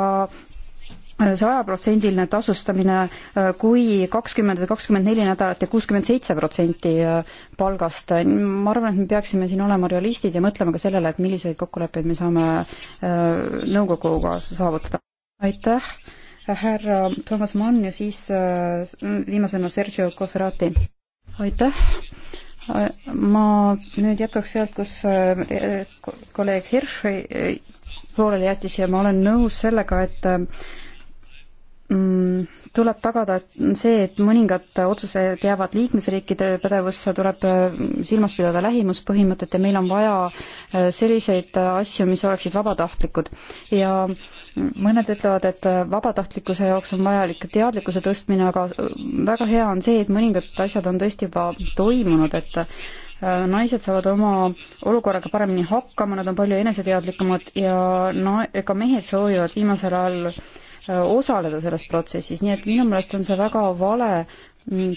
sajaprotsendiline tasustamine äh, kui kakskümmend või kakskümmend neli nädalat ja kuuskümmend seitse protsenti äh, palgast. ma arvan, et me peaksime siin olema realistid ja mõtlema ka sellele, et milliseid kokkuleppeid me saame äh, nõukoguga saavutada. aitäh, härra Toomas Mann ja siis viimasena Sergio Cofferati. aitäh ma nüüd jätkaks sealt, kus kolleeg Hirsch pooleli jättis ja ma olen nõus sellega, et Mm, tuleb tagada see, et mõningad otsused jäävad liikmesriikide pädevusse, tuleb äh, silmas pidada lähimuspõhimõtet ja meil on vaja äh, selliseid äh, asju, mis oleksid vabatahtlikud. ja mõned ütlevad, et vabatahtlikkuse jaoks on vajalik teadlikkuse tõstmine, aga väga hea on see, et mõningad asjad on tõesti juba toimunud, et naised saavad oma olukorraga paremini hakkama, nad on palju eneseteadlikumad ja na-, ka mehed soovivad viimasel ajal osaleda selles protsessis, nii et minu meelest on see väga vale,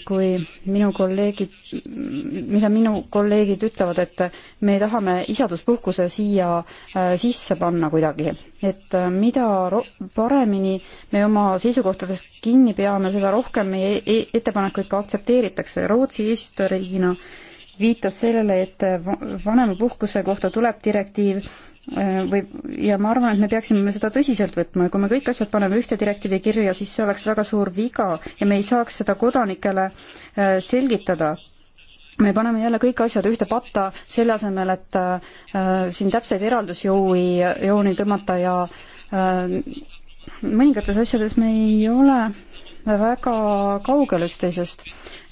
kui minu kolleegid, mida minu kolleegid ütlevad, et me tahame isaduspuhkuse siia äh, sisse panna kuidagi. et äh, mida ro-, paremini me oma seisukohtadest kinni peame, seda rohkem meie e ettepanekuid ka aktsepteeritakse. Rootsi eesistujariigina no, viitas sellele, et vanemapuhkuse kohta tuleb direktiiv äh, või, ja ma arvan, et me peaksime seda tõsiselt võtma ja kui me kõik asjad paneme ühte direktiivi kirja, siis see oleks väga suur viga ja me ei saaks seda kodanikele äh, selgitada. me paneme jälle kõik asjad ühte patta, selle asemel, et äh, siin täpseid eraldusjooni, jooni tõmmata ja äh, mõningates asjades me ei ole väga kaugel üksteisest.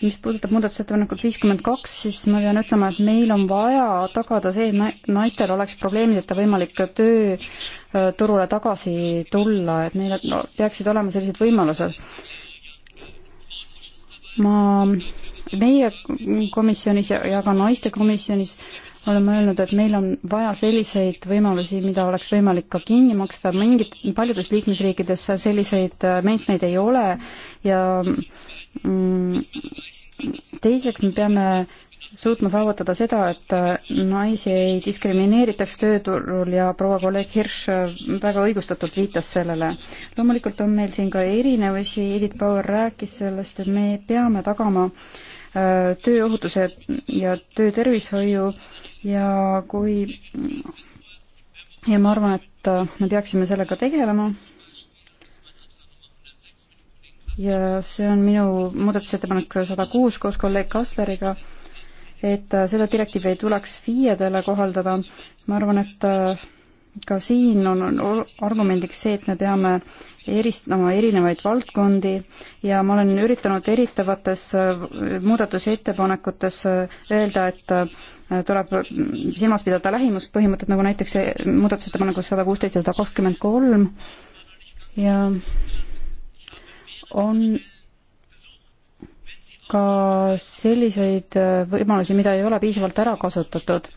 mis puudutab muudatusettepanekut viiskümmend kaks, siis ma pean ütlema, et meil on vaja tagada see, et naistel oleks probleemideta võimalik tööturule tagasi tulla, et neil no, peaksid olema sellised võimalused. ma, meie komisjonis ja, ja ka naistekomisjonis äh, oleme öelnud, et meil on vaja selliseid võimalusi, mida oleks võimalik ka kinni maksta, mingid, paljudes liikmesriikides selliseid meetmeid ei ole ja mm, teiseks me peame suutma saavutada seda, et naisi ei diskrimineeritaks tööturul ja proua kolleeg Hirš väga õigustatult viitas sellele. loomulikult on meil siin ka erinevusi, Edith Bauer rääkis sellest, et me peame tagama äh, tööohutuse ja töötervishoiu ja kui ja ma arvan, et äh, me peaksime sellega tegelema. ja see on minu muudatusettepanek sada kuus koos kolleeg Kasleriga, et äh, seda direktiivi ei tuleks FIE-dele kohaldada. ma arvan, et äh, ka siin on, on argumendiks see, et me peame eristama erinevaid valdkondi ja ma olen üritanud eritavates äh, muudatusettepanekutes äh, öelda, et äh, tuleb silmas pidada lähimuspõhimõtet, nagu näiteks muudatusettepanekus sada kuusteist ja sada kakskümmend kolm ja on ka selliseid võimalusi, mida ei ole piisavalt ära kasutatud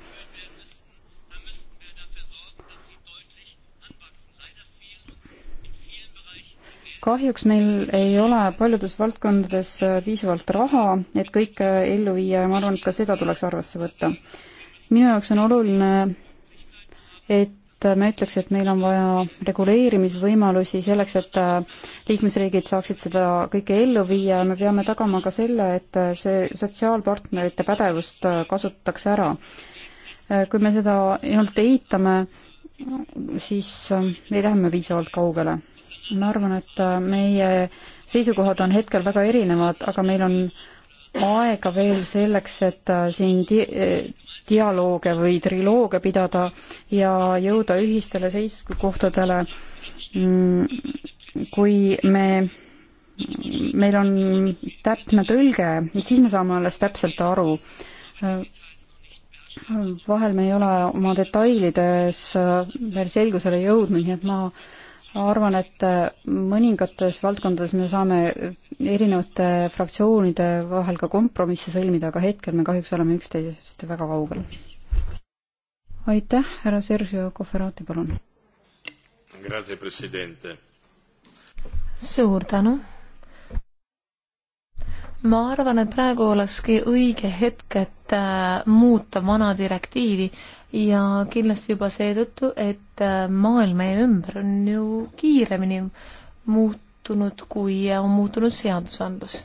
kahjuks meil ei ole paljudes valdkondades äh, piisavalt raha, et kõike äh, ellu viia ja ma arvan, et ka seda tuleks arvesse võtta. minu jaoks on oluline, et äh, ma ütleks, et meil on vaja reguleerimisvõimalusi selleks, et liikmesriigid saaksid seda kõike ellu viia ja me peame tagama ka selle, et see sotsiaalpartnerite pädevust kasutatakse ära. kui me seda ainult eitame, siis ei lähe me piisavalt kaugele ma arvan, et äh, meie seisukohad on hetkel väga erinevad, aga meil on aega veel selleks, et äh, siin di äh, dialoogia või triloogia pidada ja jõuda ühistele seisukohtadele, mm, kui me meil on täpne tõlge, siis me saame alles täpselt aru. vahel me ei ole oma detailides veel selgusele jõudnud, nii et ma arvan, et äh, mõningates valdkondades me saame erinevate fraktsioonide vahel ka kompromisse sõlmida, aga hetkel me kahjuks oleme üksteisest väga kaugel. aitäh, härra Sergio Cofferati, palun. suur tänu ma arvan, et praegu olekski õige hetk, et äh, muuta vana direktiivi ja kindlasti juba seetõttu, et äh, maailm meie ümber on ju kiiremini muutunud, kui on muutunud seadusandlus.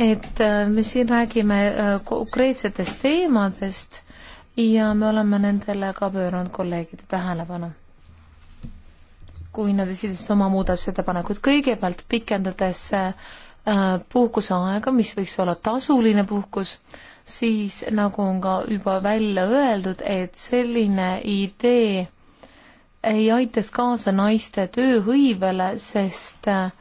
et äh, me siin räägime äh, konkreetsetest teemadest ja me oleme nendele ka pööranud kolleegide tähelepanu kui nad esitasid oma muudatusettepanekud, kõigepealt pikendades Äh, puhkuseaega, mis võiks olla tasuline puhkus, siis nagu on ka juba välja öeldud, et selline idee ei aitaks kaasa naiste tööhõivele, sest äh,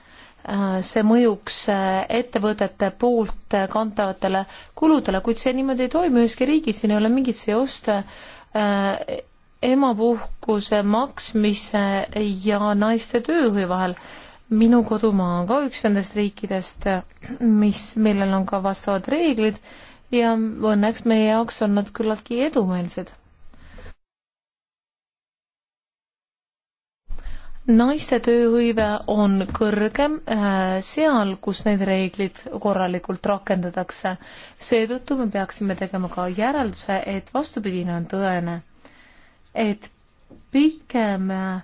see mõjuks äh, ettevõtete poolt kantavatele kuludele, kuid see niimoodi ei toimi üheski riigis, siin ei ole mingit seost emapuhkuse maksmise ja naiste tööhõi vahel minu kodumaa on ka üks nendest riikidest, mis, millel on ka vastavad reeglid ja õnneks meie jaoks on nad küllaltki edumeelsed. naiste tööhõive on kõrgem äh, seal, kus neid reeglid korralikult rakendatakse. seetõttu me peaksime tegema ka järelduse, et vastupidine on tõene, et pigem äh,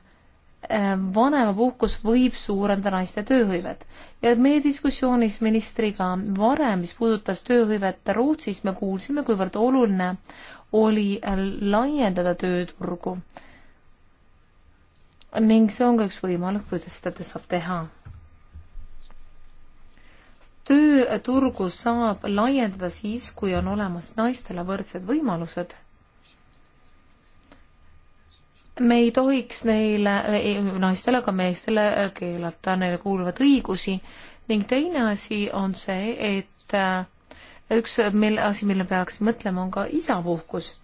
Äh, vanemapuhkus võib suurendada naiste tööhõivet. ja meie diskussioonis ministriga varem, mis puudutas tööhõivet Rootsis, me kuulsime, kuivõrd oluline oli laiendada tööturgu. ning see on ka üks võimalus, kuidas seda saab teha. tööturgu saab laiendada siis, kui on olemas naistele võrdsed võimalused me ei tohiks neile, naistele ega meestele keelata neile kuuluvaid õigusi ning teine asi on see, et äh, üks mille, asi, mille peaks mõtlema, on ka isapuhkus.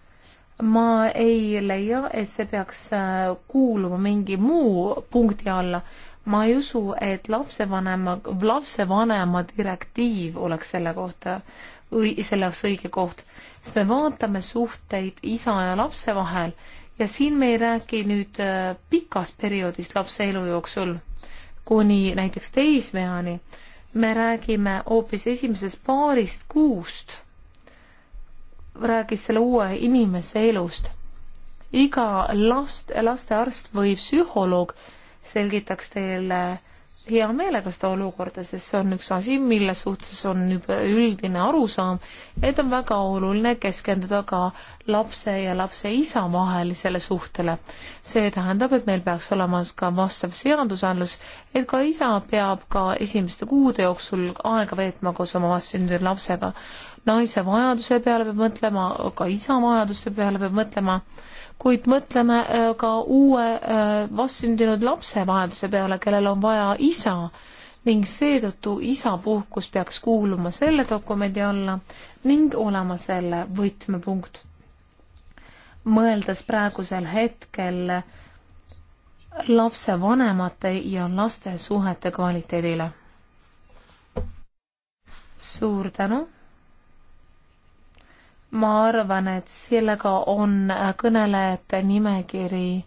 ma ei leia, et see peaks äh, kuuluma mingi muu punkti alla. ma ei usu, et lapsevanema, lapsevanema direktiiv oleks selle kohta või selle oleks õige koht, sest me vaatame suhteid isa ja lapse vahel ja siin me ei räägi nüüd äh, pikast perioodist lapse elu jooksul kuni näiteks teismeani, me räägime hoopis esimesest paarist kuust, räägid selle uue inimese elust. iga last, lastearst või psühholoog selgitaks teile hea meelega seda olukorda, sest see on üks asi, mille suhtes on juba üldine arusaam, et on väga oluline keskenduda ka lapse ja lapse isa vahelisele suhtele. see tähendab, et meil peaks olema ka vastav seadusandlus, et ka isa peab ka esimeste kuude jooksul aega veetma koos oma vastsündinud lapsega. naise vajaduse peale peab mõtlema, ka isa vajaduste peale peab mõtlema kuid mõtleme äh, ka uue äh, vastsündinud lapse vajaduse peale, kellel on vaja isa ning seetõttu isapuhkus peaks kuuluma selle dokumendi alla ning olema selle võtmepunkt. mõeldes praegusel hetkel lapsevanemate ja laste suhete kvaliteedile. suur tänu ma arvan, et sellega on äh, kõnelejate nimekiri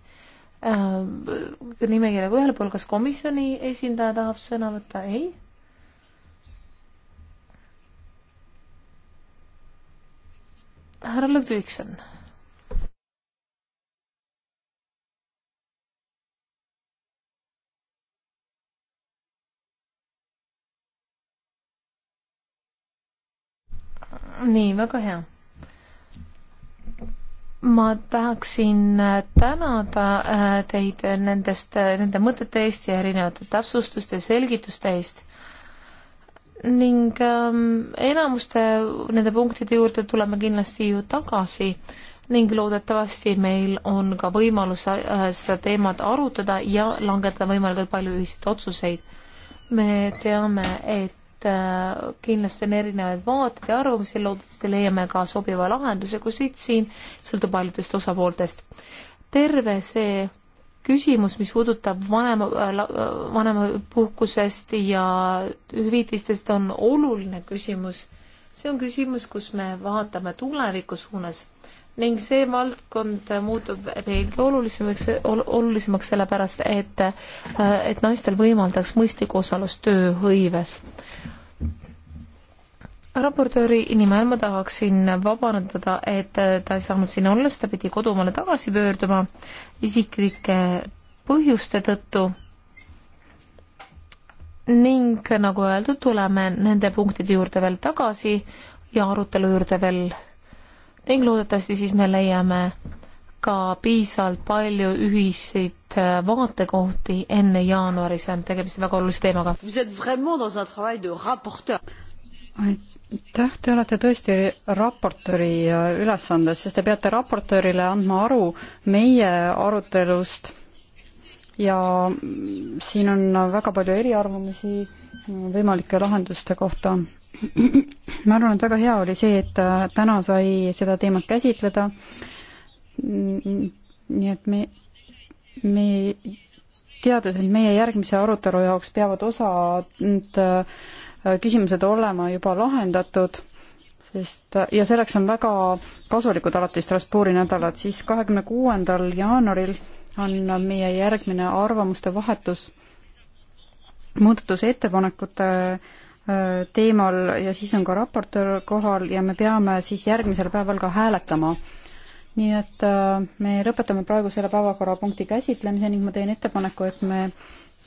äh,, nimekirja ühel pool, kas komisjoni esindaja tahab sõna võtta, ei? härra Ludvigson. nii, väga hea ma tahaksin tänada äh, teid nendest, nende mõtete eest ja erinevate täpsustuste ja selgituste eest. ning ähm, enamuste nende punktide juurde tuleme kindlasti ju tagasi ning loodetavasti meil on ka võimalus äh, seda teemat arutada ja langetada võimalikult palju ühiseid otsuseid. me teame, et Äh, kindlasti on erinevaid vaateid ja arvamusi, loodetavasti leiame ka sobiva lahenduse, kui siit siin sõltub paljudest osapooltest. terve see küsimus, mis puudutab vanema, äh, äh, vanemapuhkusest ja hüvitistest, on oluline küsimus. see on küsimus, kus me vaatame tuleviku suunas ning see valdkond muutub veelgi olulisemaks, olulisemaks sellepärast, et, et naistel võimaldaks mõistlik osalus tööhõives. raportööri nimel ma tahaksin vabandada, et ta ei saanud siin olla, sest ta pidi kodumaale tagasi pöörduma isiklike põhjuste tõttu ning nagu öeldud, tuleme nende punktide juurde veel tagasi ja arutelu juurde veel ning loodetavasti siis me leiame ka piisavalt palju ühiseid äh, vaatekohti enne jaanuari, see on tegemist väga olulise teemaga. aitäh, te olete tõesti raportööri äh, ülesandes, sest te peate raportöörile andma aru meie arutelust ja siin on väga palju eriarvamusi äh, võimalike lahenduste kohta ma arvan, et väga hea oli see, et äh, täna sai seda teemat käsitleda. nii et me, me teades, et meie järgmise arutelu jaoks peavad osad äh, küsimused olema juba lahendatud, sest äh, ja selleks on väga kasulikud alati Strasbourgi nädalad, siis kahekümne kuuendal jaanuaril on meie järgmine arvamuste vahetus muudatusettepanekute äh, Äh, teemal ja siis on ka raportöör kohal ja me peame siis järgmisel päeval ka hääletama. nii et äh, me lõpetame praegu selle päevakorrapunkti käsitlemise ning ma teen ettepaneku, et me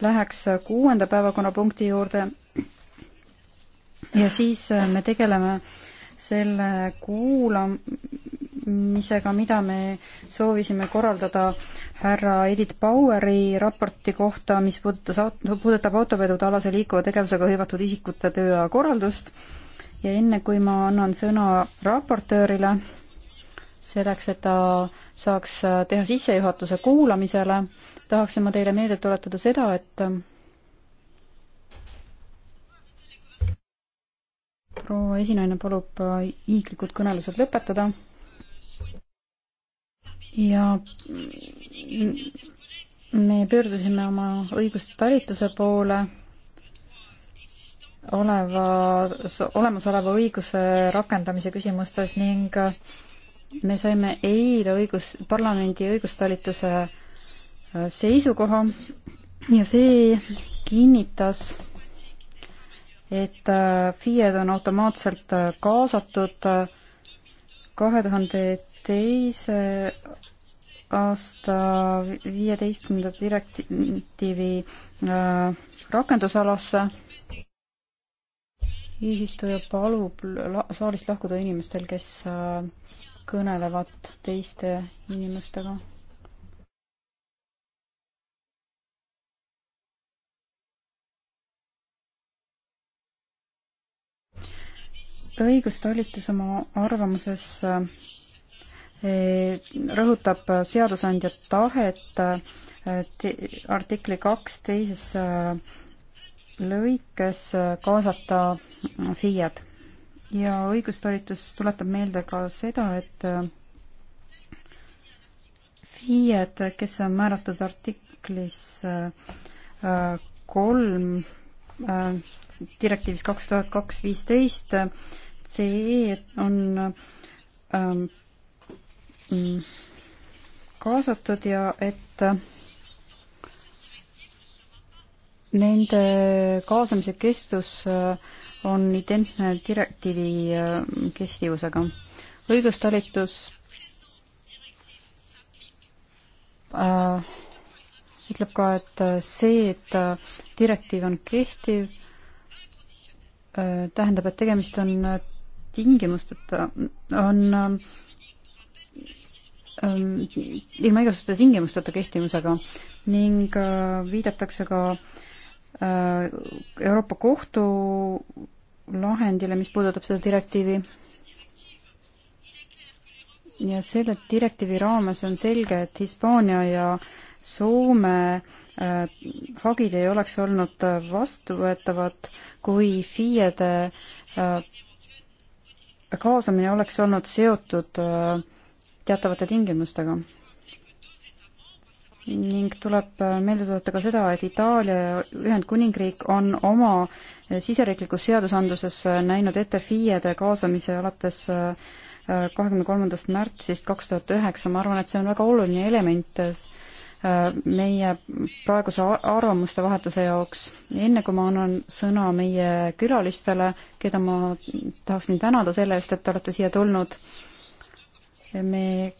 läheks kuuenda päevakorrapunkti juurde ja siis äh, me tegeleme selle kuulamisega, mida me soovisime korraldada äh, härra Edith Baueri raporti kohta, mis puudutas, puudutab autovedude alase liikuva tegevusega hõivatud isikute tööaja korraldust ja enne, kui ma annan sõna raportöörile, selleks, et ta saaks teha sissejuhatuse kuulamisele, tahaksin ma teile meelde tuletada seda, et proua esinaine palub iiklikud kõnelused lõpetada ja me pöördusime oma õigustalituse poole oleva, olemasoleva õiguse rakendamise küsimustes ning me saime eile õigus, parlamendi õigustalituse äh, seisukoha ja see kinnitas, et äh, FIE-d on automaatselt äh, kaasatud kahe tuhande teise aasta viieteistkümnenda direktiivi äh, rakendusalasse. eesistuja palub la saalist lahkuda inimestel, kes äh, kõnelevad teiste inimestega. õigustalitus oma arvamuses äh, rõhutab seadusandja tahet artikli kaks teises äh, lõikes äh, kaasata FIE-d. ja õigustalitus tuletab meelde ka seda, et äh, FIE-d, kes on määratud artiklis kolm direktiivis kaks tuhat kaks viisteist, CE on ähm, kaasatud ja et nende kaasamise kestus äh, on identne direktiivi äh, kestivusega. õigustalitus äh, ütleb ka, et äh, see, et direktiiv on kehtiv äh,, tähendab, et tegemist on tingimusteta, on äh, Ähm, ilma igasuguste tingimusteta kehtimisega ning äh, viidatakse ka äh, Euroopa Kohtu lahendile, mis puudutab seda direktiivi. ja selle direktiivi raames on selge, et Hispaania ja Soome äh, hagid ei oleks olnud äh, vastuvõetavad, kui FIE-de äh, kaasamine oleks olnud seotud äh, teatavate tingimustega. ning tuleb meelde tuletada ka seda, et Itaalia ja Ühendkuningriik on oma siseriiklikus seadusandluses näinud ette FIE-de kaasamise alates äh, kahekümne kolmandast märtsist kaks tuhat üheksa, ma arvan, et see on väga oluline element äh, meie praeguse arvamuste vahetuse jaoks. enne kui ma annan sõna meie külalistele, keda ma tahaksin tänada selle eest, et te olete siia tulnud, me,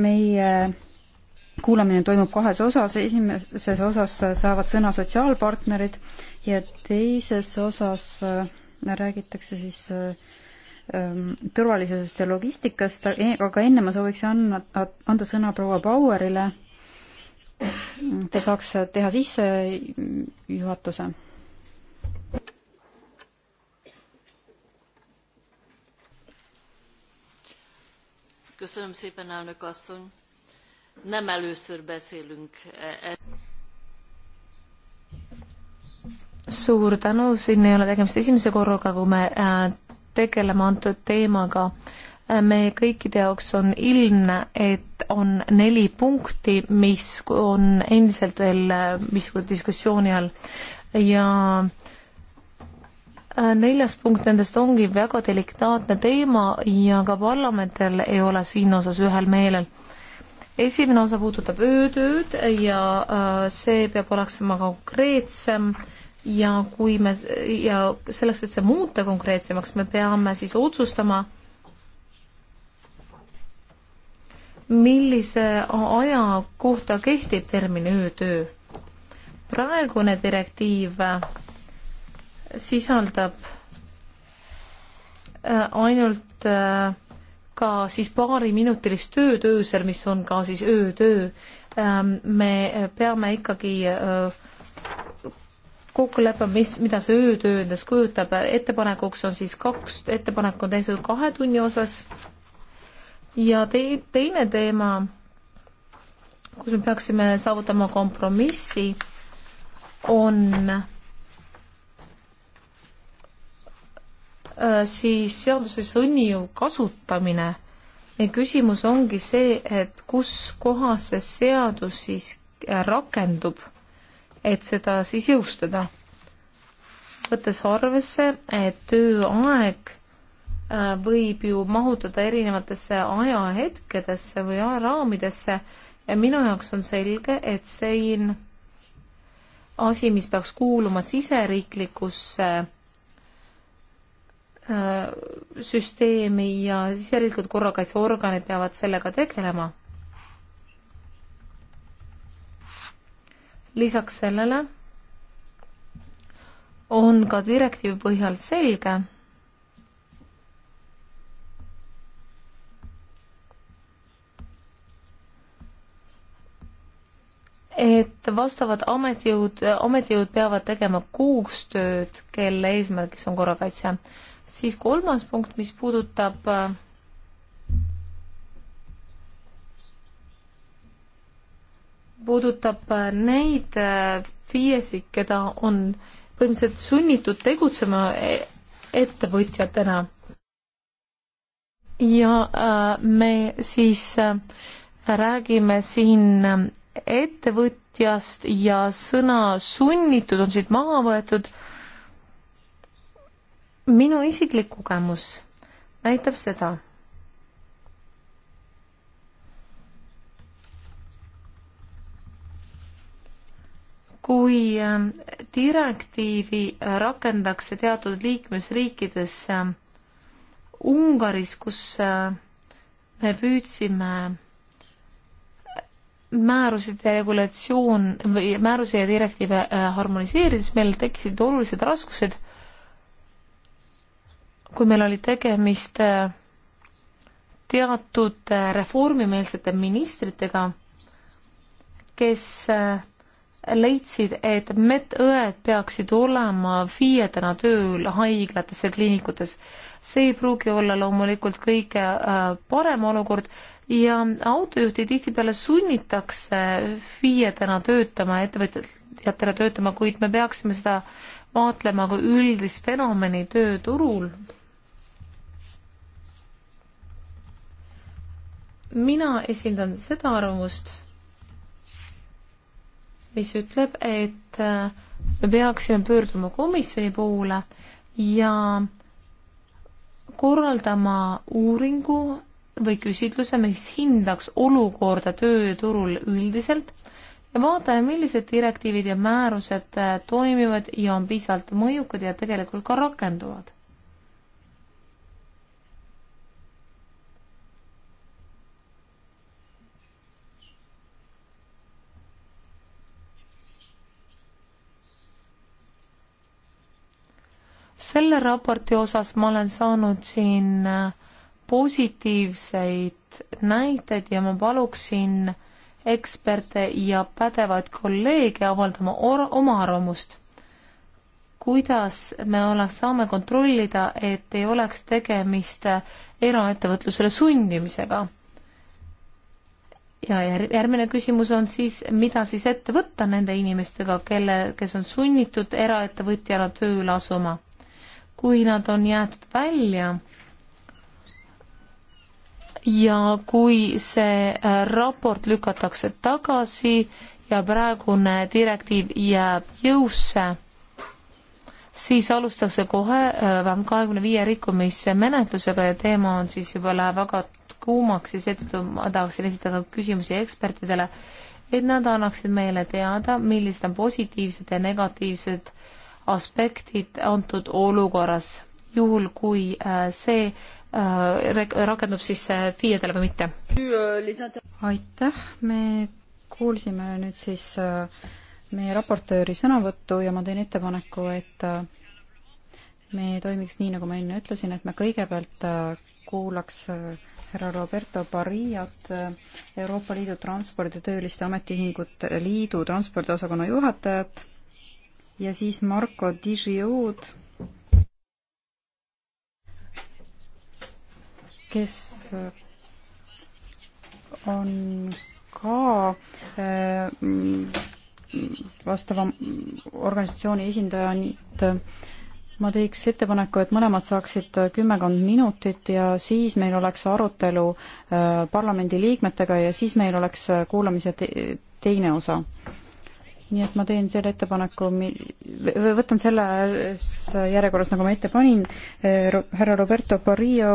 meie kuulamine toimub kahes osas, esimeses osas saavad sõna sotsiaalpartnerid ja teises osas äh, räägitakse siis äh, ähm, turvalisusest ja logistikast, e-, aga enne ma sooviks anna, anda sõna proua Bauerile. ta saaks teha sissejuhatuse Köszönöm szépen, elnök asszony. Nem először beszélünk. E- e- suur tänu, siin ei ole tegemist esimese korraga, kui me äh, tegeleme antud teemaga. Äh, meie kõikide jaoks on ilmne, et on neli punkti, mis on endiselt veel, äh, mis diskussiooni all ja äh, Äh, neljas punkt nendest ongi väga delikaatne teema ja ka parlamendil ei ole siin osas ühel meelel. esimene osa puudutab öötööd ja äh, see peab olema konkreetsem ja kui me ja selleks, et see muuta konkreetsemaks, me peame siis otsustama, millise aja kohta kehtib termin öötöö. praegune direktiiv sisaldab äh, ainult äh, ka siis paariminutilist tööd öösel, mis on ka siis öötöö. Ähm, me peame ikkagi äh, kokkulepe, mis, mida see öötöö endast kujutab, ettepanekuks on siis kaks, ettepanek on tehtud kahe tunni osas ja te, teine teema, kus me peaksime saavutama kompromissi, on äh, Äh, siis seaduse sõnniu kasutamine. meie küsimus ongi see, et kus kohas see seadus siis äh, rakendub, et seda siis jõustada. võttes arvesse, et tööaeg äh, võib ju mahutada erinevatesse ajahetkedesse või ajaraamidesse ja minu jaoks on selge, et siin asi, mis peaks kuuluma siseriiklikusse äh, Äh, süsteemi ja siis järelikult korrakaitseorganid peavad sellega tegelema. lisaks sellele on ka direktiivi põhjal selge, et vastavad ametijõud, ametijõud peavad tegema kuustööd, kelle eesmärgiks on korrakaitse siis kolmas punkt, mis puudutab äh, puudutab äh, neid äh, FIE-sid, keda on põhimõtteliselt sunnitud tegutsema e, ettevõtjatena. ja me siis räägime siin ettevõtjast ja sõna sunnitud on siit maha võetud minu isiklik kogemus näitab seda, kui ähm, direktiivi äh, rakendakse teatud liikmesriikides, ähm, Ungaris, kus äh, me püüdsime äh, määrusid ja regulatsioon või määrusi ja direktiive harmoniseerida, siis meil tekkisid olulised raskused kui meil oli tegemist äh, teatud äh, reformimeelsete ministritega, kes äh, leidsid, et medõed peaksid olema FIE-dena tööl haiglates ja kliinikutes. see ei pruugi olla loomulikult kõige parem olukord ja autojuhti tihtipeale sunnitakse FIE-dena töötama, ettevõtjatena töötama, kuid me peaksime seda vaatlema kui üldist fenomeni tööturul mina esindan seda arvamust, mis ütleb, et äh, me peaksime pöörduma komisjoni poole ja korraldama uuringu või küsitluse, mis hindaks olukorda tööturul üldiselt ja vaatame, millised direktiivid ja määrused äh, toimivad ja on piisavalt mõjukad ja tegelikult ka rakenduvad. selle raporti osas ma olen saanud siin äh, positiivseid näiteid ja ma paluksin eksperte ja pädevaid kolleege avaldama oma arvamust, kuidas me oleks, saame kontrollida, et ei oleks tegemist äh, eraettevõtlusele sundimisega. ja järgmine küsimus on siis, mida siis ette võtta nende inimestega, kelle, kes on sunnitud eraettevõtjana tööle asuma kui nad on jäetud välja ja kui see äh, raport lükatakse tagasi ja praegune direktiiv jääb jõusse, siis alustatakse kohe äh, vähemalt kahekümne viie rikkumise menetlusega ja teema on siis juba läheb väga kuumaks ja seetõttu ma tahaksin esitada küsimusi ekspertidele, et nad annaksid meile teada, millised on positiivsed ja negatiivsed aspektid antud olukorras, juhul kui äh, see äh, rakendub siis äh, FIE-dele või mitte? aitäh, me kuulsime nüüd siis meie raportööri sõnavõttu ja ma teen ettepaneku, et me toimiks nii, nagu ma enne ütlesin, et me kõigepealt kuulaks härra Roberto Barillat, Euroopa Liidu Transpordi Tööliste Ametiühingute Liidu transpordiosakonna juhatajat ja siis Marko Digiod, kes äh, on ka äh, vastava organisatsiooni esindaja, nii et ma teeks ettepaneku, et mõlemad saaksid kümmekond minutit ja siis meil oleks arutelu äh, parlamendi liikmetega ja siis meil oleks kuulamise te teine osa nii et ma teen selle ettepaneku, võtan selles järjekorras, nagu ma ette panin, äh, härra Roberto Barrio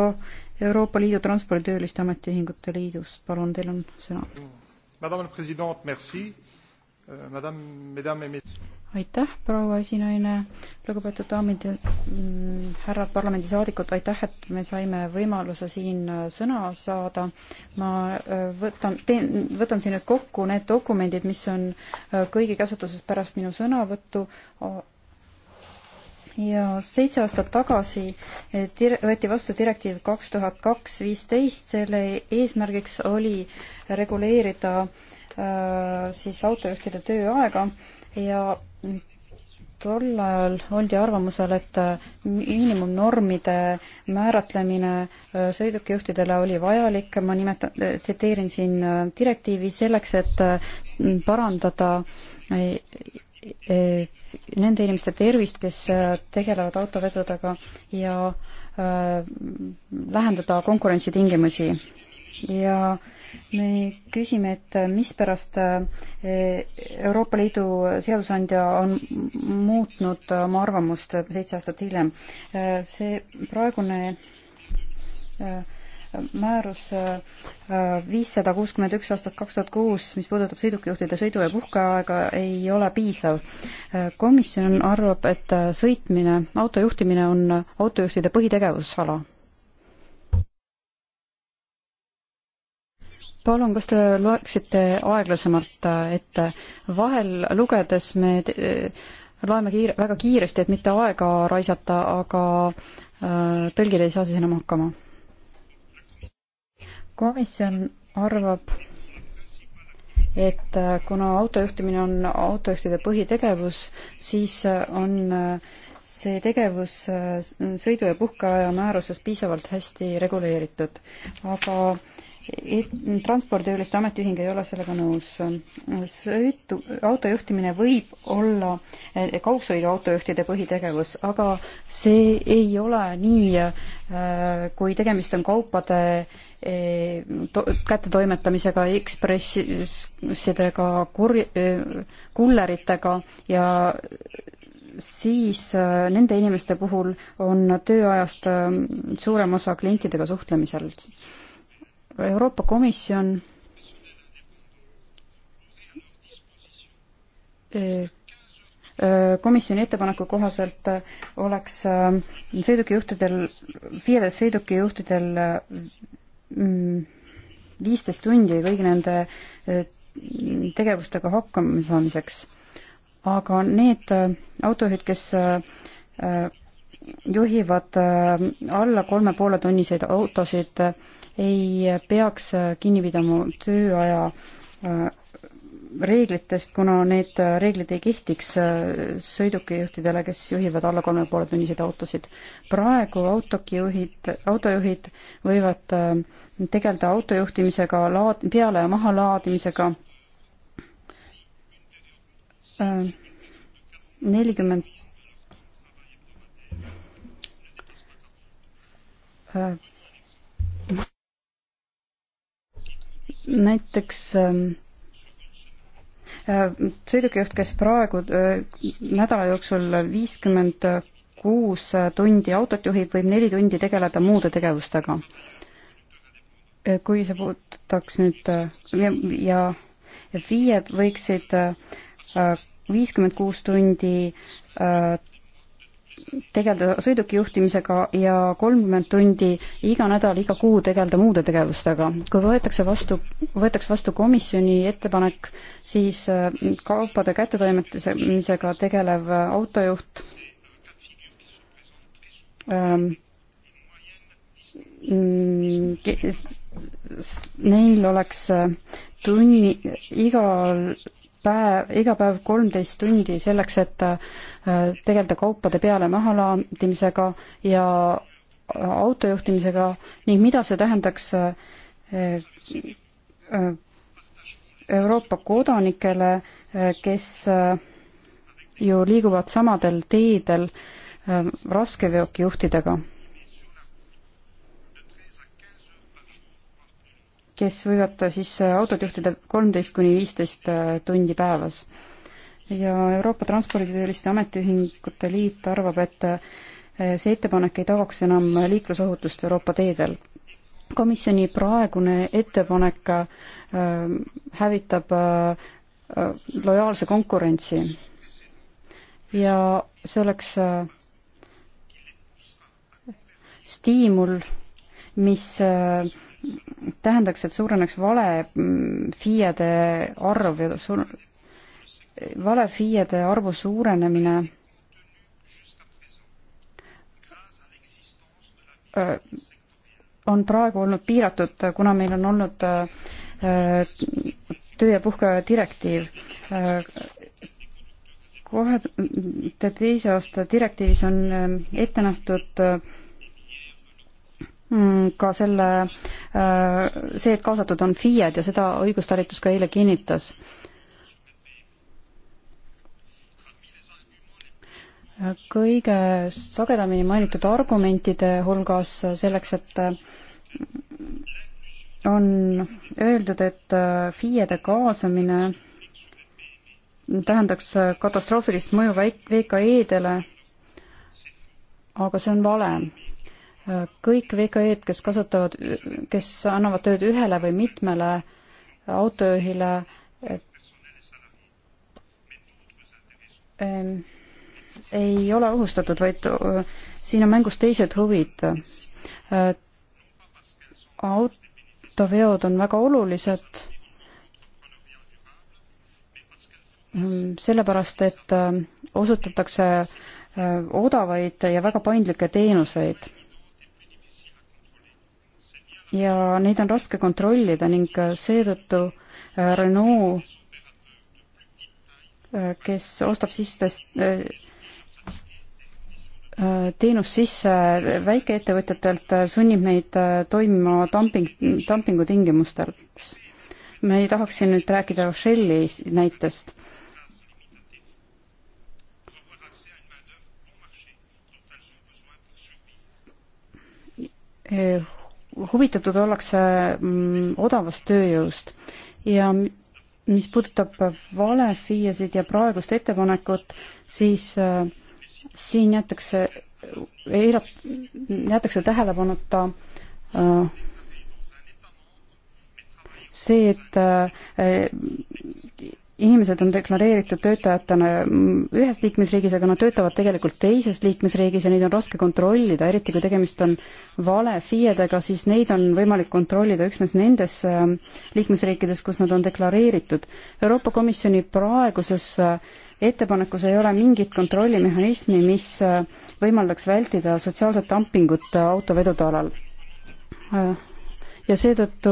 Euroopa Liidu Transporditööliste Ametiühingute Liidust, palun, teil on sõna aitäh, proua esinaine, lugupeetud daamid ja mm, härrad parlamendisaadikud, aitäh, et me saime võimaluse siin äh, sõna saada. ma äh, võtan, teen, võtan siin nüüd kokku need dokumendid, mis on äh, kõigi käsutuses pärast minu sõnavõttu ja seitse aastat tagasi eh, dir-, võeti vastu direktiiv kaks tuhat kaks viisteist, selle eesmärgiks oli reguleerida äh, siis autojuhtide tööaega ja tol ajal oldi arvamusel, et äh, miinimumnormide määratlemine äh, sõidukijuhtidele oli vajalik, ma nimetan, tsiteerin siin äh, direktiivi, selleks et parandada nende inimeste tervist, kes tegelevad autovedudega ja lähendada konkurentsitingimusi ja me küsime, et mispärast eh, Euroopa Liidu seadusandja on muutnud oma arvamust seitse aastat hiljem. Eh, see praegune eh, määrus viissada kuuskümmend üks aastast kaks tuhat kuus, mis puudutab sõidukijuhtide sõidu- ja puhkeaega, ei ole piisav. komisjon arvab, et sõitmine, auto juhtimine on autojuhtide põhitegevusala palun, kas te loeksite aeglasemalt äh, ette? vahel lugedes me äh, loeme kiire, väga kiiresti, et mitte aega raisata, aga äh, tõlgid ei saa siis enam hakkama. komisjon arvab, et äh, kuna autojuhtimine on autojuhtide põhitegevus, siis on äh, see tegevus sõidu- ja puhkeaja määruses piisavalt hästi reguleeritud, aga transporditööliste ametiühing ei ole sellega nõus. sõitu, auto juhtimine võib olla eh, kaugsõiduautojuhtide põhitegevus, aga see ei ole nii, eh, kui tegemist on kaupade eh, to-, kättetoimetamisega, ekspressidega, kur-, kulleritega ja siis nende inimeste puhul on tööajast suurem osa klientidega suhtlemisel Euroopa Komisjon eh, eh, komisjoni ettepaneku kohaselt eh, oleks sõidukijuhtidel, FIE-des sõidukijuhtidel mm, viisteist tundi kõigi nende tegevustega hakkama saamiseks. aga need autojuhid, kes juhivad äh, alla kolme pooletunniseid autosid, ei peaks kinni pidama tööaja äh, reeglitest, kuna need reeglid ei kehtiks äh, sõidukijuhtidele, kes juhivad alla kolme poole tunniseid autosid. praegu autokijuhid, autojuhid võivad tegeleda autojuhtimisega, laad-, peale- ja mahalaadimisega. nelikümmend näiteks ähm, äh, sõidukijuht, kes praegu äh, nädala jooksul viiskümmend kuus tundi autot juhib, võib neli tundi tegeleda muude tegevustega. Äh, kui see puudutaks nüüd ja, ja FIE-d võiksid viiskümmend kuus tundi tegeleda sõidukijuhtimisega ja kolmkümmend tundi iga nädal, iga kuu tegeleda muude tegevustega. kui võetakse vastu, võetakse vastu komisjoni ettepanek, siis äh, kaupade kättetoimetamisega tegelev autojuht ähm, mm, neil oleks äh, tunni, igal päev, iga päev kolmteist tundi selleks, et äh, tegeleda kaupade peale mahalaadimisega ja äh, autojuhtimisega ning mida see tähendaks äh, Euroopa kodanikele, kes ju liiguvad samadel teedel raskeveokijuhtidega kes võivad siis äh, autot juhtida kolmteist kuni viisteist äh, tundi päevas. ja Euroopa Transporditööliste Ametiühingute Liit arvab, et äh, see ettepanek ei tagaks enam liiklusohutust Euroopa teedel. komisjoni praegune ettepanek äh, hävitab äh, lojaalse konkurentsi ja see oleks äh, stiimul, mis äh, tähendaks, et suureneks vale mm, FIE-de arv ja suur-, vale FIE-de arvu suurenemine on praegu olnud piiratud, kuna meil on olnud töö- ja puhkeaja direktiiv. kahe tuhande teise aasta direktiivis on ette nähtud Mm, ka selle, äh, see, et kaasatud on FIE-d ja seda õigustalitus ka eile kinnitas. kõige sagedamini mainitud argumentide hulgas selleks, et äh, on öeldud, et äh, FIE-de kaasamine tähendaks katastroofilist mõju väik-, VKE-dele, aga see on vale kõik VKE-d, kes kasutavad, kes annavad tööd ühele või mitmele autojuhile, ei ole ohustatud, vaid äh, siin on mängus teised huvid. Äh, autoveod on väga olulised sellepärast, et äh, osutatakse odavaid ja väga paindlikke teenuseid ja neid on raske kontrollida ning äh, seetõttu äh, Renault, äh, kes ostab sisse teenust sisse väikeettevõtjatelt, sunnib meid toimima dumping, dumpingu tingimustel. me ei tahaks siin nüüd rääkida Rochelli näitest huvitatud ollakse mm, odavast tööjõust ja mis puudutab valefiiesid ja praegust ettepanekut, siis äh, siin jätakse, jätakse tähelepanuta äh, see, et äh, inimesed on deklareeritud töötajatena ühes liikmesriigis, aga nad töötavad tegelikult teises liikmesriigis ja neid on raske kontrollida, eriti kui tegemist on vale FIE-dega, siis neid on võimalik kontrollida üksnes nendes äh, liikmesriikides, kus nad on deklareeritud. Euroopa Komisjoni praeguses äh, ettepanekus ei ole mingit kontrollimehhanismi, mis äh, võimaldaks vältida sotsiaalset dumpingut autovedude alal. ja seetõttu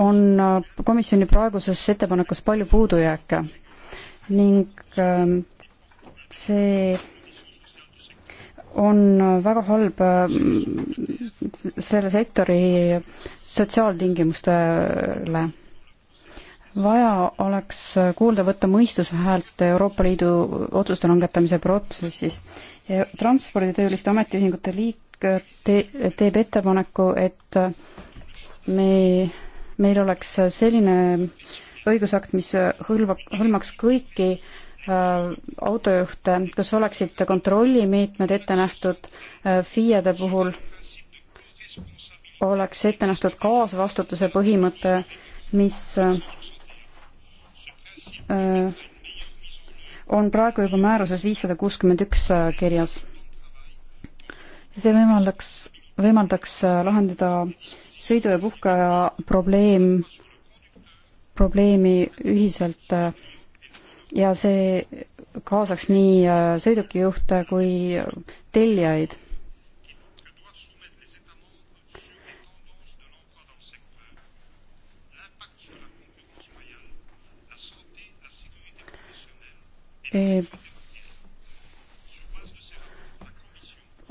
on äh, komisjoni praeguses ettepanekus palju puudujääke ning ähm, see on väga halb äh, selle sektori sotsiaaltingimustele. vaja oleks kuulda võtta mõistuse häält Euroopa Liidu otsuste langetamise protsessis. transporditööliste ametiühingute liik äh, te teeb ettepaneku, et me meil oleks selline õigusakt, mis hõlmab, hõlmaks kõiki äh, autojuhte, kas oleksid kontrollimeetmed ette nähtud äh, FIE-de puhul, oleks ette nähtud kaasvastutuse põhimõte, mis äh, on praegu juba määruses viissada kuuskümmend üks kirjas. see võimaldaks, võimaldaks lahendada äh, sõidu- ja puhkeaja probleem, probleemi ühiselt äh, ja see kaasaks nii äh, sõidukijuhte kui tellijaid. Äh,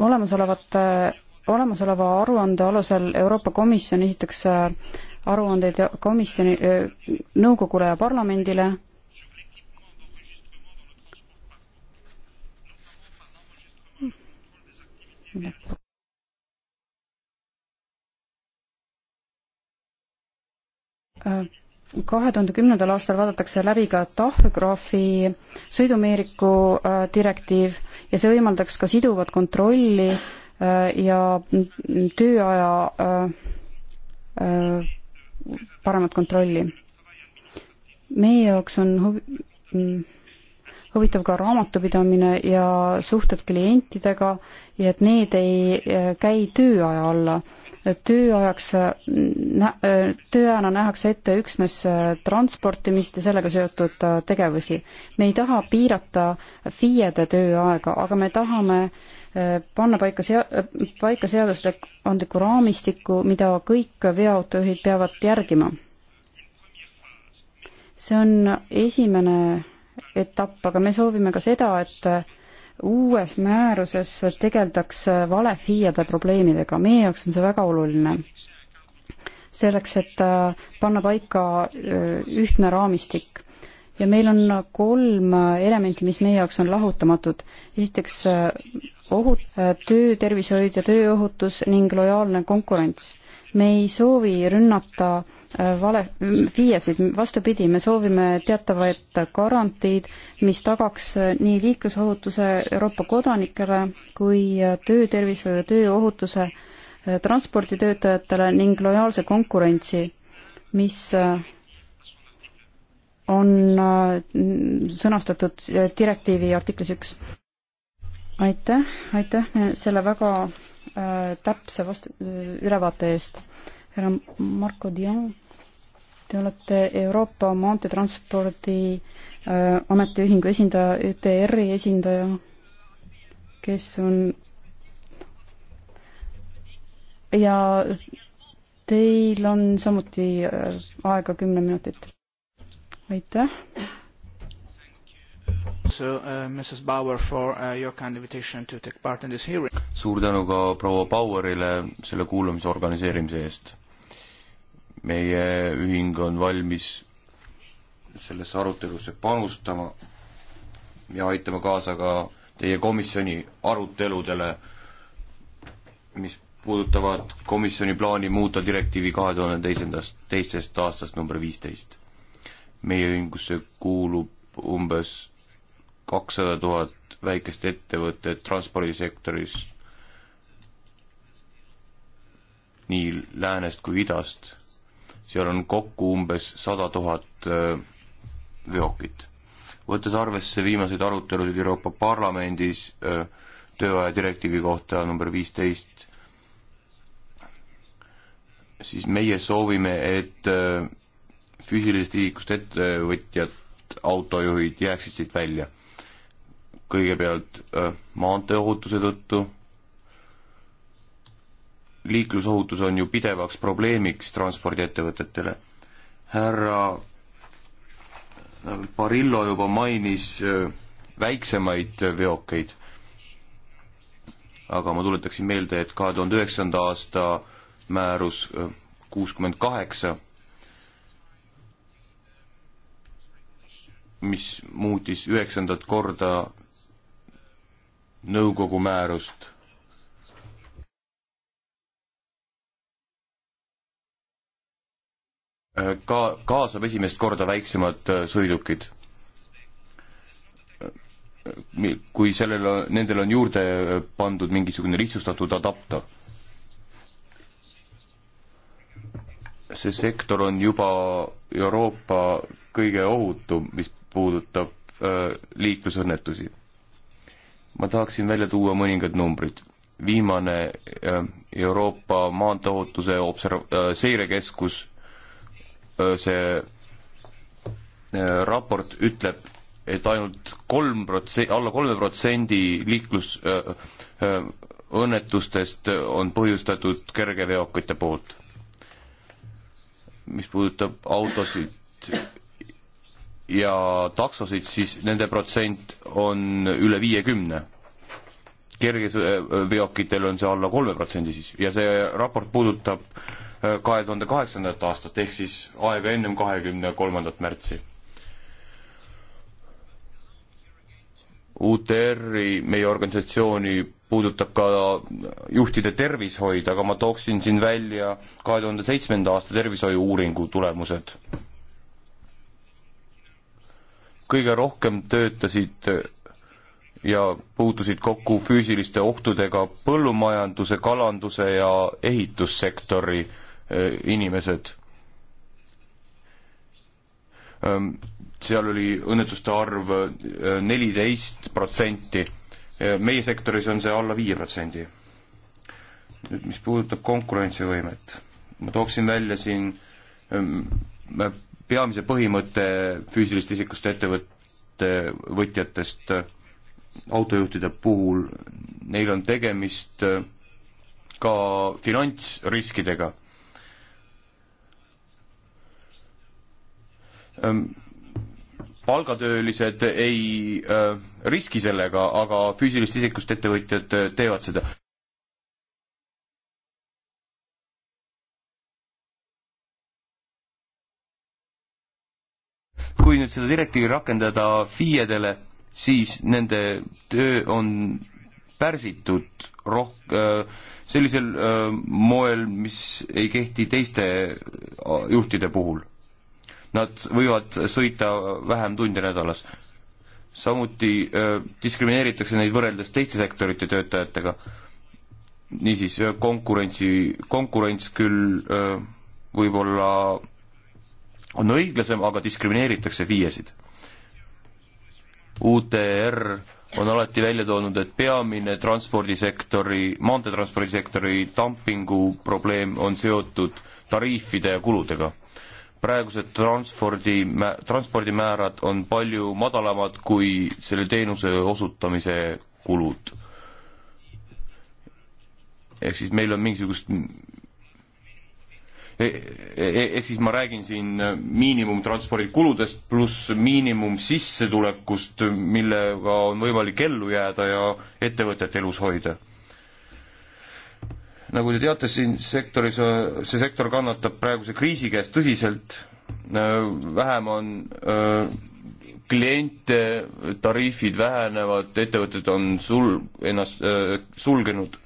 olemasolevate olemasoleva aruande alusel Euroopa Komisjon esitaks äh, aruandeid komisjoni, äh, nõukogule ja parlamendile. Äh, kahe tuhande kümnendal aastal vaadatakse läbi ka tahvegraafi sõidumeeriku direktiiv ja see võimaldaks ka siduvat kontrolli äh, Äh, ja tööaja äh, äh, paremat kontrolli. meie jaoks on huvi, mm, huvitav ka raamatupidamine ja suhted klientidega ja et need ei käi tööaja alla tööajaks, tööajana nähakse ette üksnes äh, transportimist ja sellega seotud äh, tegevusi. me ei taha piirata FIE-de tööaega, aga me tahame äh, panna paika sea-, paika seadusandliku raamistiku, mida kõik veoautojuhid peavad järgima. see on esimene etapp, aga me soovime ka seda, et uues määruses tegeldaks valefiiade probleemidega, meie jaoks on see väga oluline. selleks, et äh, panna paika äh, ühtne raamistik ja meil on kolm äh, elementi, mis meie jaoks on lahutamatud. esiteks ohut-, töötervishoid ja tööohutus ning lojaalne konkurents. me ei soovi rünnata äh, vale, FIE-sid, vastupidi, me soovime teatavaid garantiid, mis tagaks nii liiklusohutuse Euroopa kodanikele kui töötervishoiu ja tööohutuse eh, transporditöötajatele ning lojaalse konkurentsi, mis eh, on eh, sõnastatud direktiivi artiklis üks. aitäh, aitäh selle väga täpse vastu, ülevaate eest. härra Marko Dion Te olete Euroopa Maanteetranspordi äh, Ametiühingu esindaja, ÜTR-i esindaja, kes on ja teil on samuti äh, aega kümme minutit. aitäh. So, uh, Mrs. Bauer for uh, your kind invitation to take part in this hearing. suur tänu ka proua Bauerile selle kuulamise organiseerimise eest meie ühing on valmis sellesse arutelusse panustama ja aitama kaasa ka teie komisjoni aruteludele, mis puudutavad komisjoni plaani muuta direktiivi kahe tuhande teisendast, teisest aastast number viisteist. meie ühingusse kuulub umbes kakssada tuhat väikest ettevõtet transpordisektoris nii läänest kui idast seal on kokku umbes sada tuhat äh, veokit. võttes arvesse viimaseid arutelusid Euroopa Parlamendis äh, tööaja direktiivi kohta number viisteist, siis meie soovime, et äh, füüsilisest isikust ettevõtjad, autojuhid jääksid siit välja. kõigepealt maanteeohutuse tõttu liiklusohutus on ju pidevaks probleemiks transpordiettevõtetele. härra Barillo juba mainis äh, väiksemaid äh, veokeid, aga ma tuletaksin meelde, et kahe tuhande üheksanda aasta määrus äh, kuuskümmend kaheksa, mis muutis üheksandat korda nõukogu määrust Äh, ka kaasab esimest korda väiksemad äh, sõidukid. Äh, kui sellel, nendel on juurde pandud mingisugune lihtsustatud adapter. see sektor on juba Euroopa kõige ohutum, mis puudutab liiklusõnnetusi. ma tahaksin välja tuua mõningad numbrid viimane Euroopa maanteeohutuse observ-, seirekeskus see raport ütleb, et ainult kolm protse-, alla kolme protsendi liiklus öö, öö, õnnetustest on põhjustatud kergeveokite poolt. mis puudutab autosid ja taksosid, siis nende protsent on üle viiekümne. kergesveokitel on see alla kolme protsendi siis ja see raport puudutab äh, kahe tuhande kaheksandat aastat, ehk siis aega ennem kahekümne kolmandat märtsi. UTR-i, meie organisatsiooni puudutab ka juhtide tervishoid, aga ma tooksin siin välja kahe tuhande seitsmenda aasta tervishoiu-uuringu tulemused. kõige rohkem töötasid ja puutusid kokku füüsiliste ohtudega põllumajanduse, kalanduse ja ehitussektori Äh, inimesed. Ähm, seal oli õnnetuste arv äh, neliteist protsenti, äh, meie sektoris on see alla viie protsendi. nüüd mis puudutab konkurentsivõimet, ma tooksin välja siin ähm, peamise põhimõtte füüsilist isikust ettevõtte võtjatest autojuhtide puhul, neil on tegemist ka finantsriskidega. palgatöölised ei riski sellega, aga füüsilisest isikust ettevõtjad teevad seda. kui nüüd seda direktiivi rakendada FIE-dele, siis nende töö on pärsitud roh-, sellisel moel, mis ei kehti teiste juhtide puhul nad võivad sõita vähem tunde nädalas. samuti öö, äh, diskrimineeritakse neid võrreldes teiste sektorite töötajatega. niisiis, äh, konkurentsi, konkurents küll öö, äh, võib-olla on õiglasem, aga diskrimineeritakse FIE-sid. UTR on alati välja toonud, et peamine transpordisektori, maanteetranspordisektori dumpingu probleem on seotud tariifide ja kuludega praegused transpordi, transpordimäärad on palju madalamad kui selle teenuse osutamise kulud. ehk siis meil on mingisugust e-, e-, e-, ehk siis ma räägin siin miinimumtranspordikuludest pluss miinimumsissetulekust, millega on võimalik ellu jääda ja ettevõtet elus hoida nagu te teate, siin sektoris, see sektor kannatab praeguse kriisi käes tõsiselt, vähem on äh, kliente, tariifid vähenevad, ettevõtted on sul-, ennast äh, sulgenud.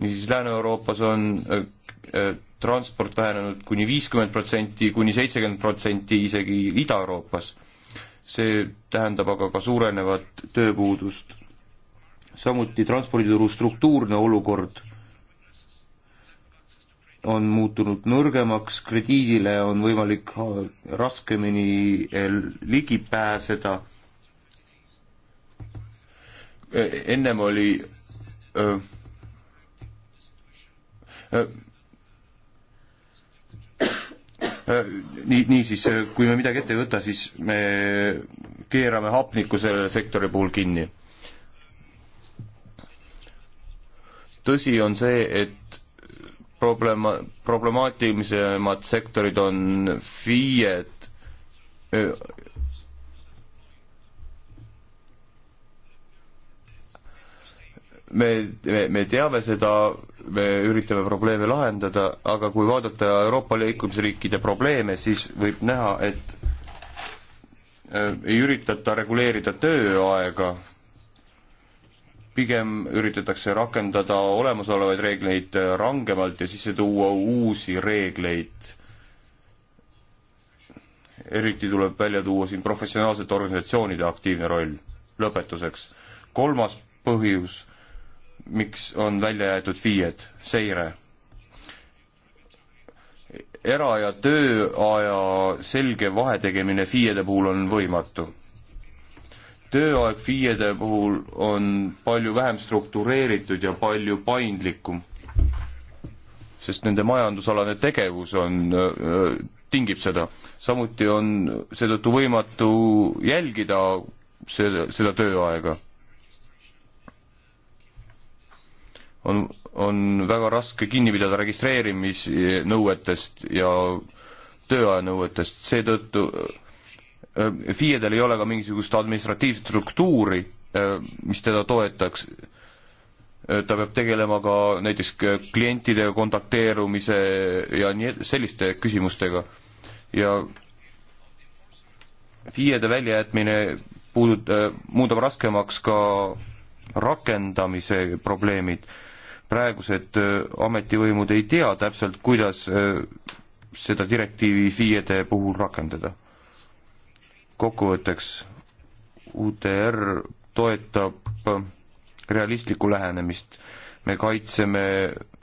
niisiis Lääne-Euroopas on äh, transport vähenenud kuni viiskümmend protsenti, kuni seitsekümmend protsenti isegi Ida-Euroopas. see tähendab aga ka suurenevat tööpuudust. samuti transpordituru struktuurne olukord on muutunud nõrgemaks, krediidile on võimalik raskemini eh, ligi pääseda. Eh, ennem oli öö, eh, öö, nii, niisiis, kui me midagi ette ei võta, siis me keerame hapnikku selle sektori puhul kinni. tõsi on see, et problema-, problemaatilisemad sektorid on FIE-d, me, me, me teame seda, me üritame probleeme lahendada, aga kui vaadata Euroopa liikumisriikide probleeme, siis võib näha, et ei üritata reguleerida tööaega pigem üritatakse rakendada olemasolevaid reegleid rangemalt ja sisse tuua uusi reegleid. eriti tuleb välja tuua siin professionaalsete organisatsioonide aktiivne roll. lõpetuseks, kolmas põhjus, miks on välja jäetud FIE-d, seire era- ja tööaja selge vahetegemine FIE-de puhul on võimatu tööaeg FIE-de puhul on palju vähem struktureeritud ja palju paindlikum, sest nende majandusalane tegevus on, tingib seda. samuti on seetõttu võimatu jälgida seda, seda tööaega. on, on väga raske kinni pidada registreerimisnõuetest ja tööaja nõuetest, seetõttu Äh, FIE-del ei ole ka mingisugust administratiivset struktuuri, äh, mis teda toetaks, äh, ta peab tegelema ka näiteks klientidega kontakteerumise ja nii selliste küsimustega ja FIE-de väljajätmine puudut- äh,, muudab raskemaks ka rakendamise probleemid. praegused äh, ametivõimud ei tea täpselt, kuidas äh, seda direktiivi FIE-de puhul rakendada kokkuvõtteks, UTR toetab realistlikku lähenemist. me kaitseme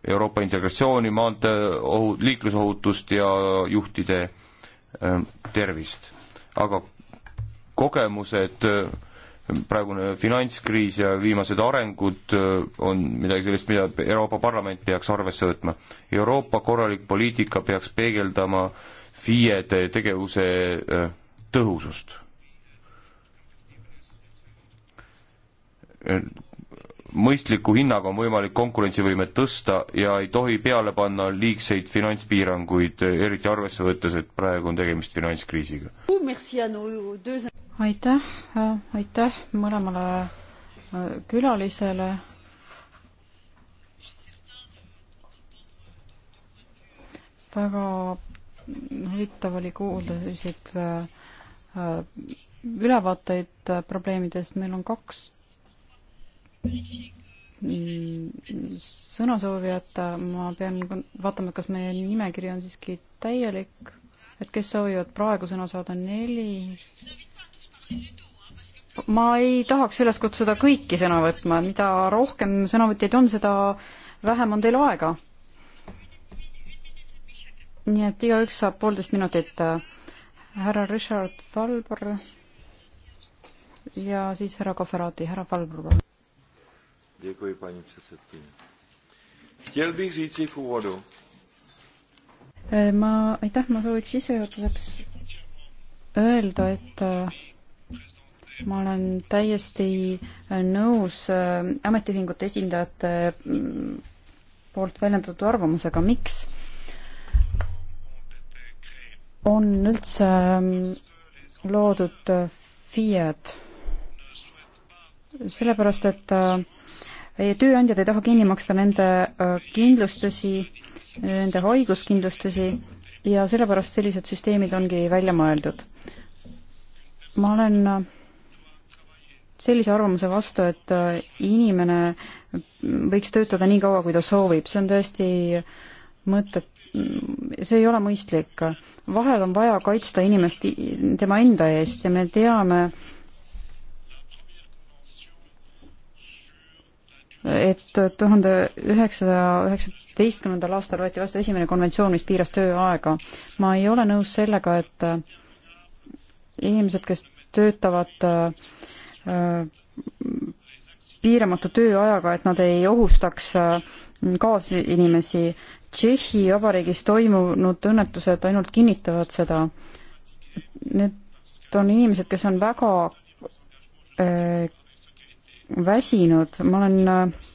Euroopa integratsiooni, maanteeohu, liiklusohutust ja juhtide ähm, tervist. aga kogemused, äh, praegune finantskriis ja viimased arengud äh, on midagi sellist, mida Euroopa Parlament peaks arvesse võtma. Euroopa korralik poliitika peaks peegeldama FIE-de tegevuse äh, tõhusust. mõistliku hinnaga on võimalik konkurentsivõimet tõsta ja ei tohi peale panna liigseid finantspiiranguid, eriti arvesse võttes, et praegu on tegemist finantskriisiga. aitäh, aitäh mõlemale äh, külalisele väga huvitav oli kuulda selliseid äh, Äh, ülevaateid äh, probleemidest, meil on kaks mm, sõnasoovijat, ma pean vaatama, kas meie nimekiri on siiski täielik, et kes soovivad praegu sõna saada, neli. ma ei tahaks üles kutsuda kõiki sõna võtma, mida rohkem sõnavõtjaid on, seda vähem on teil aega. nii et igaüks saab poolteist minutit äh, härra Richard Valbur ja siis härra Koferaati, härra Valbur, palun. Děkuji, paní předsedkyně. Chtěl bych říci v úvodu. Eh, ma, aitäh, ma sooviks sissejuhatuseks öelda, et eh, ma olen täiesti eh, nõus ametiühingute esindajate mm, poolt väljendatud arvamusega, miks on üldse ähm, loodud äh, FIE-d? sellepärast, et äh, tööandjad ei taha kinni maksta nende äh, kindlustusi, nende haiguskindlustusi ja sellepärast sellised süsteemid ongi välja mõeldud. ma olen sellise arvamuse vastu, et inimene võiks töötada nii kaua, kui ta soovib, see on tõesti mõttetu see ei ole mõistlik. vahel on vaja kaitsta inimest tema enda eest ja me teame, et tuhande üheksasaja üheksateistkümnendal aastal võeti vastu esimene konventsioon, mis piiras tööaega. ma ei ole nõus sellega, et inimesed, kes töötavad äh, piiramatu tööajaga, et nad ei ohustaks äh, kaasinimesi Tšehhi Vabariigis toimunud õnnetused ainult kinnitavad seda. Need on inimesed, kes on väga äh, väsinud, ma olen äh,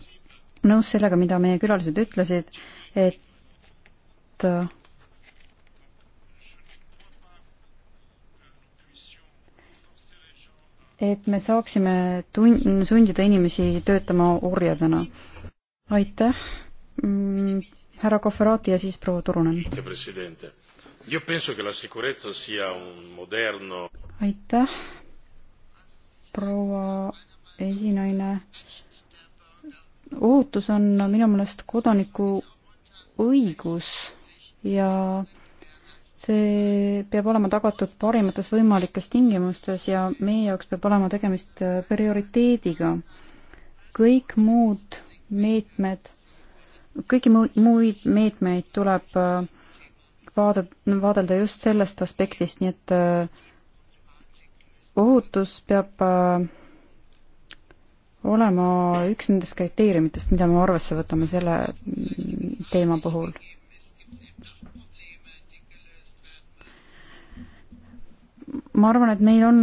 nõus sellega, mida meie külalised ütlesid, et äh, et me saaksime tun-, sundida inimesi töötama orjadena. aitäh mm härra Kofferati ja siis proua Turunen. aitäh, proua esinaine. ohutus on minu meelest kodaniku õigus ja see peab olema tagatud parimates võimalikes tingimustes ja meie jaoks peab olema tegemist prioriteediga. kõik muud meetmed kõiki muid meetmeid tuleb äh, vaada-, vaadelda just sellest aspektist, nii et äh, ohutus peab äh, olema üks nendest kriteeriumitest, mida me arvesse võtame selle mm, teema puhul. ma arvan, et meil on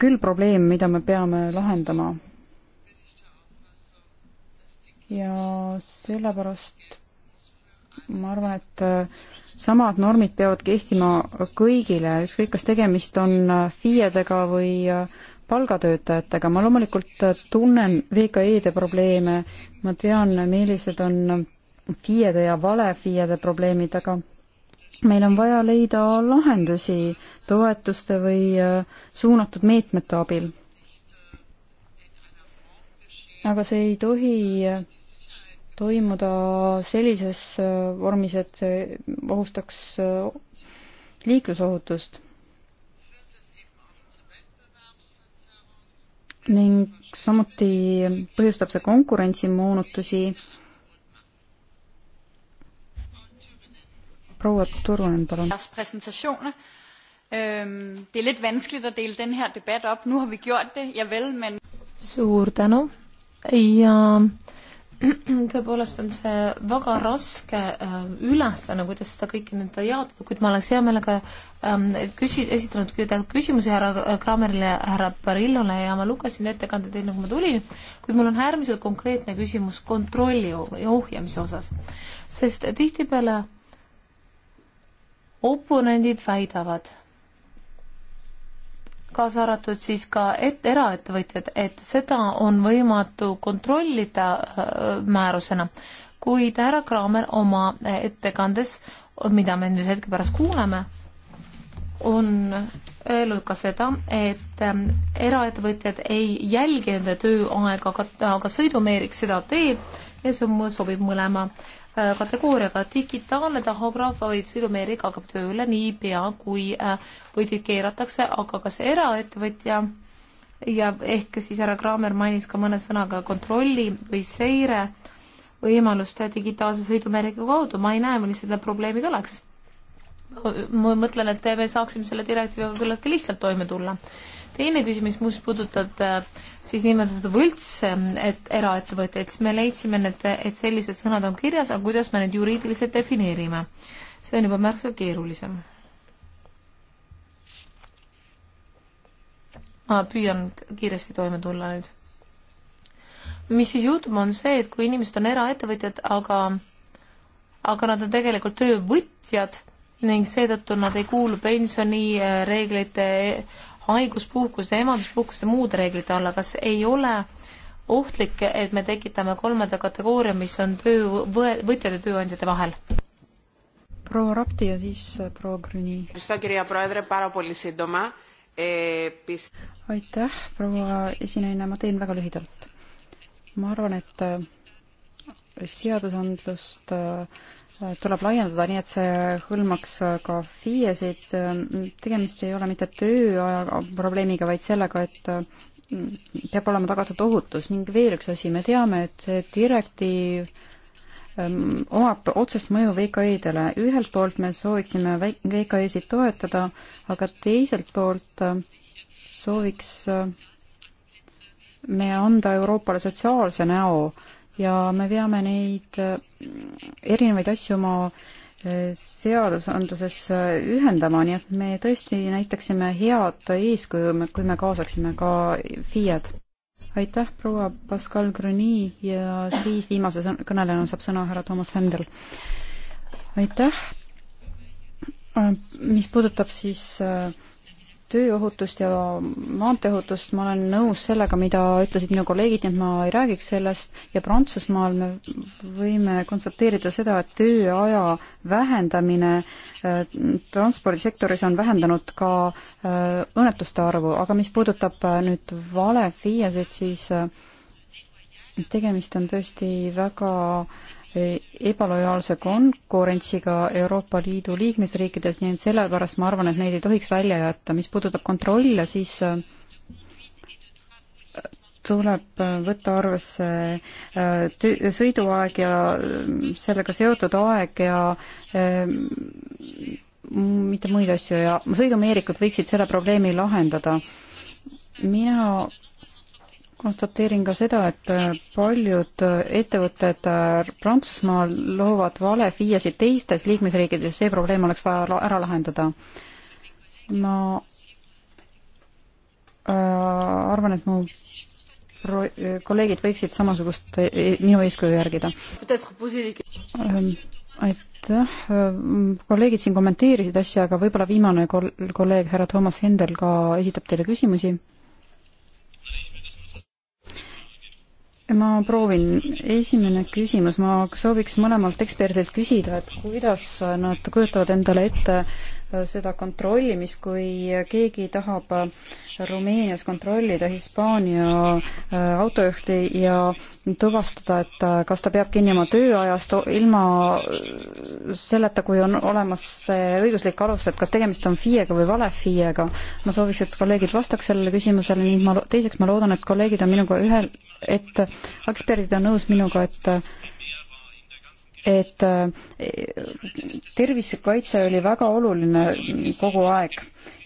küll probleem, mida me peame lahendama ja sellepärast ma arvan, et äh, samad normid peavad kehtima kõigile, ükskõik, kas tegemist on äh, FIE-dega või äh, palgatöötajatega. ma loomulikult tunnen VKE-de probleeme, ma tean, millised on FIE-de ja vale-FIE-de probleemid, aga meil on vaja leida lahendusi toetuste või suunatud meetmete abil. aga see ei tohi toimuda sellises äh, vormis, et see ohustaks äh, liiklusohutust. ning samuti põhjustab see konkurentsimoonutusi. proua Turunen, palun. Det er lidt vanskeligt at dele den her debat op. Nu har vi gjort det, javel, men... Suur tänu ja tõepoolest on see väga raske äh, ülesanne, kuidas seda kõike nüüd jaotada, kuid ma oleks hea meelega ähm, küsi-, esitanud küsimusi härra äh, Krammerile, härra Barillole ja ma lugesin ettekande teile, kui nagu ma tulin, kuid mul on äärmiselt konkreetne küsimus kontrolli ja ohjamise osas. sest tihtipeale oponendid väidavad, kaasa arvatud siis ka et-, eraettevõtjad, et seda on võimatu kontrollida äh, määrusena. kuid härra Kraamer oma äh, ettekandes, mida me nüüd hetke pärast kuuleme, on öelnud ka seda, et ähm, eraettevõtjad ei jälgi nende tööaega, aga, aga sõidumeerik seda teeb ja see on, sobib mõlema äh, Äh, kategooriaga. digitaalne tahograaf võiks Ameerika hakkab tööle niipea, kui äh, võidid keeratakse, aga kas eraettevõtja ja ehk siis härra Kraamer mainis ka mõne sõnaga kontrolli või seire võimalust digitaalse sõidumeeriga kaudu, ma ei näe, millised need probleemid oleks. ma mõtlen, et me saaksime selle direktiiviga küllaltki lihtsalt toime tulla. teine küsimus, mis puudutab äh, siis niinimetatud võlts et eraettevõtjaid, siis me leidsime, et, et sellised sõnad on kirjas, aga kuidas me need juriidiliselt defineerime? see on juba märksa keerulisem. ma püüan kiiresti toime tulla nüüd. mis siis juhtub, on see, et kui inimesed on eraettevõtjad, aga aga nad on tegelikult töövõtjad ning seetõttu nad ei kuulu pensionireeglite eh, äh, haiguspuhkuste, emaduspuhkuste, muude reeglite alla, kas ei ole ohtlik, et me tekitame kolmanda kategooria, mis on töö, võtjad ja tööandjate vahel? proua Rapti ja siis äh, proua Grüni. E, aitäh, proua esinaine, ma teen väga lühidalt. ma arvan, et äh, seadusandlust äh, tuleb laiendada, nii et see hõlmaks ka FIE-sid. tegemist ei ole mitte tööaja probleemiga, vaid sellega, et peab olema tagatud ohutus ning veel üks asi, me teame, et see direktiiv ähm, omab otsest mõju VKI-dele. ühelt poolt me sooviksime VKI-sid toetada, aga teiselt poolt äh, sooviks äh, me anda Euroopale sotsiaalse näo ja me peame neid äh, erinevaid asju oma eh, seadusandluses ühendama, nii et me tõesti näitaksime head eeskuju, kui me kaasaksime ka FIE-d. aitäh, proua Pascal Grüni ja siis viimase kõnelejana saab sõna härra Toomas Händel. aitäh, mis puudutab siis äh, tööohutust ja maanteeohutust, ma olen nõus sellega, mida ütlesid minu kolleegid, nii et ma ei räägiks sellest, ja Prantsusmaal me võime konstateerida seda, et tööaja vähendamine äh, transpordisektoris on vähendanud ka äh, õnnetuste arvu, aga mis puudutab äh, nüüd valefiiesid, siis tegemist on tõesti väga äh, ebalojaalse konkurentsiga Euroopa Liidu liikmesriikides, nii et sellepärast ma arvan, et neid ei tohiks välja jätta. mis puudutab kontrolle, siis äh, tuleb äh, võtta arvesse äh, töö, sõiduaeg ja sellega seotud aeg ja mitte muid asju ja sõidumeerikud võiksid selle probleemi lahendada. mina konstateerin ka seda, et äh, paljud äh, ettevõtted äh, Prantsusmaal loovad valefiiesid teistes liikmesriikides, see probleem oleks vaja ära lahendada. ma arvan, et mu kolleegid võiksid samasugust e-, e-, minu eeskuju järgida. Ähm, aitäh, ähm, kolleegid siin kommenteerisid asja, aga võib-olla viimane kol-, kolleeg härra Toomas Hendel ka esitab teile küsimusi ma proovin. esimene küsimus, ma sooviks mõlemalt eksperdilt küsida, et kuidas nad kujutavad endale ette Äh, seda kontrollimist, kui keegi tahab äh, Rumeenias kontrollida Hispaania äh, autojuhti ja tuvastada, et kas ta peab kinni oma tööajast ilma selleta, kui on olemas see õiguslik alus, et kas tegemist on FIE-ga või vale FIE-ga. ma sooviks, et kolleegid vastaks sellele küsimusele ning ma, teiseks ma loodan, et kolleegid on minuga ühel, et eksperdid on nõus minuga, et et äh, tervisekaitse oli väga oluline kogu aeg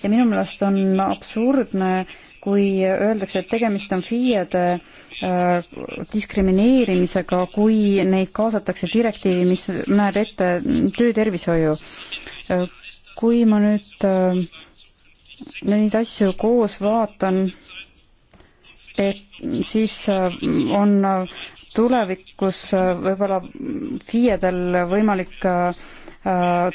ja minu meelest on absurdne, kui öeldakse, et tegemist on FIE-de äh, diskrimineerimisega, kui neid kaasatakse direktiivi, mis näeb ette töötervishoiu. Äh, kui ma nüüd neid asju koos vaatan, et siis on tulevikus äh, võib-olla FIE-del võimalik äh,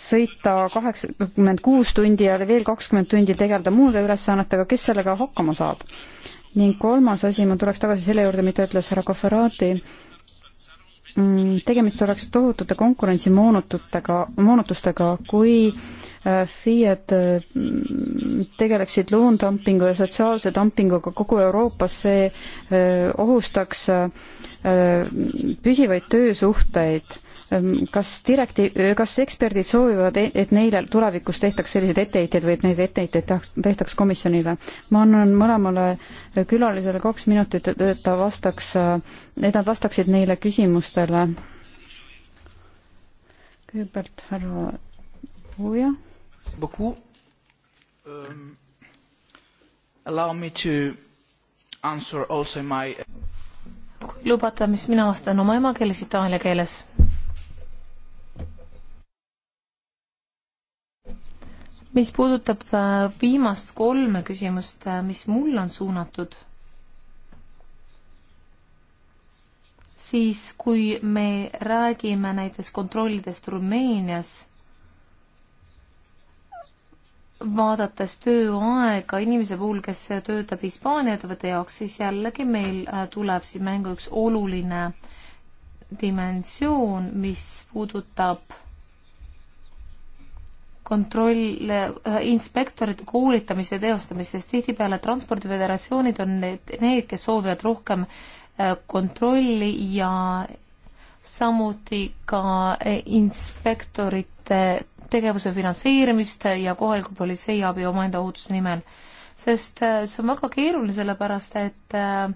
sõita kaheksakümmend kuus tundi ja veel kakskümmend tundi tegeleda muude ülesannetega, kes sellega hakkama saab? ning kolmas asi, ma tuleks tagasi selle juurde, mida ütles härra Koferaati, mm, tegemist oleks tohutute konkurentsimoonututega, moonutustega, kui äh, FIE-d mm, tegeleksid loondumpingu ja sotsiaalse dumpinguga kogu Euroopas, see ohustaks püsivaid töösuhteid. kas direktiiv, kas eksperdid soovivad, e-, et neile tulevikus tehtaks selliseid etteheiteid või et neid etteheiteid tehaks, tehtaks komisjonile? ma annan mõlemale külalisele kaks minutit, et ta vastaks, et nad vastaksid neile küsimustele. kõigepealt härra Puuja Merci beaucoup. Um, allow me to answer also my kui lubate, mis mina vastan oma emakeeles itaalia keeles. mis puudutab äh, viimast kolme küsimust, äh, mis mulle on suunatud, siis kui me räägime näiteks kontrollidest Rumeenias vaadates tööaega inimese puhul, kes töötab Hispaania ettevõtte jaoks, siis jällegi meil äh, tuleb siin mängu üks oluline dimensioon, mis puudutab kontroll, äh, inspektorite koolitamise teostamist, sest tihtipeale transpordiföderatsioonid on need, need, kes soovivad rohkem äh, kontrolli ja samuti ka inspektorite tegevuse finantseerimist ja kohaliku politseiabi omaenda ohutuse nimel. sest äh, see on väga keeruline, sellepärast et äh,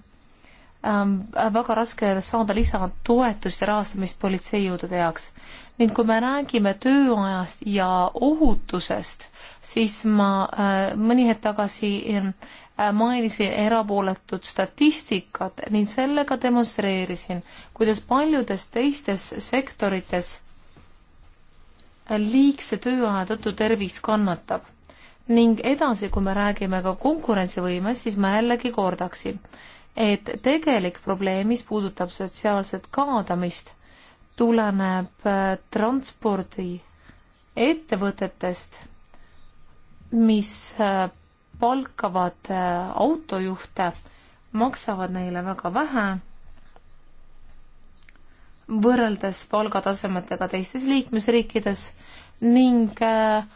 ähm, äh, väga raske saada lisatoetust ja rahastamist politseijõudude jaoks. ning kui me räägime tööajast ja ohutusest, siis ma äh, mõni hetk tagasi äh, mainisin erapooletut statistikat ning sellega demonstreerisin, kuidas paljudes teistes sektorites liigse tööaja tõttu tervis kannatab. ning edasi, kui me räägime ka konkurentsivõimest, siis ma jällegi kordaksin, et tegelik probleem, mis puudutab sotsiaalset kaadamist, tuleneb äh, transpordiettevõtetest, mis äh, palkavad äh, autojuhte, maksavad neile väga vähe võrreldes palgatasemetega teistes liikmesriikides ning äh,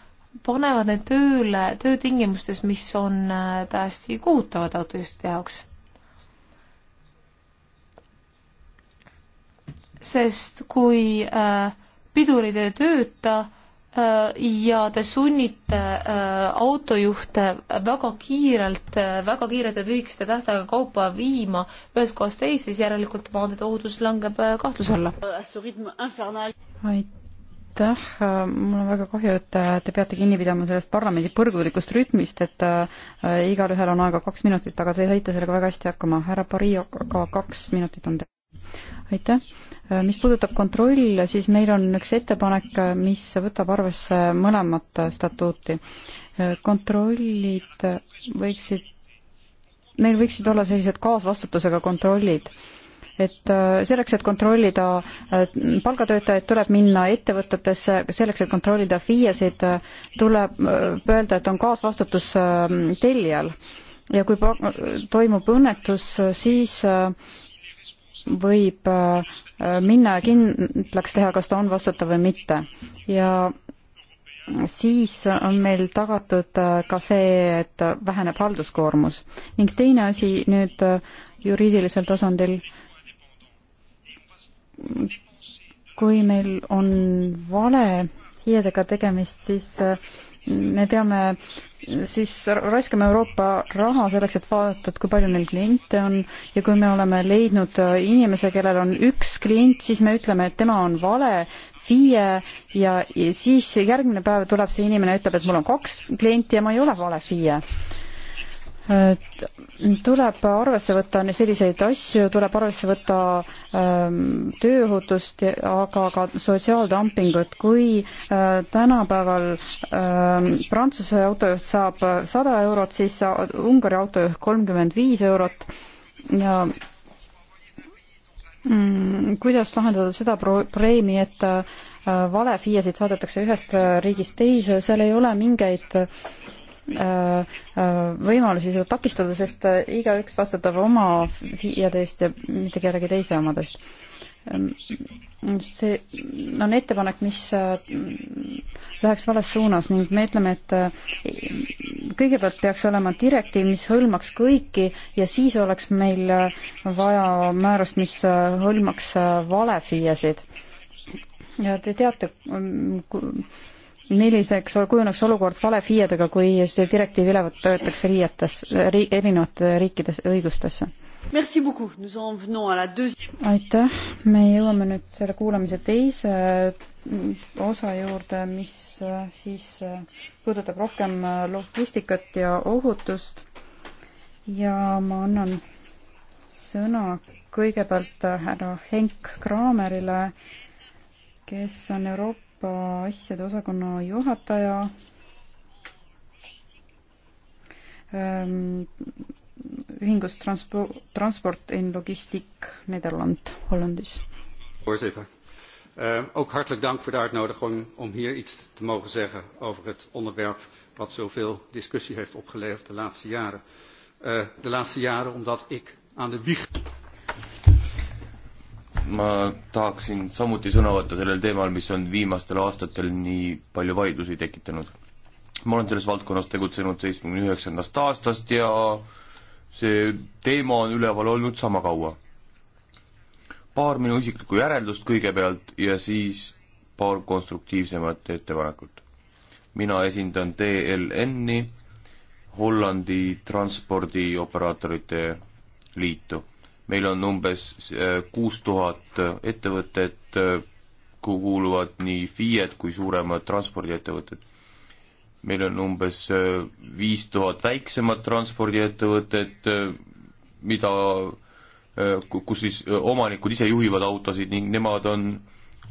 panevad need tööle töötingimustes, mis on äh, täiesti kohutavad autojuhtide jaoks. sest kui äh, pidurid ei tööta, Äh, ja te sunnite äh, autojuhte väga kiirelt, äh, väga kiirete lühikeste tähtaega kaupa viima ühest kohast teise, siis järelikult maanteede ohutus langeb kahtluse alla. aitäh, mul on väga kahju, et te peate kinni pidama sellest parlamendi põrgulikust rütmist, et igalühel on aega kaks minutit, aga te saite sellega väga hästi hakkama. härra Pariga kaks minutit on teil aitäh! mis puudutab kontrolle, siis meil on üks ettepanek, mis võtab arvesse mõlemat statuuti. kontrollid võiksid, meil võiksid olla sellised kaasvastutusega kontrollid et selleks, et kontrollida palgatöötajaid, tuleb minna ettevõtetesse, selleks, et kontrollida FIE-sid, tuleb öelda, et on kaasvastutus ähm, tellijal. ja kui toimub õnnetus, siis äh, võib äh, minna ja kindlaks teha, kas ta on vastutav või mitte. ja siis on meil tagatud äh, ka see, et väheneb halduskoormus. ning teine asi nüüd äh, juriidilisel tasandil, kui meil on vale FIE-dega tegemist, siis me peame siis raiskame Euroopa raha selleks, et vaadata, et kui palju neil kliente on ja kui me oleme leidnud inimese, kellel on üks klient, siis me ütleme, et tema on vale FIE ja, ja siis järgmine päev tuleb see inimene ja ütleb, et mul on kaks klienti ja ma ei ole vale FIE tuleb arvesse võtta selliseid asju, tuleb arvesse võtta ähm, tööohutust, aga ka sotsiaaldumpingut. kui äh, tänapäeval ähm, Prantsuse autojuht saab sada eurot, siis Ungari autojuht kolmkümmend viis eurot ja mm, kuidas lahendada seda pro-, preemi, et äh, vale FIE-sid saadetakse ühest riigist teise, seal ei ole mingeid äh, Äh, äh, võimalusi seda takistada, sest äh, igaüks vastutab oma FIE-dest ja mitte kellegi teise omadest. Ähm, see on ettepanek, mis läheks vales suunas ning me ütleme, et kõigepealt peaks olema direktiiv, mis hõlmaks kõiki ja siis oleks meil vaja määrust, mis hõlmaks vale FIE-sid. ja te teate, ähm, milliseks kujuneks olukord valefiiedega, kui see direktiiv üle võetakse riietes ri,, erinevate riikide õigustesse? aitäh, me jõuame nüüd selle kuulamise teise mm, osa juurde, mis äh, siis äh, puudutab rohkem äh, logistikat ja ohutust. ja ma annan sõna kõigepealt härra Henk Kraamerile, kes on Euroopa Euroopa asjade osakonna juhataja ehm, ühingust transpo-, Transport en Logistiek Nederland Hollandis. voorzitter uh,, ook hartelijk dank voor de uitnodiging om hier iets te mogen zeggen over het onderwerp wat zoveel discussie heeft opgeleverd de laatste jaren uh,. de laatste jaren omdat ik aan de wieg ma tahaksin samuti sõna võtta sellel teemal, mis on viimastel aastatel nii palju vaidlusi tekitanud. ma olen selles valdkonnas tegutsenud seitsmekümne üheksandast aastast ja see teema on üleval olnud sama kaua. paar minu isiklikku järeldust kõigepealt ja siis paar konstruktiivsemat ettepanekut. mina esindan DLN-i, Hollandi transpordioperaatorite liitu meil on umbes äh, kuus tuhat äh, ettevõtet, äh, kuhu kuuluvad nii FIE-d kui suuremad transpordiettevõtted. meil on umbes viis tuhat väiksemat transpordiettevõtet, mida, kus siis omanikud ise juhivad autosid ning nemad on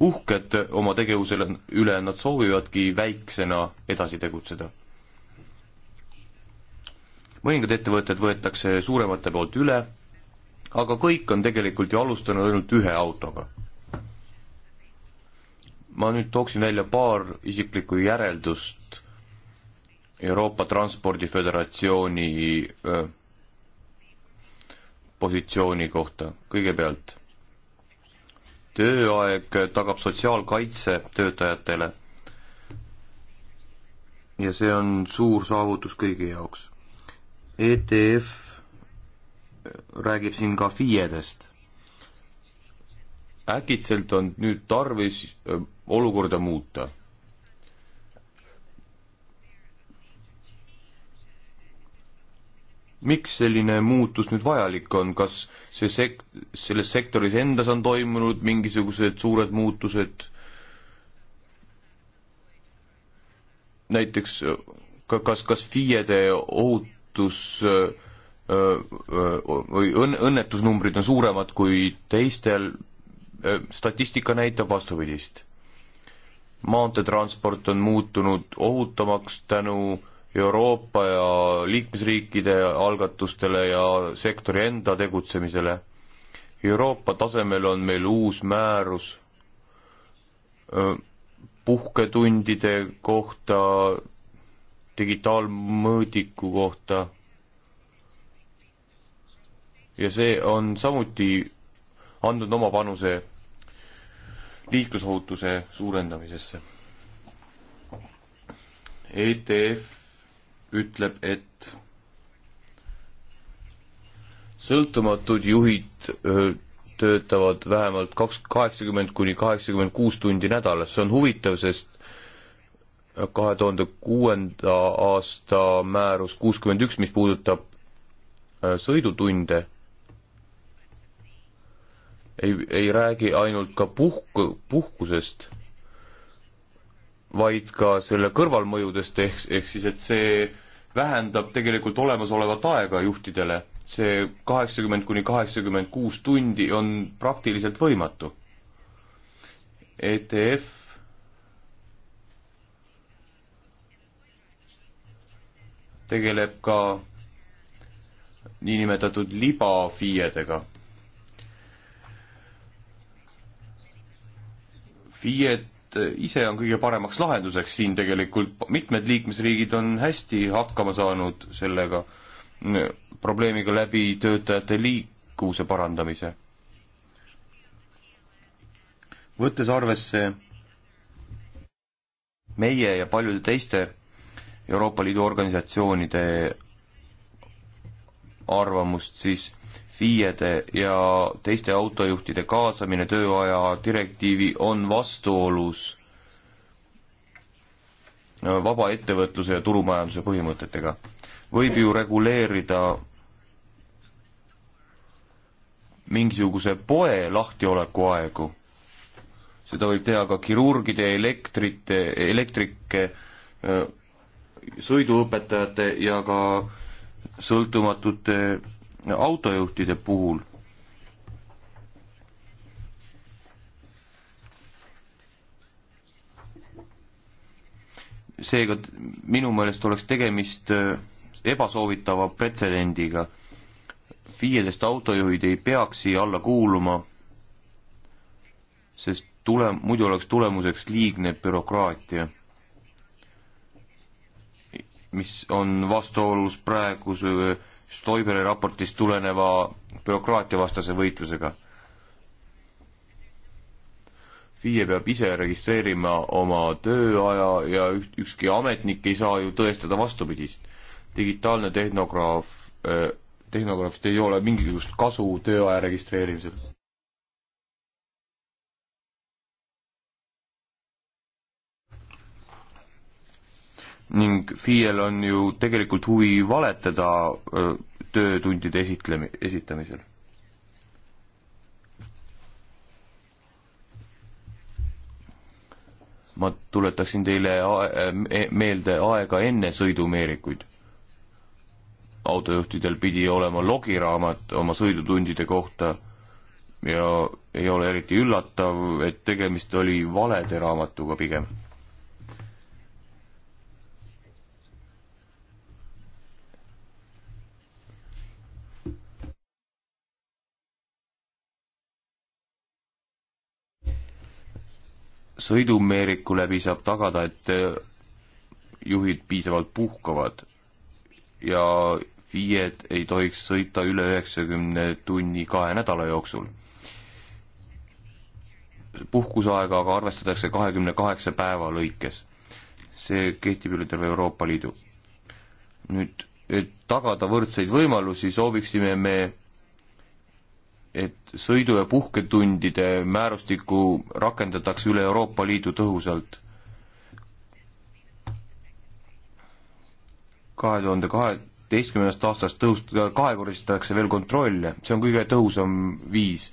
uhked oma tegevusele üle, nad soovivadki väiksena edasi tegutseda mõningad ettevõtted võetakse suuremate poolt üle aga kõik on tegelikult ju alustanud ainult ühe autoga. ma nüüd tooksin välja paar isiklikku järeldust Euroopa Transpordi Föderatsiooni öö, positsiooni kohta. kõigepealt, tööaeg tagab sotsiaalkaitse töötajatele ja see on suur saavutus kõigi jaoks. ETF räägib siin ka FIE-dest. äkitselt on nüüd tarvis olukorda muuta. miks selline muutus nüüd vajalik on, kas see sek-, selles sektoris endas on toimunud mingisugused suured muutused, näiteks kas, kas FIE-de ohutus äh, või õnn-, õnnetusnumbrid on suuremad kui teistel, statistika näitab vastupidist. maanteetransport on muutunud ohutamaks tänu Euroopa ja liikmesriikide algatustele ja sektori enda tegutsemisele. Euroopa tasemel on meil uus määrus puhketundide kohta, digitaalmõõdiku kohta ja see on samuti andnud oma panuse liiklusohutuse suurendamisesse. ETF ütleb, et sõltumatud juhid öö, töötavad vähemalt kaks, kaheksakümmend kuni kaheksakümmend kuus tundi nädalas, see on huvitav, sest kahe tuhande kuuenda aasta määrus kuuskümmend üks, mis puudutab sõidutunde, ei, ei räägi ainult ka puhku, puhkusest, vaid ka selle kõrvalmõjudest, ehk, ehk siis, et see vähendab tegelikult olemasolevat aega juhtidele. see kaheksakümmend kuni kaheksakümmend kuus tundi on praktiliselt võimatu. ETF tegeleb ka niinimetatud libafiiedega FIE-d ise on kõige paremaks lahenduseks siin tegelikult, mitmed liikmesriigid on hästi hakkama saanud sellega mm, probleemiga läbi töötajate liikuvuse parandamise. võttes arvesse meie ja paljude teiste Euroopa Liidu organisatsioonide arvamust, siis FIE-de ja teiste autojuhtide kaasamine tööaja direktiivi on vastuolus äh, vaba ettevõtluse ja turumajanduse põhimõtetega. võib ju reguleerida mingisuguse poe lahtioleku aegu. seda võib teha ka kirurgide, elektrite, elektrike, äh, sõiduõpetajate ja ka sõltumatute autojuhtide puhul seega minu meelest oleks tegemist äh, ebasoovitava pretsedendiga. FIE-dest autojuhid ei peaks siia alla kuuluma, sest tule, muidu oleks tulemuseks liigne bürokraatia, mis on vastuolus praeguse Stoiberi raportist tuleneva bürokraatiavastase võitlusega. FIE peab ise registreerima oma tööaja ja üht, ükski ametnik ei saa ju tõestada vastupidist. digitaalne tehnograaf, eh, tehnograafist ei ole mingisugust kasu tööaja registreerimisel ning FIE-l on ju tegelikult huvi valetada töötundide esitlemi-, esitamisel. ma tuletaksin teile e-, meelde aega enne sõidumeerikuid. autojuhtidel pidi olema logiraamat oma sõidutundide kohta ja ei ole eriti üllatav, et tegemist oli valede raamatuga pigem sõidumeeriku läbi saab tagada, et äh, juhid piisavalt puhkavad ja FIE-d ei tohiks sõita üle üheksakümne tunni kahe nädala jooksul. puhkuseaega aga arvestatakse kahekümne kaheksa päeva lõikes. see kehtib üle terve Euroopa Liidu. nüüd, et tagada võrdseid võimalusi, sooviksime me et sõidu- ja puhketundide määrustikku rakendatakse üle Euroopa Liidu tõhusalt. kahe tuhande kaheteistkümnendast aastast tõust-, kahekordistatakse veel kontrolle, see on kõige tõhusam viis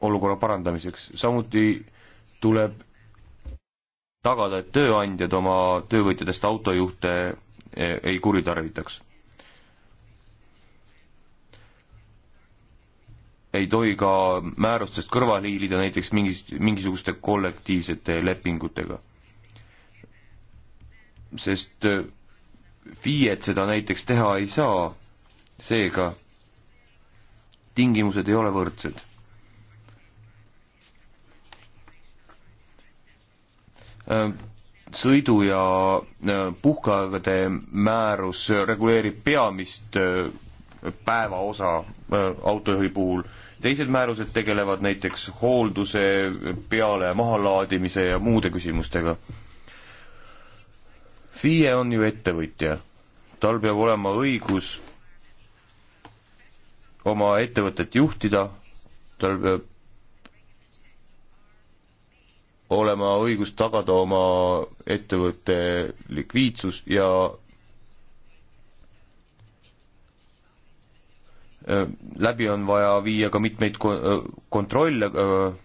olukorra parandamiseks, samuti tuleb tagada, et tööandjad oma töövõtjatest autojuhte eh, ei kuritarvitaks ei tohi ka määrustest kõrvale hiilida näiteks mingis, mingisuguste kollektiivsete lepingutega. sest äh, FIE-d seda näiteks teha ei saa, seega tingimused ei ole võrdsed. Äh, sõidu ja äh, puhkeaegade määrus reguleerib peamist päevaosa äh, autojuhi puhul. teised määrused tegelevad näiteks hoolduse, peale- ja mahalaadimise ja muude küsimustega. FIE on ju ettevõtja, tal peab olema õigus oma ettevõtet juhtida, tal peab olema õigus tagada oma ettevõtte likviidsus ja Äh, läbi on vaja viia ka mitmeid äh, kontrolle, äh,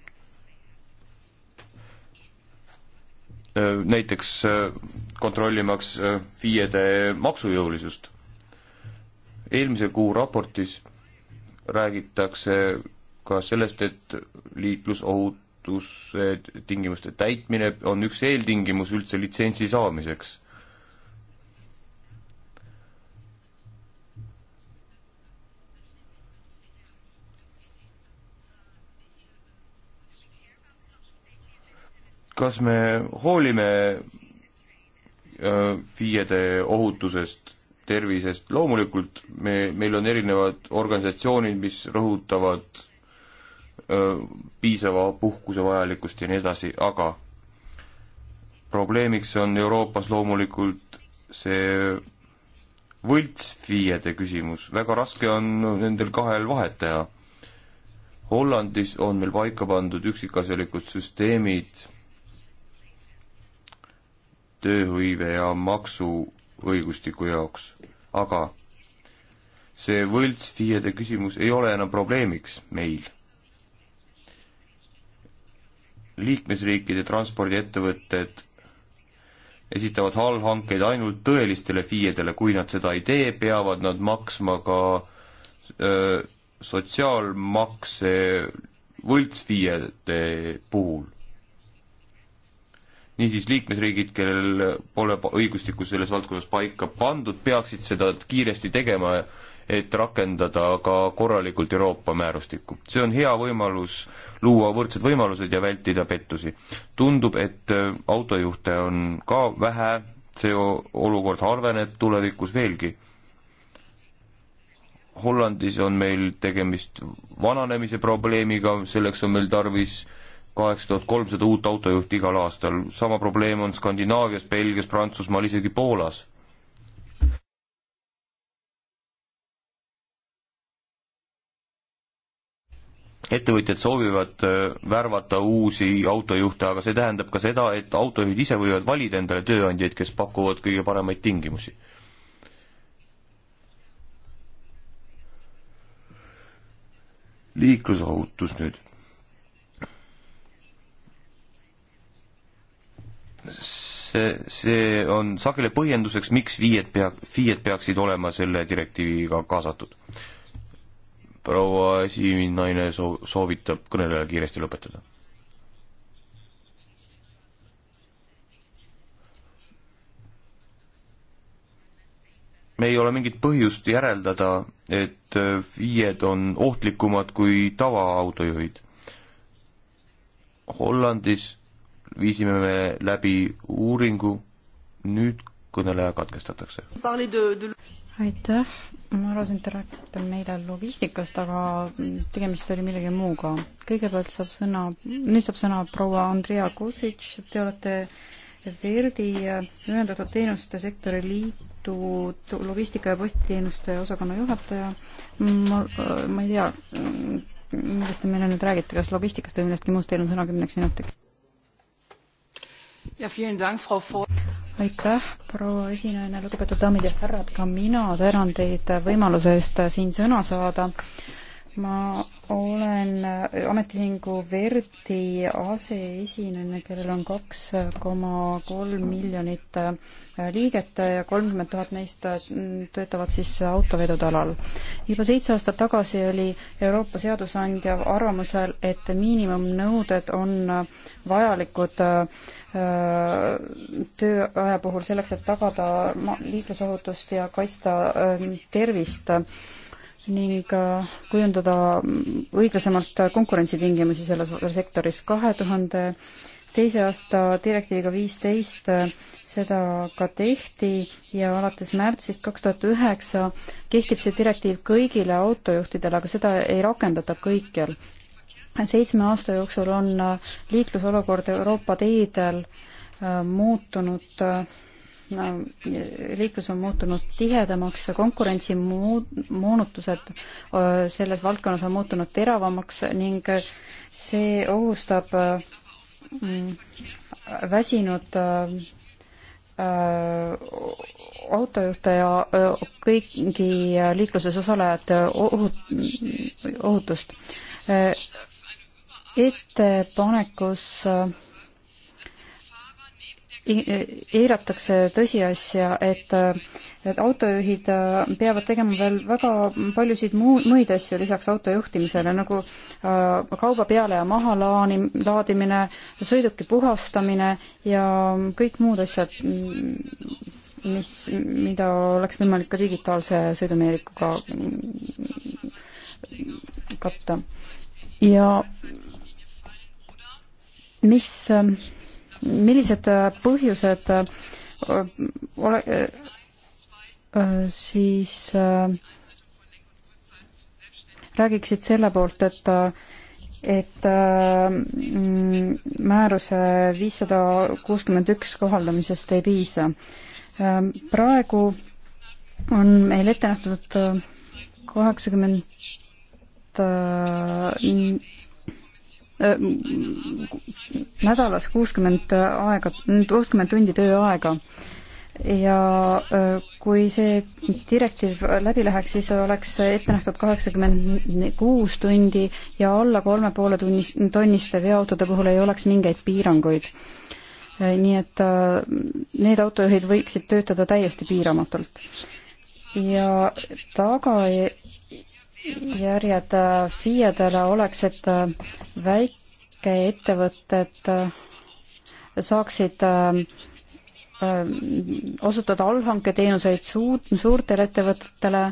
näiteks kontrollimaks FIE-de maksujõulisust. eelmise kuu raportis räägitakse ka sellest, et liiklusohutuse tingimuste täitmine on üks eeltingimus üldse litsentsi saamiseks kas me hoolime äh, FIE-de ohutusest, tervisest, loomulikult me, meil on erinevad organisatsioonid, mis rõhutavad öö, äh, piisava puhkuse vajalikkust ja nii edasi, aga probleemiks on Euroopas loomulikult see võltsfiiede küsimus, väga raske on nendel kahel vahet teha. Hollandis on meil paika pandud üksikasjalikud süsteemid tööhõive ja maksuõigustiku jaoks, aga see võltsfiiede küsimus ei ole enam probleemiks meil. liikmesriikide transpordiettevõtted esitavad allhankeid ainult tõelistele FIE-dele, kui nad seda ei tee, peavad nad maksma ka öö, sotsiaalmakse võltsfiiede puhul niisiis liikmesriigid, kellel pole õigustikku selles valdkonnas paika pandud, peaksid seda kiiresti tegema, et rakendada ka korralikult Euroopa määrustikku. see on hea võimalus luua võrdsed võimalused ja vältida pettusi. tundub, et äh, autojuhte on ka vähe, see olukord halveneb tulevikus veelgi. Hollandis on meil tegemist vananemise probleemiga, selleks on meil tarvis äh, kaheksa tuhat kolmsada uut autojuhti igal aastal, sama probleem on Skandinaavias, Belgias, Prantsusmaal, isegi Poolas. ettevõtjad soovivad äh, värvata uusi autojuhte, aga see tähendab ka seda, et autojuhid ise võivad valida endale tööandjaid, kes pakuvad kõige paremaid tingimusi liiklusohutus nüüd. see, see on sageli põhjenduseks, miks viied pea, FIE-d peaksid olema selle direktiiviga kaasatud. proua esinaine soo-, soovitab kõnelejale kiiresti lõpetada. me ei ole mingit põhjust järeldada, et FIE-d on ohtlikumad kui tavaautojuhid. Hollandis viisime me läbi uuringu, nüüd kõneleja katkestatakse. aitäh, ma arvasin, et te räägite meile logistikast, aga tegemist oli millegi muuga. kõigepealt saab sõna, nüüd saab sõna proua Andrea Kusic, te olete Verdi Ühendatud Teenuste Sektori Liidu logistika ja postiteenuste osakonna juhataja. ma, ma ei tea, millest te meile nüüd räägite, kas logistikast või millestki muust, teil on sõna kümneks minutiks aitäh, proua esinejana, lugupeetud daamid ja härrad, ka mina tänan teid võimaluse eest siin sõna saada. ma olen ametiühingu Verdi aseesinejana, kellel on kaks koma kolm miljonit äh, liiget ja kolmkümmend tuhat neist äh, töötavad siis autovedude alal. juba seitse aastat tagasi oli Euroopa seadusandja arvamusel, et miinimumnõuded on vajalikud äh, tööaja puhul selleks, et tagada liiklusohutust ja kaitsta ähm, tervist ning äh, kujundada mm, õiglasemalt konkurentsitingimusi selles sektoris. kahe tuhande teise aasta direktiiviga viisteist äh, seda ka tehti ja alates märtsist kaks tuhat üheksa kehtib see direktiiv kõigile autojuhtidele, aga seda ei rakendata kõikjal seitsme aasta jooksul on äh, liiklusolukord Euroopa teedel äh, muutunud äh, liiklus on muutunud tihedamaks, konkurentsi muu-, moonutused selles valdkonnas on muutunud teravamaks ning see ohustab mm, väsinud autojuhte ja kõigi liikluses osalejate ohut-, ohutust ettepanekus äh, äh, eiratakse tõsiasja, et äh, et autojuhid peavad tegema veel väga paljusid muu, muid asju lisaks auto juhtimisele, nagu äh, kauba peale ja maha laani, laadimine, sõiduki puhastamine ja kõik muud asjad, mis, mida oleks võimalik ka digitaalse sõidumeerikuga katta. ja mis, ähm, millised äh, põhjused äh, ole, äh, siis räägiksid selle poolt, et et mm, määruse viissada kuuskümmend üks kohaldamisest ei piisa. Ähm, praegu on meil ette nähtud kaheksakümmend Äh, nädalas kuuskümmend aega, kuuskümmend tundi tööaega ja äh, kui see direktiiv läbi läheks, siis oleks ette nähtud kaheksakümmend kuus tundi ja alla kolme poole tunnis, tonniste veoautode puhul ei oleks mingeid piiranguid. Äh, nii et need autojuhid võiksid töötada täiesti piiramatult. ja taga järjed äh, FIE-dele oleks, et äh, väikeettevõtted äh, saaksid osutada allhanketeenuseid suurt, suurtele ettevõtetele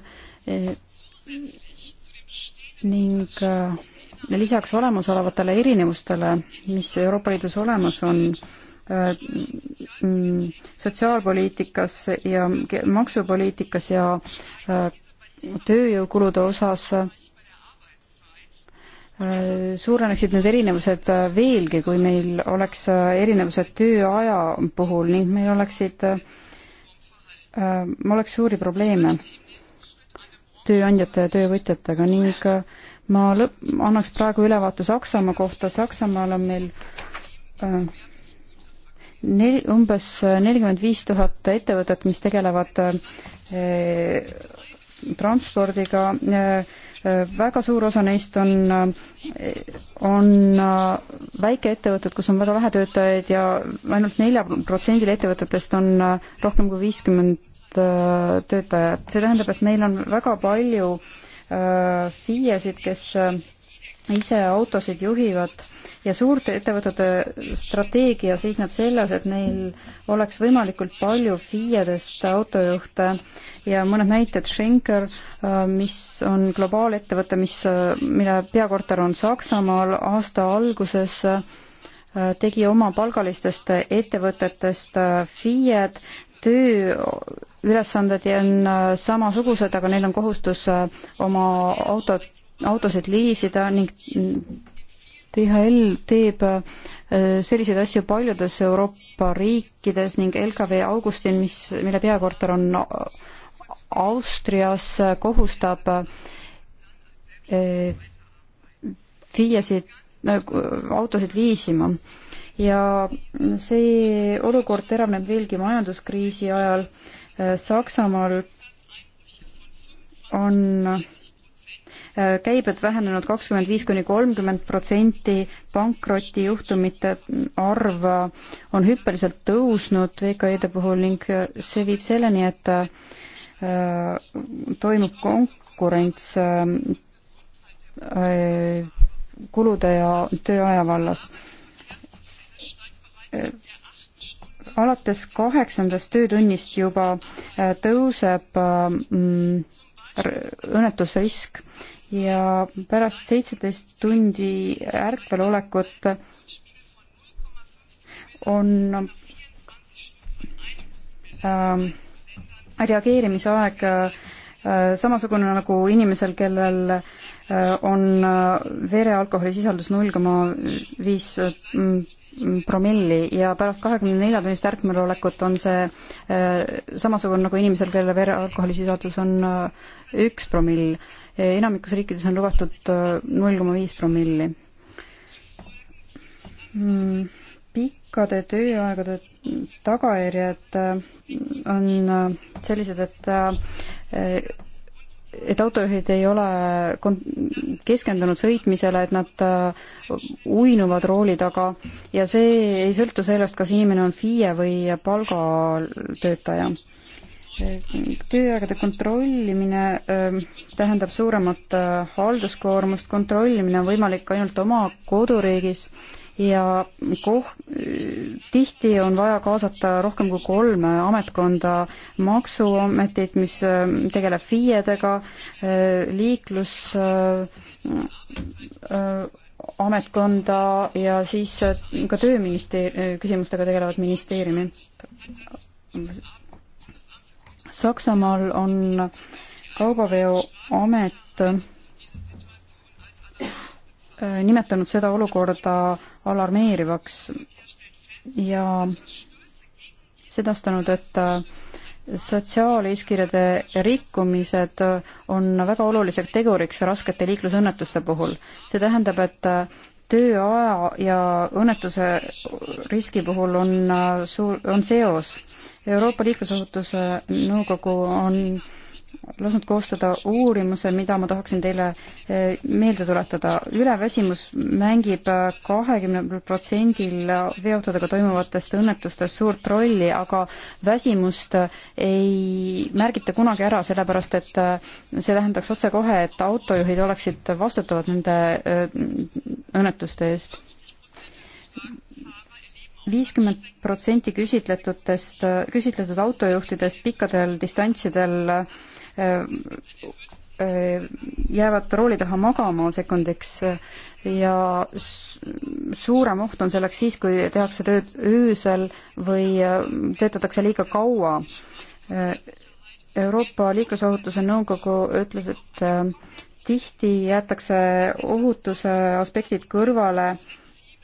ning lisaks olemasolevatele erinevustele, mis Euroopa Liidus olemas on, mm, sotsiaalpoliitikas ja maksupoliitikas ja tööjõukulude osas äh, suureneksid need erinevused äh, veelgi, kui meil oleks äh, erinevused tööaja puhul ning meil oleksid, oleks suuri probleeme tööandjate ja töövõtjatega ning ma lõpp, annaks praegu ülevaate Saksamaa kohta, Saksamaal on meil nel-, umbes nelikümmend viis tuhat ettevõtet, mis tegelevad transpordiga, väga suur osa neist on, on väikeettevõtted, kus on väga vähe töötajaid ja ainult nelja protsendil ettevõtetest on rohkem kui viiskümmend äh, töötajat. see tähendab, et meil on väga palju äh, FIE-sid, kes äh, ise autosid juhivad ja suurte ettevõtete strateegia seisneb selles, et neil oleks võimalikult palju FIE-dest autojuhte äh, ja mõned näited, Schenker, äh, mis on globaalettevõte, mis, äh, mille peakorter on Saksamaal, aasta alguses äh, tegi oma palgalistest ettevõtetest FIE-d, tööülesanded on samasugused, aga neil on kohustus oma autot, autosid liisida ning DHL teeb selliseid asju paljudes Euroopa riikides ning LKV Augustin, mis, mille peakorter on Austrias kohustab eh, FIE-sid, äh, autosid liisima ja see olukord teravneb veelgi majanduskriisi ajal. Äh, Saksamaal on äh, käibed vähenenud kakskümmend viis kuni kolmkümmend protsenti, pankrotijuhtumite arv on hüppeliselt tõusnud VKE-de puhul ning see viib selleni, et Äh, toimub konkurents äh, kulude ja tööaja vallas. Äh, alates kaheksandast töötunnist juba tõuseb mm, õnnetusrisk ja pärast seitseteist tundi ärkvelolekut on ähm, reageerimisaeg äh, samasugune nagu inimesel, kellel äh, on äh, vere alkoholisisaldus null koma viis mm, promilli ja pärast kahekümne nelja tunnist ärkmelolekut on see samasugune nagu inimesel, kelle vere alkoholisisaldus on üks promill. enamikus riikides on lubatud null koma viis promilli mm pikkade tööaegade tagajärjed äh, on äh, sellised, et äh, et autojuhid ei ole keskendunud sõitmisele, et nad uinuvad rooli taga ja see ei sõltu sellest, kas inimene on FIE või palgatöötaja. tööaegade kontrollimine tähendab suuremat halduskoormust, kontrollimine on võimalik ainult oma koduriigis ja koh-, tihti on vaja kaasata rohkem kui kolme ametkonda, Maksuametit, mis ähm, tegeleb FIE-dega, äh, liiklus äh, äh, ametkonda ja siis ka tööministeer-, küsimustega tegelevad ministeeriumid. Saksamaal on kaubaveoamet nimetanud seda olukorda alarmeerivaks ja sedastanud, et äh, sotsiaaleeskirjade rikkumised on väga oluliseks teguriks raskete liiklusõnnetuste puhul. see tähendab, et äh, tööaja ja õnnetuse riski puhul on äh, suur, on seos. Euroopa Liiklusohutuse Nõukogu on lasknud koostada uurimuse, mida ma tahaksin teile eh, meelde tuletada. üleväsimus mängib eh, kahekümnel protsendil veoautodega toimuvatest õnnetustest suurt rolli, aga väsimust eh, ei märgita kunagi ära, sellepärast et see tähendaks otsekohe, et autojuhid oleksid vastutavad nende õnnetuste eest viiskümmend protsenti küsitletutest, küsitletud autojuhtidest pikkadel distantsidel äh, Äh, äh, jäävad rooli taha magama sekundiks äh, ja suurem oht on selleks siis, kui tehakse tööd öösel või töötatakse liiga kaua. Euroopa Liiklusohutuse Nõukogu ütles, et tihti jäetakse ohutuse aspektid kõrvale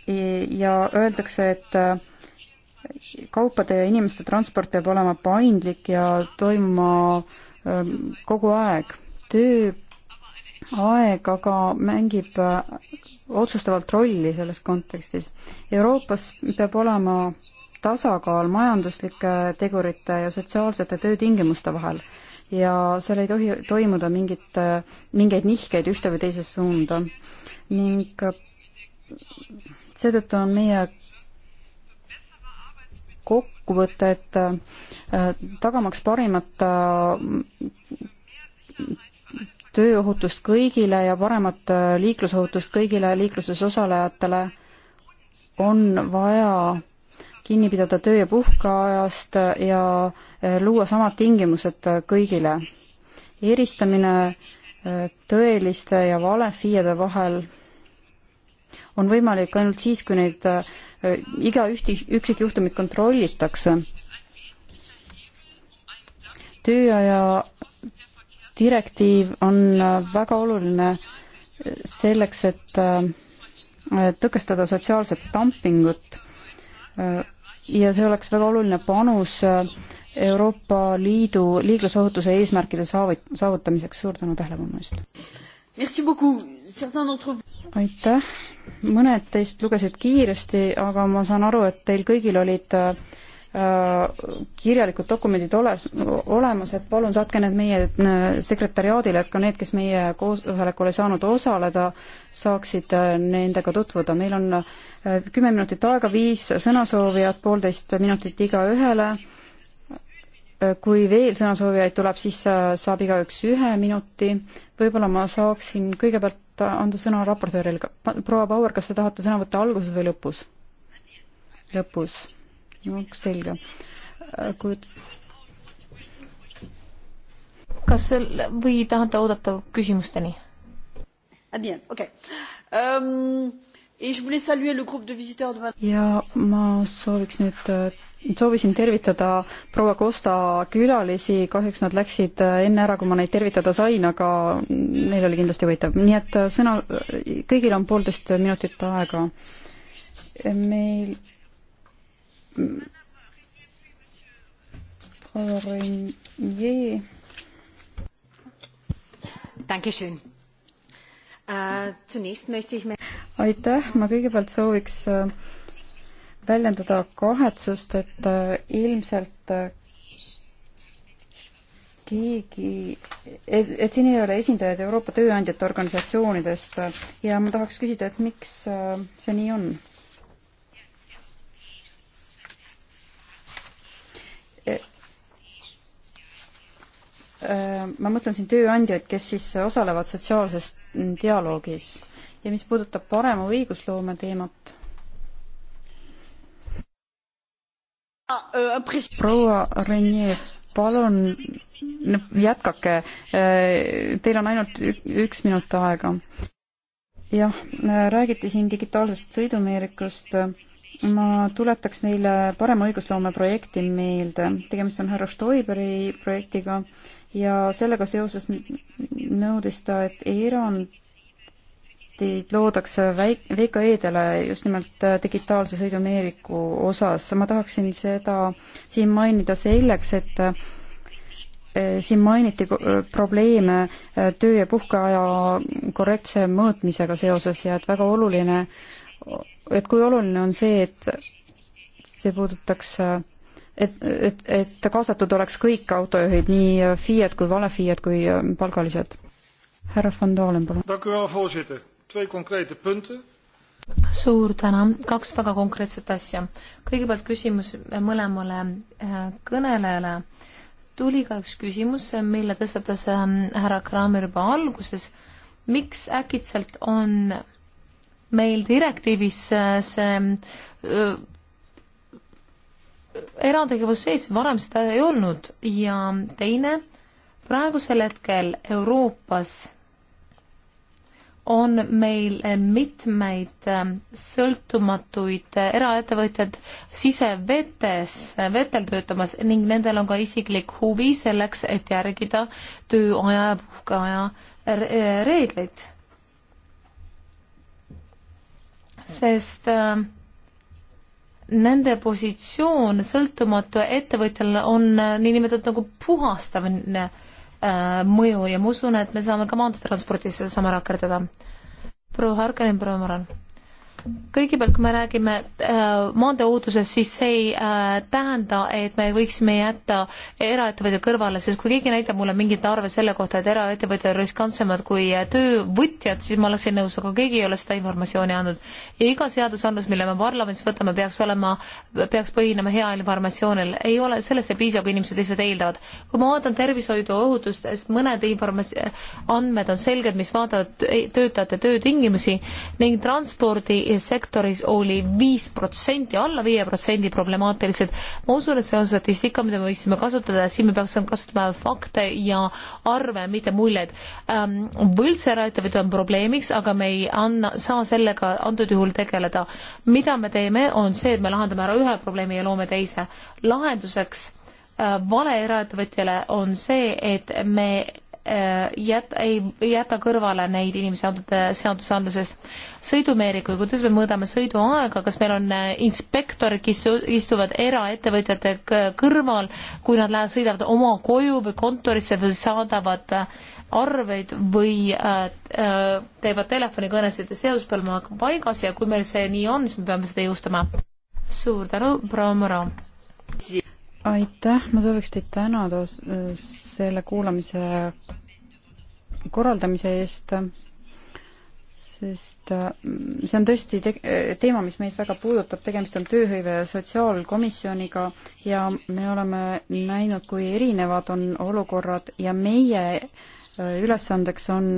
ja öeldakse, et kaupade ja inimeste transport peab olema paindlik ja toimuma äh, kogu aeg. tööaeg aga mängib otsustavalt rolli selles kontekstis. Euroopas peab olema tasakaal majanduslike tegurite ja sotsiaalsete töötingimuste vahel ja seal ei tohi toimuda mingit, mingeid nihkeid ühte või teise suunda. ning seetõttu on meie kokku kokkuvõte, et äh, tagamaks parimat äh, tööohutust kõigile ja paremat äh, liiklusohutust kõigile liikluses osalejatele, on vaja kinni pidada töö- ja puhkeajast ja luua samad tingimused kõigile. eristamine tõeliste ja valefiiede vahel on võimalik ainult siis, kui neid Äh, iga ühti, üksikjuhtumit kontrollitakse. tööaja direktiiv on äh, väga oluline äh, selleks, et tõkestada sotsiaalset dumpingut ja see oleks väga oluline panus Euroopa Liidu liiklusohutuse eesmärkide saavut-, saavutamiseks, suur tänu tähelepanu eest! aitäh, mõned teist lugesid kiiresti, aga ma saan aru, et teil kõigil olid äh, kirjalikud dokumendid oles, olemas, et palun saatke need meie äh, sekretäriaadile, et ka need, kes meie koosolekul ei saanud osaleda, saaksid äh, nendega tutvuda. meil on kümme minutit aega, viis sõnasoovijat, poolteist minutit igaühele. kui veel sõnasoovijaid tuleb, siis saab igaüks ühe minuti. võib-olla ma saaksin kõigepealt kõigepealt anda sõna raportööril. proua Bauer, kas te tahate sõna võtta alguses või lõpus? lõpus. no selge. Äh, kui kas sel- või tahate oodata küsimusteni? Ah, okay. Um, ja ma sooviks nüüd äh, soovisin tervitada proua Costa külalisi, kahjuks nad läksid äh, enne ära, kui ma neid tervitada sain, aga neil oli kindlasti huvitav, nii et äh, sõna, kõigil on poolteist minutit aega. meil äh, aitäh, ma kõigepealt sooviks äh, väljendada kahetsust, et äh, ilmselt äh, keegi, et, et siin ei ole esindajaid Euroopa tööandjate organisatsioonidest äh, ja ma tahaks küsida, et miks see nii on? E, ma mõtlen siin tööandjaid, kes siis osalevad sotsiaalses dialoogis ja mis puudutab parema õigusloome teemat proua Renier, palun jätkake, äh, teil on ainult üks minut aega. jah, äh, räägiti siin digitaalsest sõidumeerikust ma tuletaks neile parema õigusloome projekti meelde. tegemist on härra Stoiberi projektiga ja sellega seoses nõudis ta, et erand erandid loodakse väik-, VKE-dele just nimelt äh, digitaalse sõidumeeriku osas. ma tahaksin seda siin mainida selleks, et äh, äh, siin mainiti probleeme töö- ja puhkeaja korrektse mõõtmisega seoses ja et väga oluline, et kui oluline on see, et see puudutaks et, et, et kaasatud oleks kõik autojuhid, nii FIE-d kui valefiied kui palgalised. härra Van Dalen, palun. Twee concrete punten. suur tänu, kaks väga konkreetset asja. kõigepealt küsimus mõlemale äh, kõnelejale. tuli ka üks küsimus, mille tõstatas ähm, härra Kramer juba alguses. miks äkitselt on meil direktiivis äh, see äh, erategevus sees, varem seda ei olnud ja teine, praegusel hetkel Euroopas on meil eh, mitmeid eh, sõltumatuid eh, eraettevõtjad sisevetes, vetel töötamas ning nendel on ka isiklik huvi selleks, et järgida tööaja ja puhkeaja reegleid. sest äh, nende positsioon sõltumatu ettevõtjal on niinimetatud nagu puhastamine äh, Äh, mõju ja ma usun, et me saame ka maanteetranspordis sedasama rakendada. proua Harkanen, proua Maran kõigepealt, kui me räägime äh, maanteeohutusest, siis see ei äh, tähenda, et me võiksime jätta eraettevõtja kõrvale, sest kui keegi näitab mulle mingit arve selle kohta, et eraettevõtjad on riskantsemad kui äh, töövõtjad, siis ma oleksin nõus, aga keegi ei ole seda informatsiooni andnud. ja iga seadusandlus, mille me parlamendis võtame, peaks olema, peaks põhinema hea informatsioonil. ei ole, sellest ei piisa, kui inimesed lihtsalt eeldavad. kui ma vaatan tervishoidu ja ohutust, siis mõned informas-, andmed on selged, mis vaatavad töötajate töötingimusi ning transpordi sektoris oli viis protsenti, alla viie protsendi problemaatilised. ma usun, et see on statistika, mida me võiksime kasutada ja siin me peaksime kasutama fakte ja arve, mitte muljeid. Ähm, võltsereettevõtted on probleemiks, aga me ei anna, saa sellega antud juhul tegeleda. mida me teeme, on see, et me lahendame ära ühe probleemi ja loome teise. lahenduseks äh, vale eraettevõtjale on see, et me Äh, jät-, ei jäta kõrvale neid inimseadude, äh, seadusandlusest. sõidumeerikuid, kuidas me mõõdame sõiduaega, kas meil on äh, inspektorid, kes istu, istuvad eraettevõtjate kõrval, kui nad lähevad, sõidavad oma koju või kontorisse või saadavad arveid või teevad telefonikõnesid ja seadus peab olema paigas ja kui meil see nii on, siis me peame seda jõustama. suur tänu, proua Mõro! aitäh, ma sooviks teid tänada selle kuulamise korraldamise eest, sest mm, see on tõesti te teema, mis meid väga puudutab, tegemist on tööhõive ja sotsiaalkomisjoniga ja me oleme näinud, kui erinevad on olukorrad ja meie äh, ülesandeks on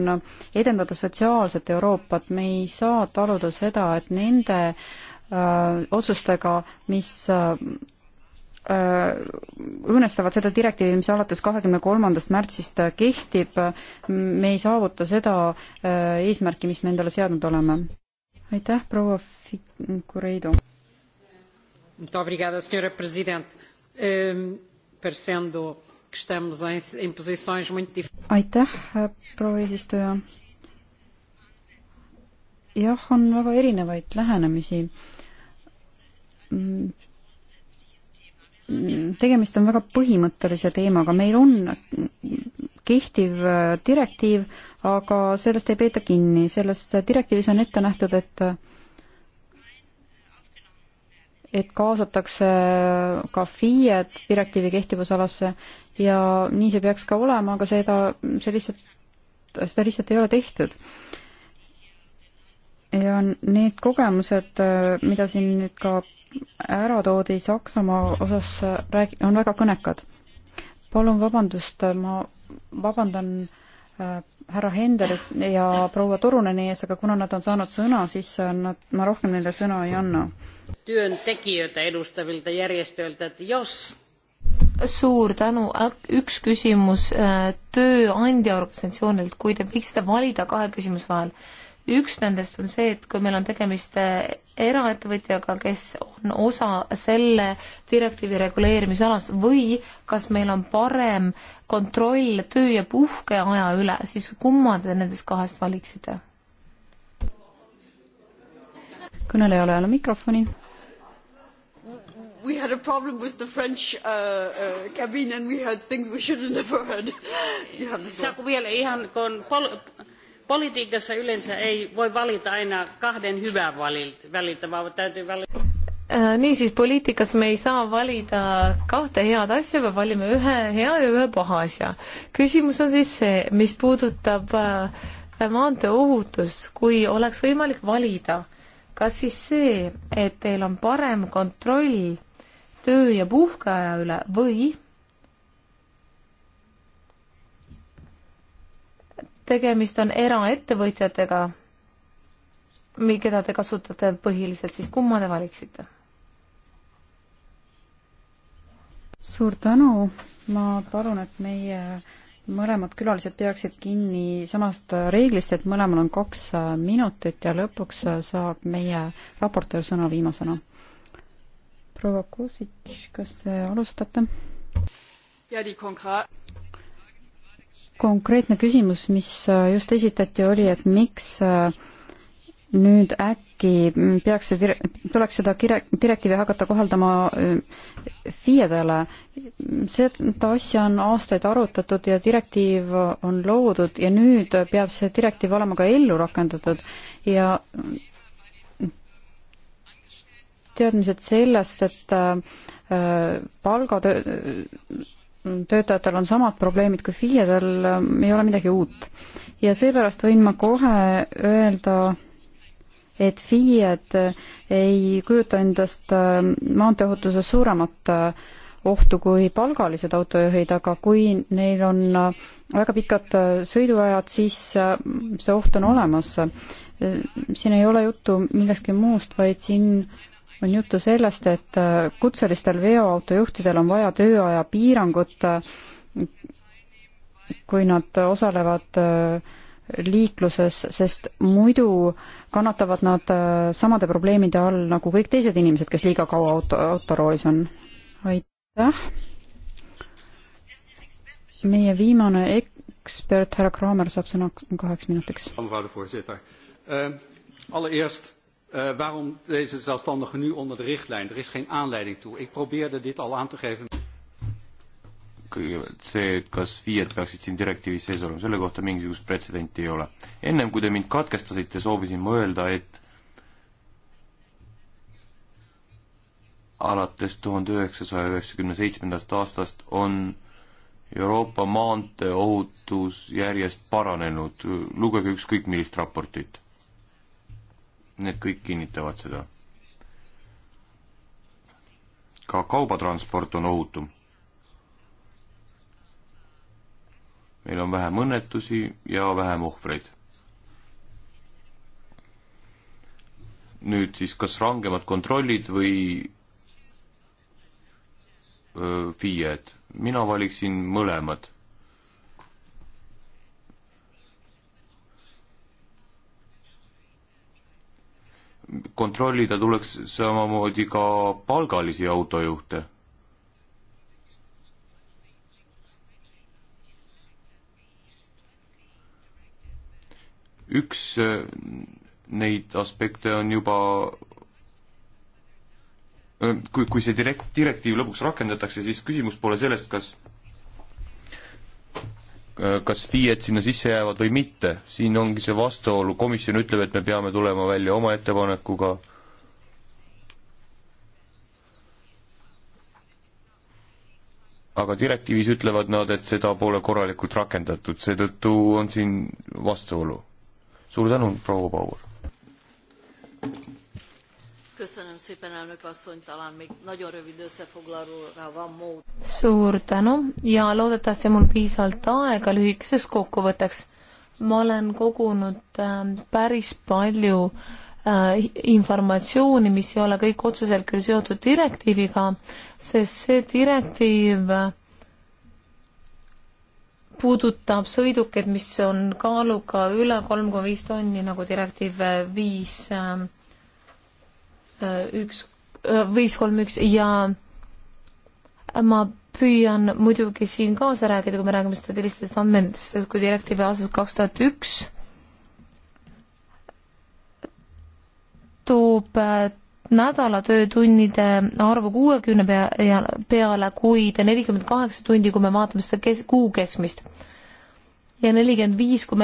edendada sotsiaalset Euroopat, me ei saa taluda seda, et nende öö, äh, otsustega, mis öö, äh, Äh, õõnestavad seda direktiivi, mis alates kahekümne kolmandast märtsist äh, kehtib, me ei saavuta seda äh, eesmärki, mis me endale seadnud oleme. aitäh, proua Figureido. Ehm, aitäh, proua eesistuja. jah, on väga erinevaid lähenemisi tegemist on väga põhimõttelise teemaga, meil on kehtiv äh, direktiiv, aga sellest ei peeta kinni, selles direktiivis on ette nähtud, et et kaasatakse ka FIE-d direktiivi kehtivusalasse ja nii see peaks ka olema, aga seda, see lihtsalt, seda lihtsalt ei ole tehtud. ja need kogemused, äh, mida siin nüüd ka ära toodi Saksamaa osas, räägi-, on väga kõnekad. palun vabandust, ma vabandan äh, härra Hendel ja proua Turuneni ees, aga kuna nad on saanud sõna, siis nad, ma rohkem neile sõna ei anna. työntekijöitä edustavilta järjestöiltä, että jos suur tänu, äh, üks küsimus äh, tööandja organisatsioonilt, kui te võiksite valida kahe küsimuse vahel äh,, üks nendest on see, et kui meil on tegemist äh, eraettevõtjaga, kes on osa selle direktiivi reguleerimisalast või kas meil on parem kontroll töö ja puhkeaja üle, siis kumma te nendest kahest valiksite? kõnelejale ei ole mikrofoni. We had a problem with the French uh, uh, cabin and we heard things we should have never heard. Saku vielä ihan, kun pol- politiikassa yleensä ei voi valita aina kahden hyvän väliltä, vaan täytyy valita äh, niisiis, poliitikas me ei saa valida kahte head asja, me valime ühe hea ja ühe paha asja. küsimus on siis see, mis puudutab äh, maanteeohutust, kui oleks võimalik valida, kas siis see, et teil on parem kontroll töö ja puhkeaja üle või tegemist on eraettevõtjatega, keda te kasutate põhiliselt, siis kumma te valiksite? suur tänu, ma palun, et meie mõlemad külalised peaksid kinni samast reeglist, et mõlemal on kaks minutit ja lõpuks saab meie raportöör sõna viimasena. proua Kusic, kas alustate? konkreetne küsimus, mis äh, just esitati, oli, et miks äh, nüüd äkki peaks see, tuleks seda kire-, direktiivi hakata kohaldama äh, FIE-dele. seda asja on aastaid arutatud ja direktiiv on loodud ja nüüd peab see direktiiv olema ka ellu rakendatud ja teadmised sellest, et palgatöö töötajatel on samad probleemid kui FIE-del, ei ole midagi uut. ja seepärast võin ma kohe öelda, et FIE-d ei kujuta endast äh, maanteeohutuses suuremat äh, ohtu kui palgalised autojuhid, aga kui neil on äh, väga pikad sõiduajad, siis see oht on olemas. siin ei ole juttu millestki muust, vaid siin on juttu sellest, et äh, kutselistel veoautojuhtidel on vaja tööaja piirangut, äh, kui nad osalevad äh, liikluses, sest muidu kannatavad nad samade probleemide all nagu kõik teised inimesed, kes liiga kaua auto, autoroolis on. aitäh! meie viimane ekspert, härra Kraamer, saab sõna kaheks minutiks. Ehm, allereerst Uh, waarom deze zelfstandigen nu onder de richtlijn? Er is geen aanleiding toe. Ik probeerde dit al aan te geven. kõigepealt see, et kas FIE-d peaksid siin direktiivis sees olema, selle kohta mingisugust pretsedenti ei ole. ennem kui te mind katkestasite, soovisin ma öelda, et alates tuhande üheksasaja üheksakümne seitsmendast aastast on Euroopa maanteeohutus järjest paranenud, lugege ükskõik millist raportit Need kõik kinnitavad seda. ka kaubatransport on ohutum. meil on vähem õnnetusi ja vähem ohvreid nüüd siis kas rangemad kontrollid või FIE-d, mina valiksin mõlemad. kontrollida tuleks samamoodi ka palgalisi autojuhte. üks äh, neid aspekte on juba äh, kui, kui see direkt-, direktiiv lõpuks rakendatakse, siis küsimus pole sellest, kas kas FIE-d sinna sisse jäävad või mitte, siin ongi see vastuolu, komisjon ütleb, et me peame tulema välja oma ettepanekuga, aga direktiivis ütlevad nad, et seda pole korralikult rakendatud, seetõttu on siin vastuolu. suur tänu, proua Paul! Köszönöm szépen, elnök asszony, talán még nagyon rövid összefoglalóra van mód. suur tänu ja loodetavasti on mul piisavalt aega lühikeseks kokkuvõtteks. ma olen kogunud ähm, päris palju äh, informatsiooni, mis ei ole kõik otseselt küll seotud direktiiviga, sest see direktiiv äh, puudutab sõidukeid, mis on kaaluga üle kolm koma viis tonni, nagu direktiiv äh, viis 5 ähm, üks, viis kolm üks ja ma püüan muidugi siin kaasa rääkida, kui me räägime stabiilsetest andmetest, kui direktiivi aastast kaks tuhat üks toob äh, nädala töötunnide arvu kuuekümne peale, kuid nelikümmend kaheksa tundi, kui me vaatame seda kes-, kuu keskmist. ja nelikümmend viis, kui me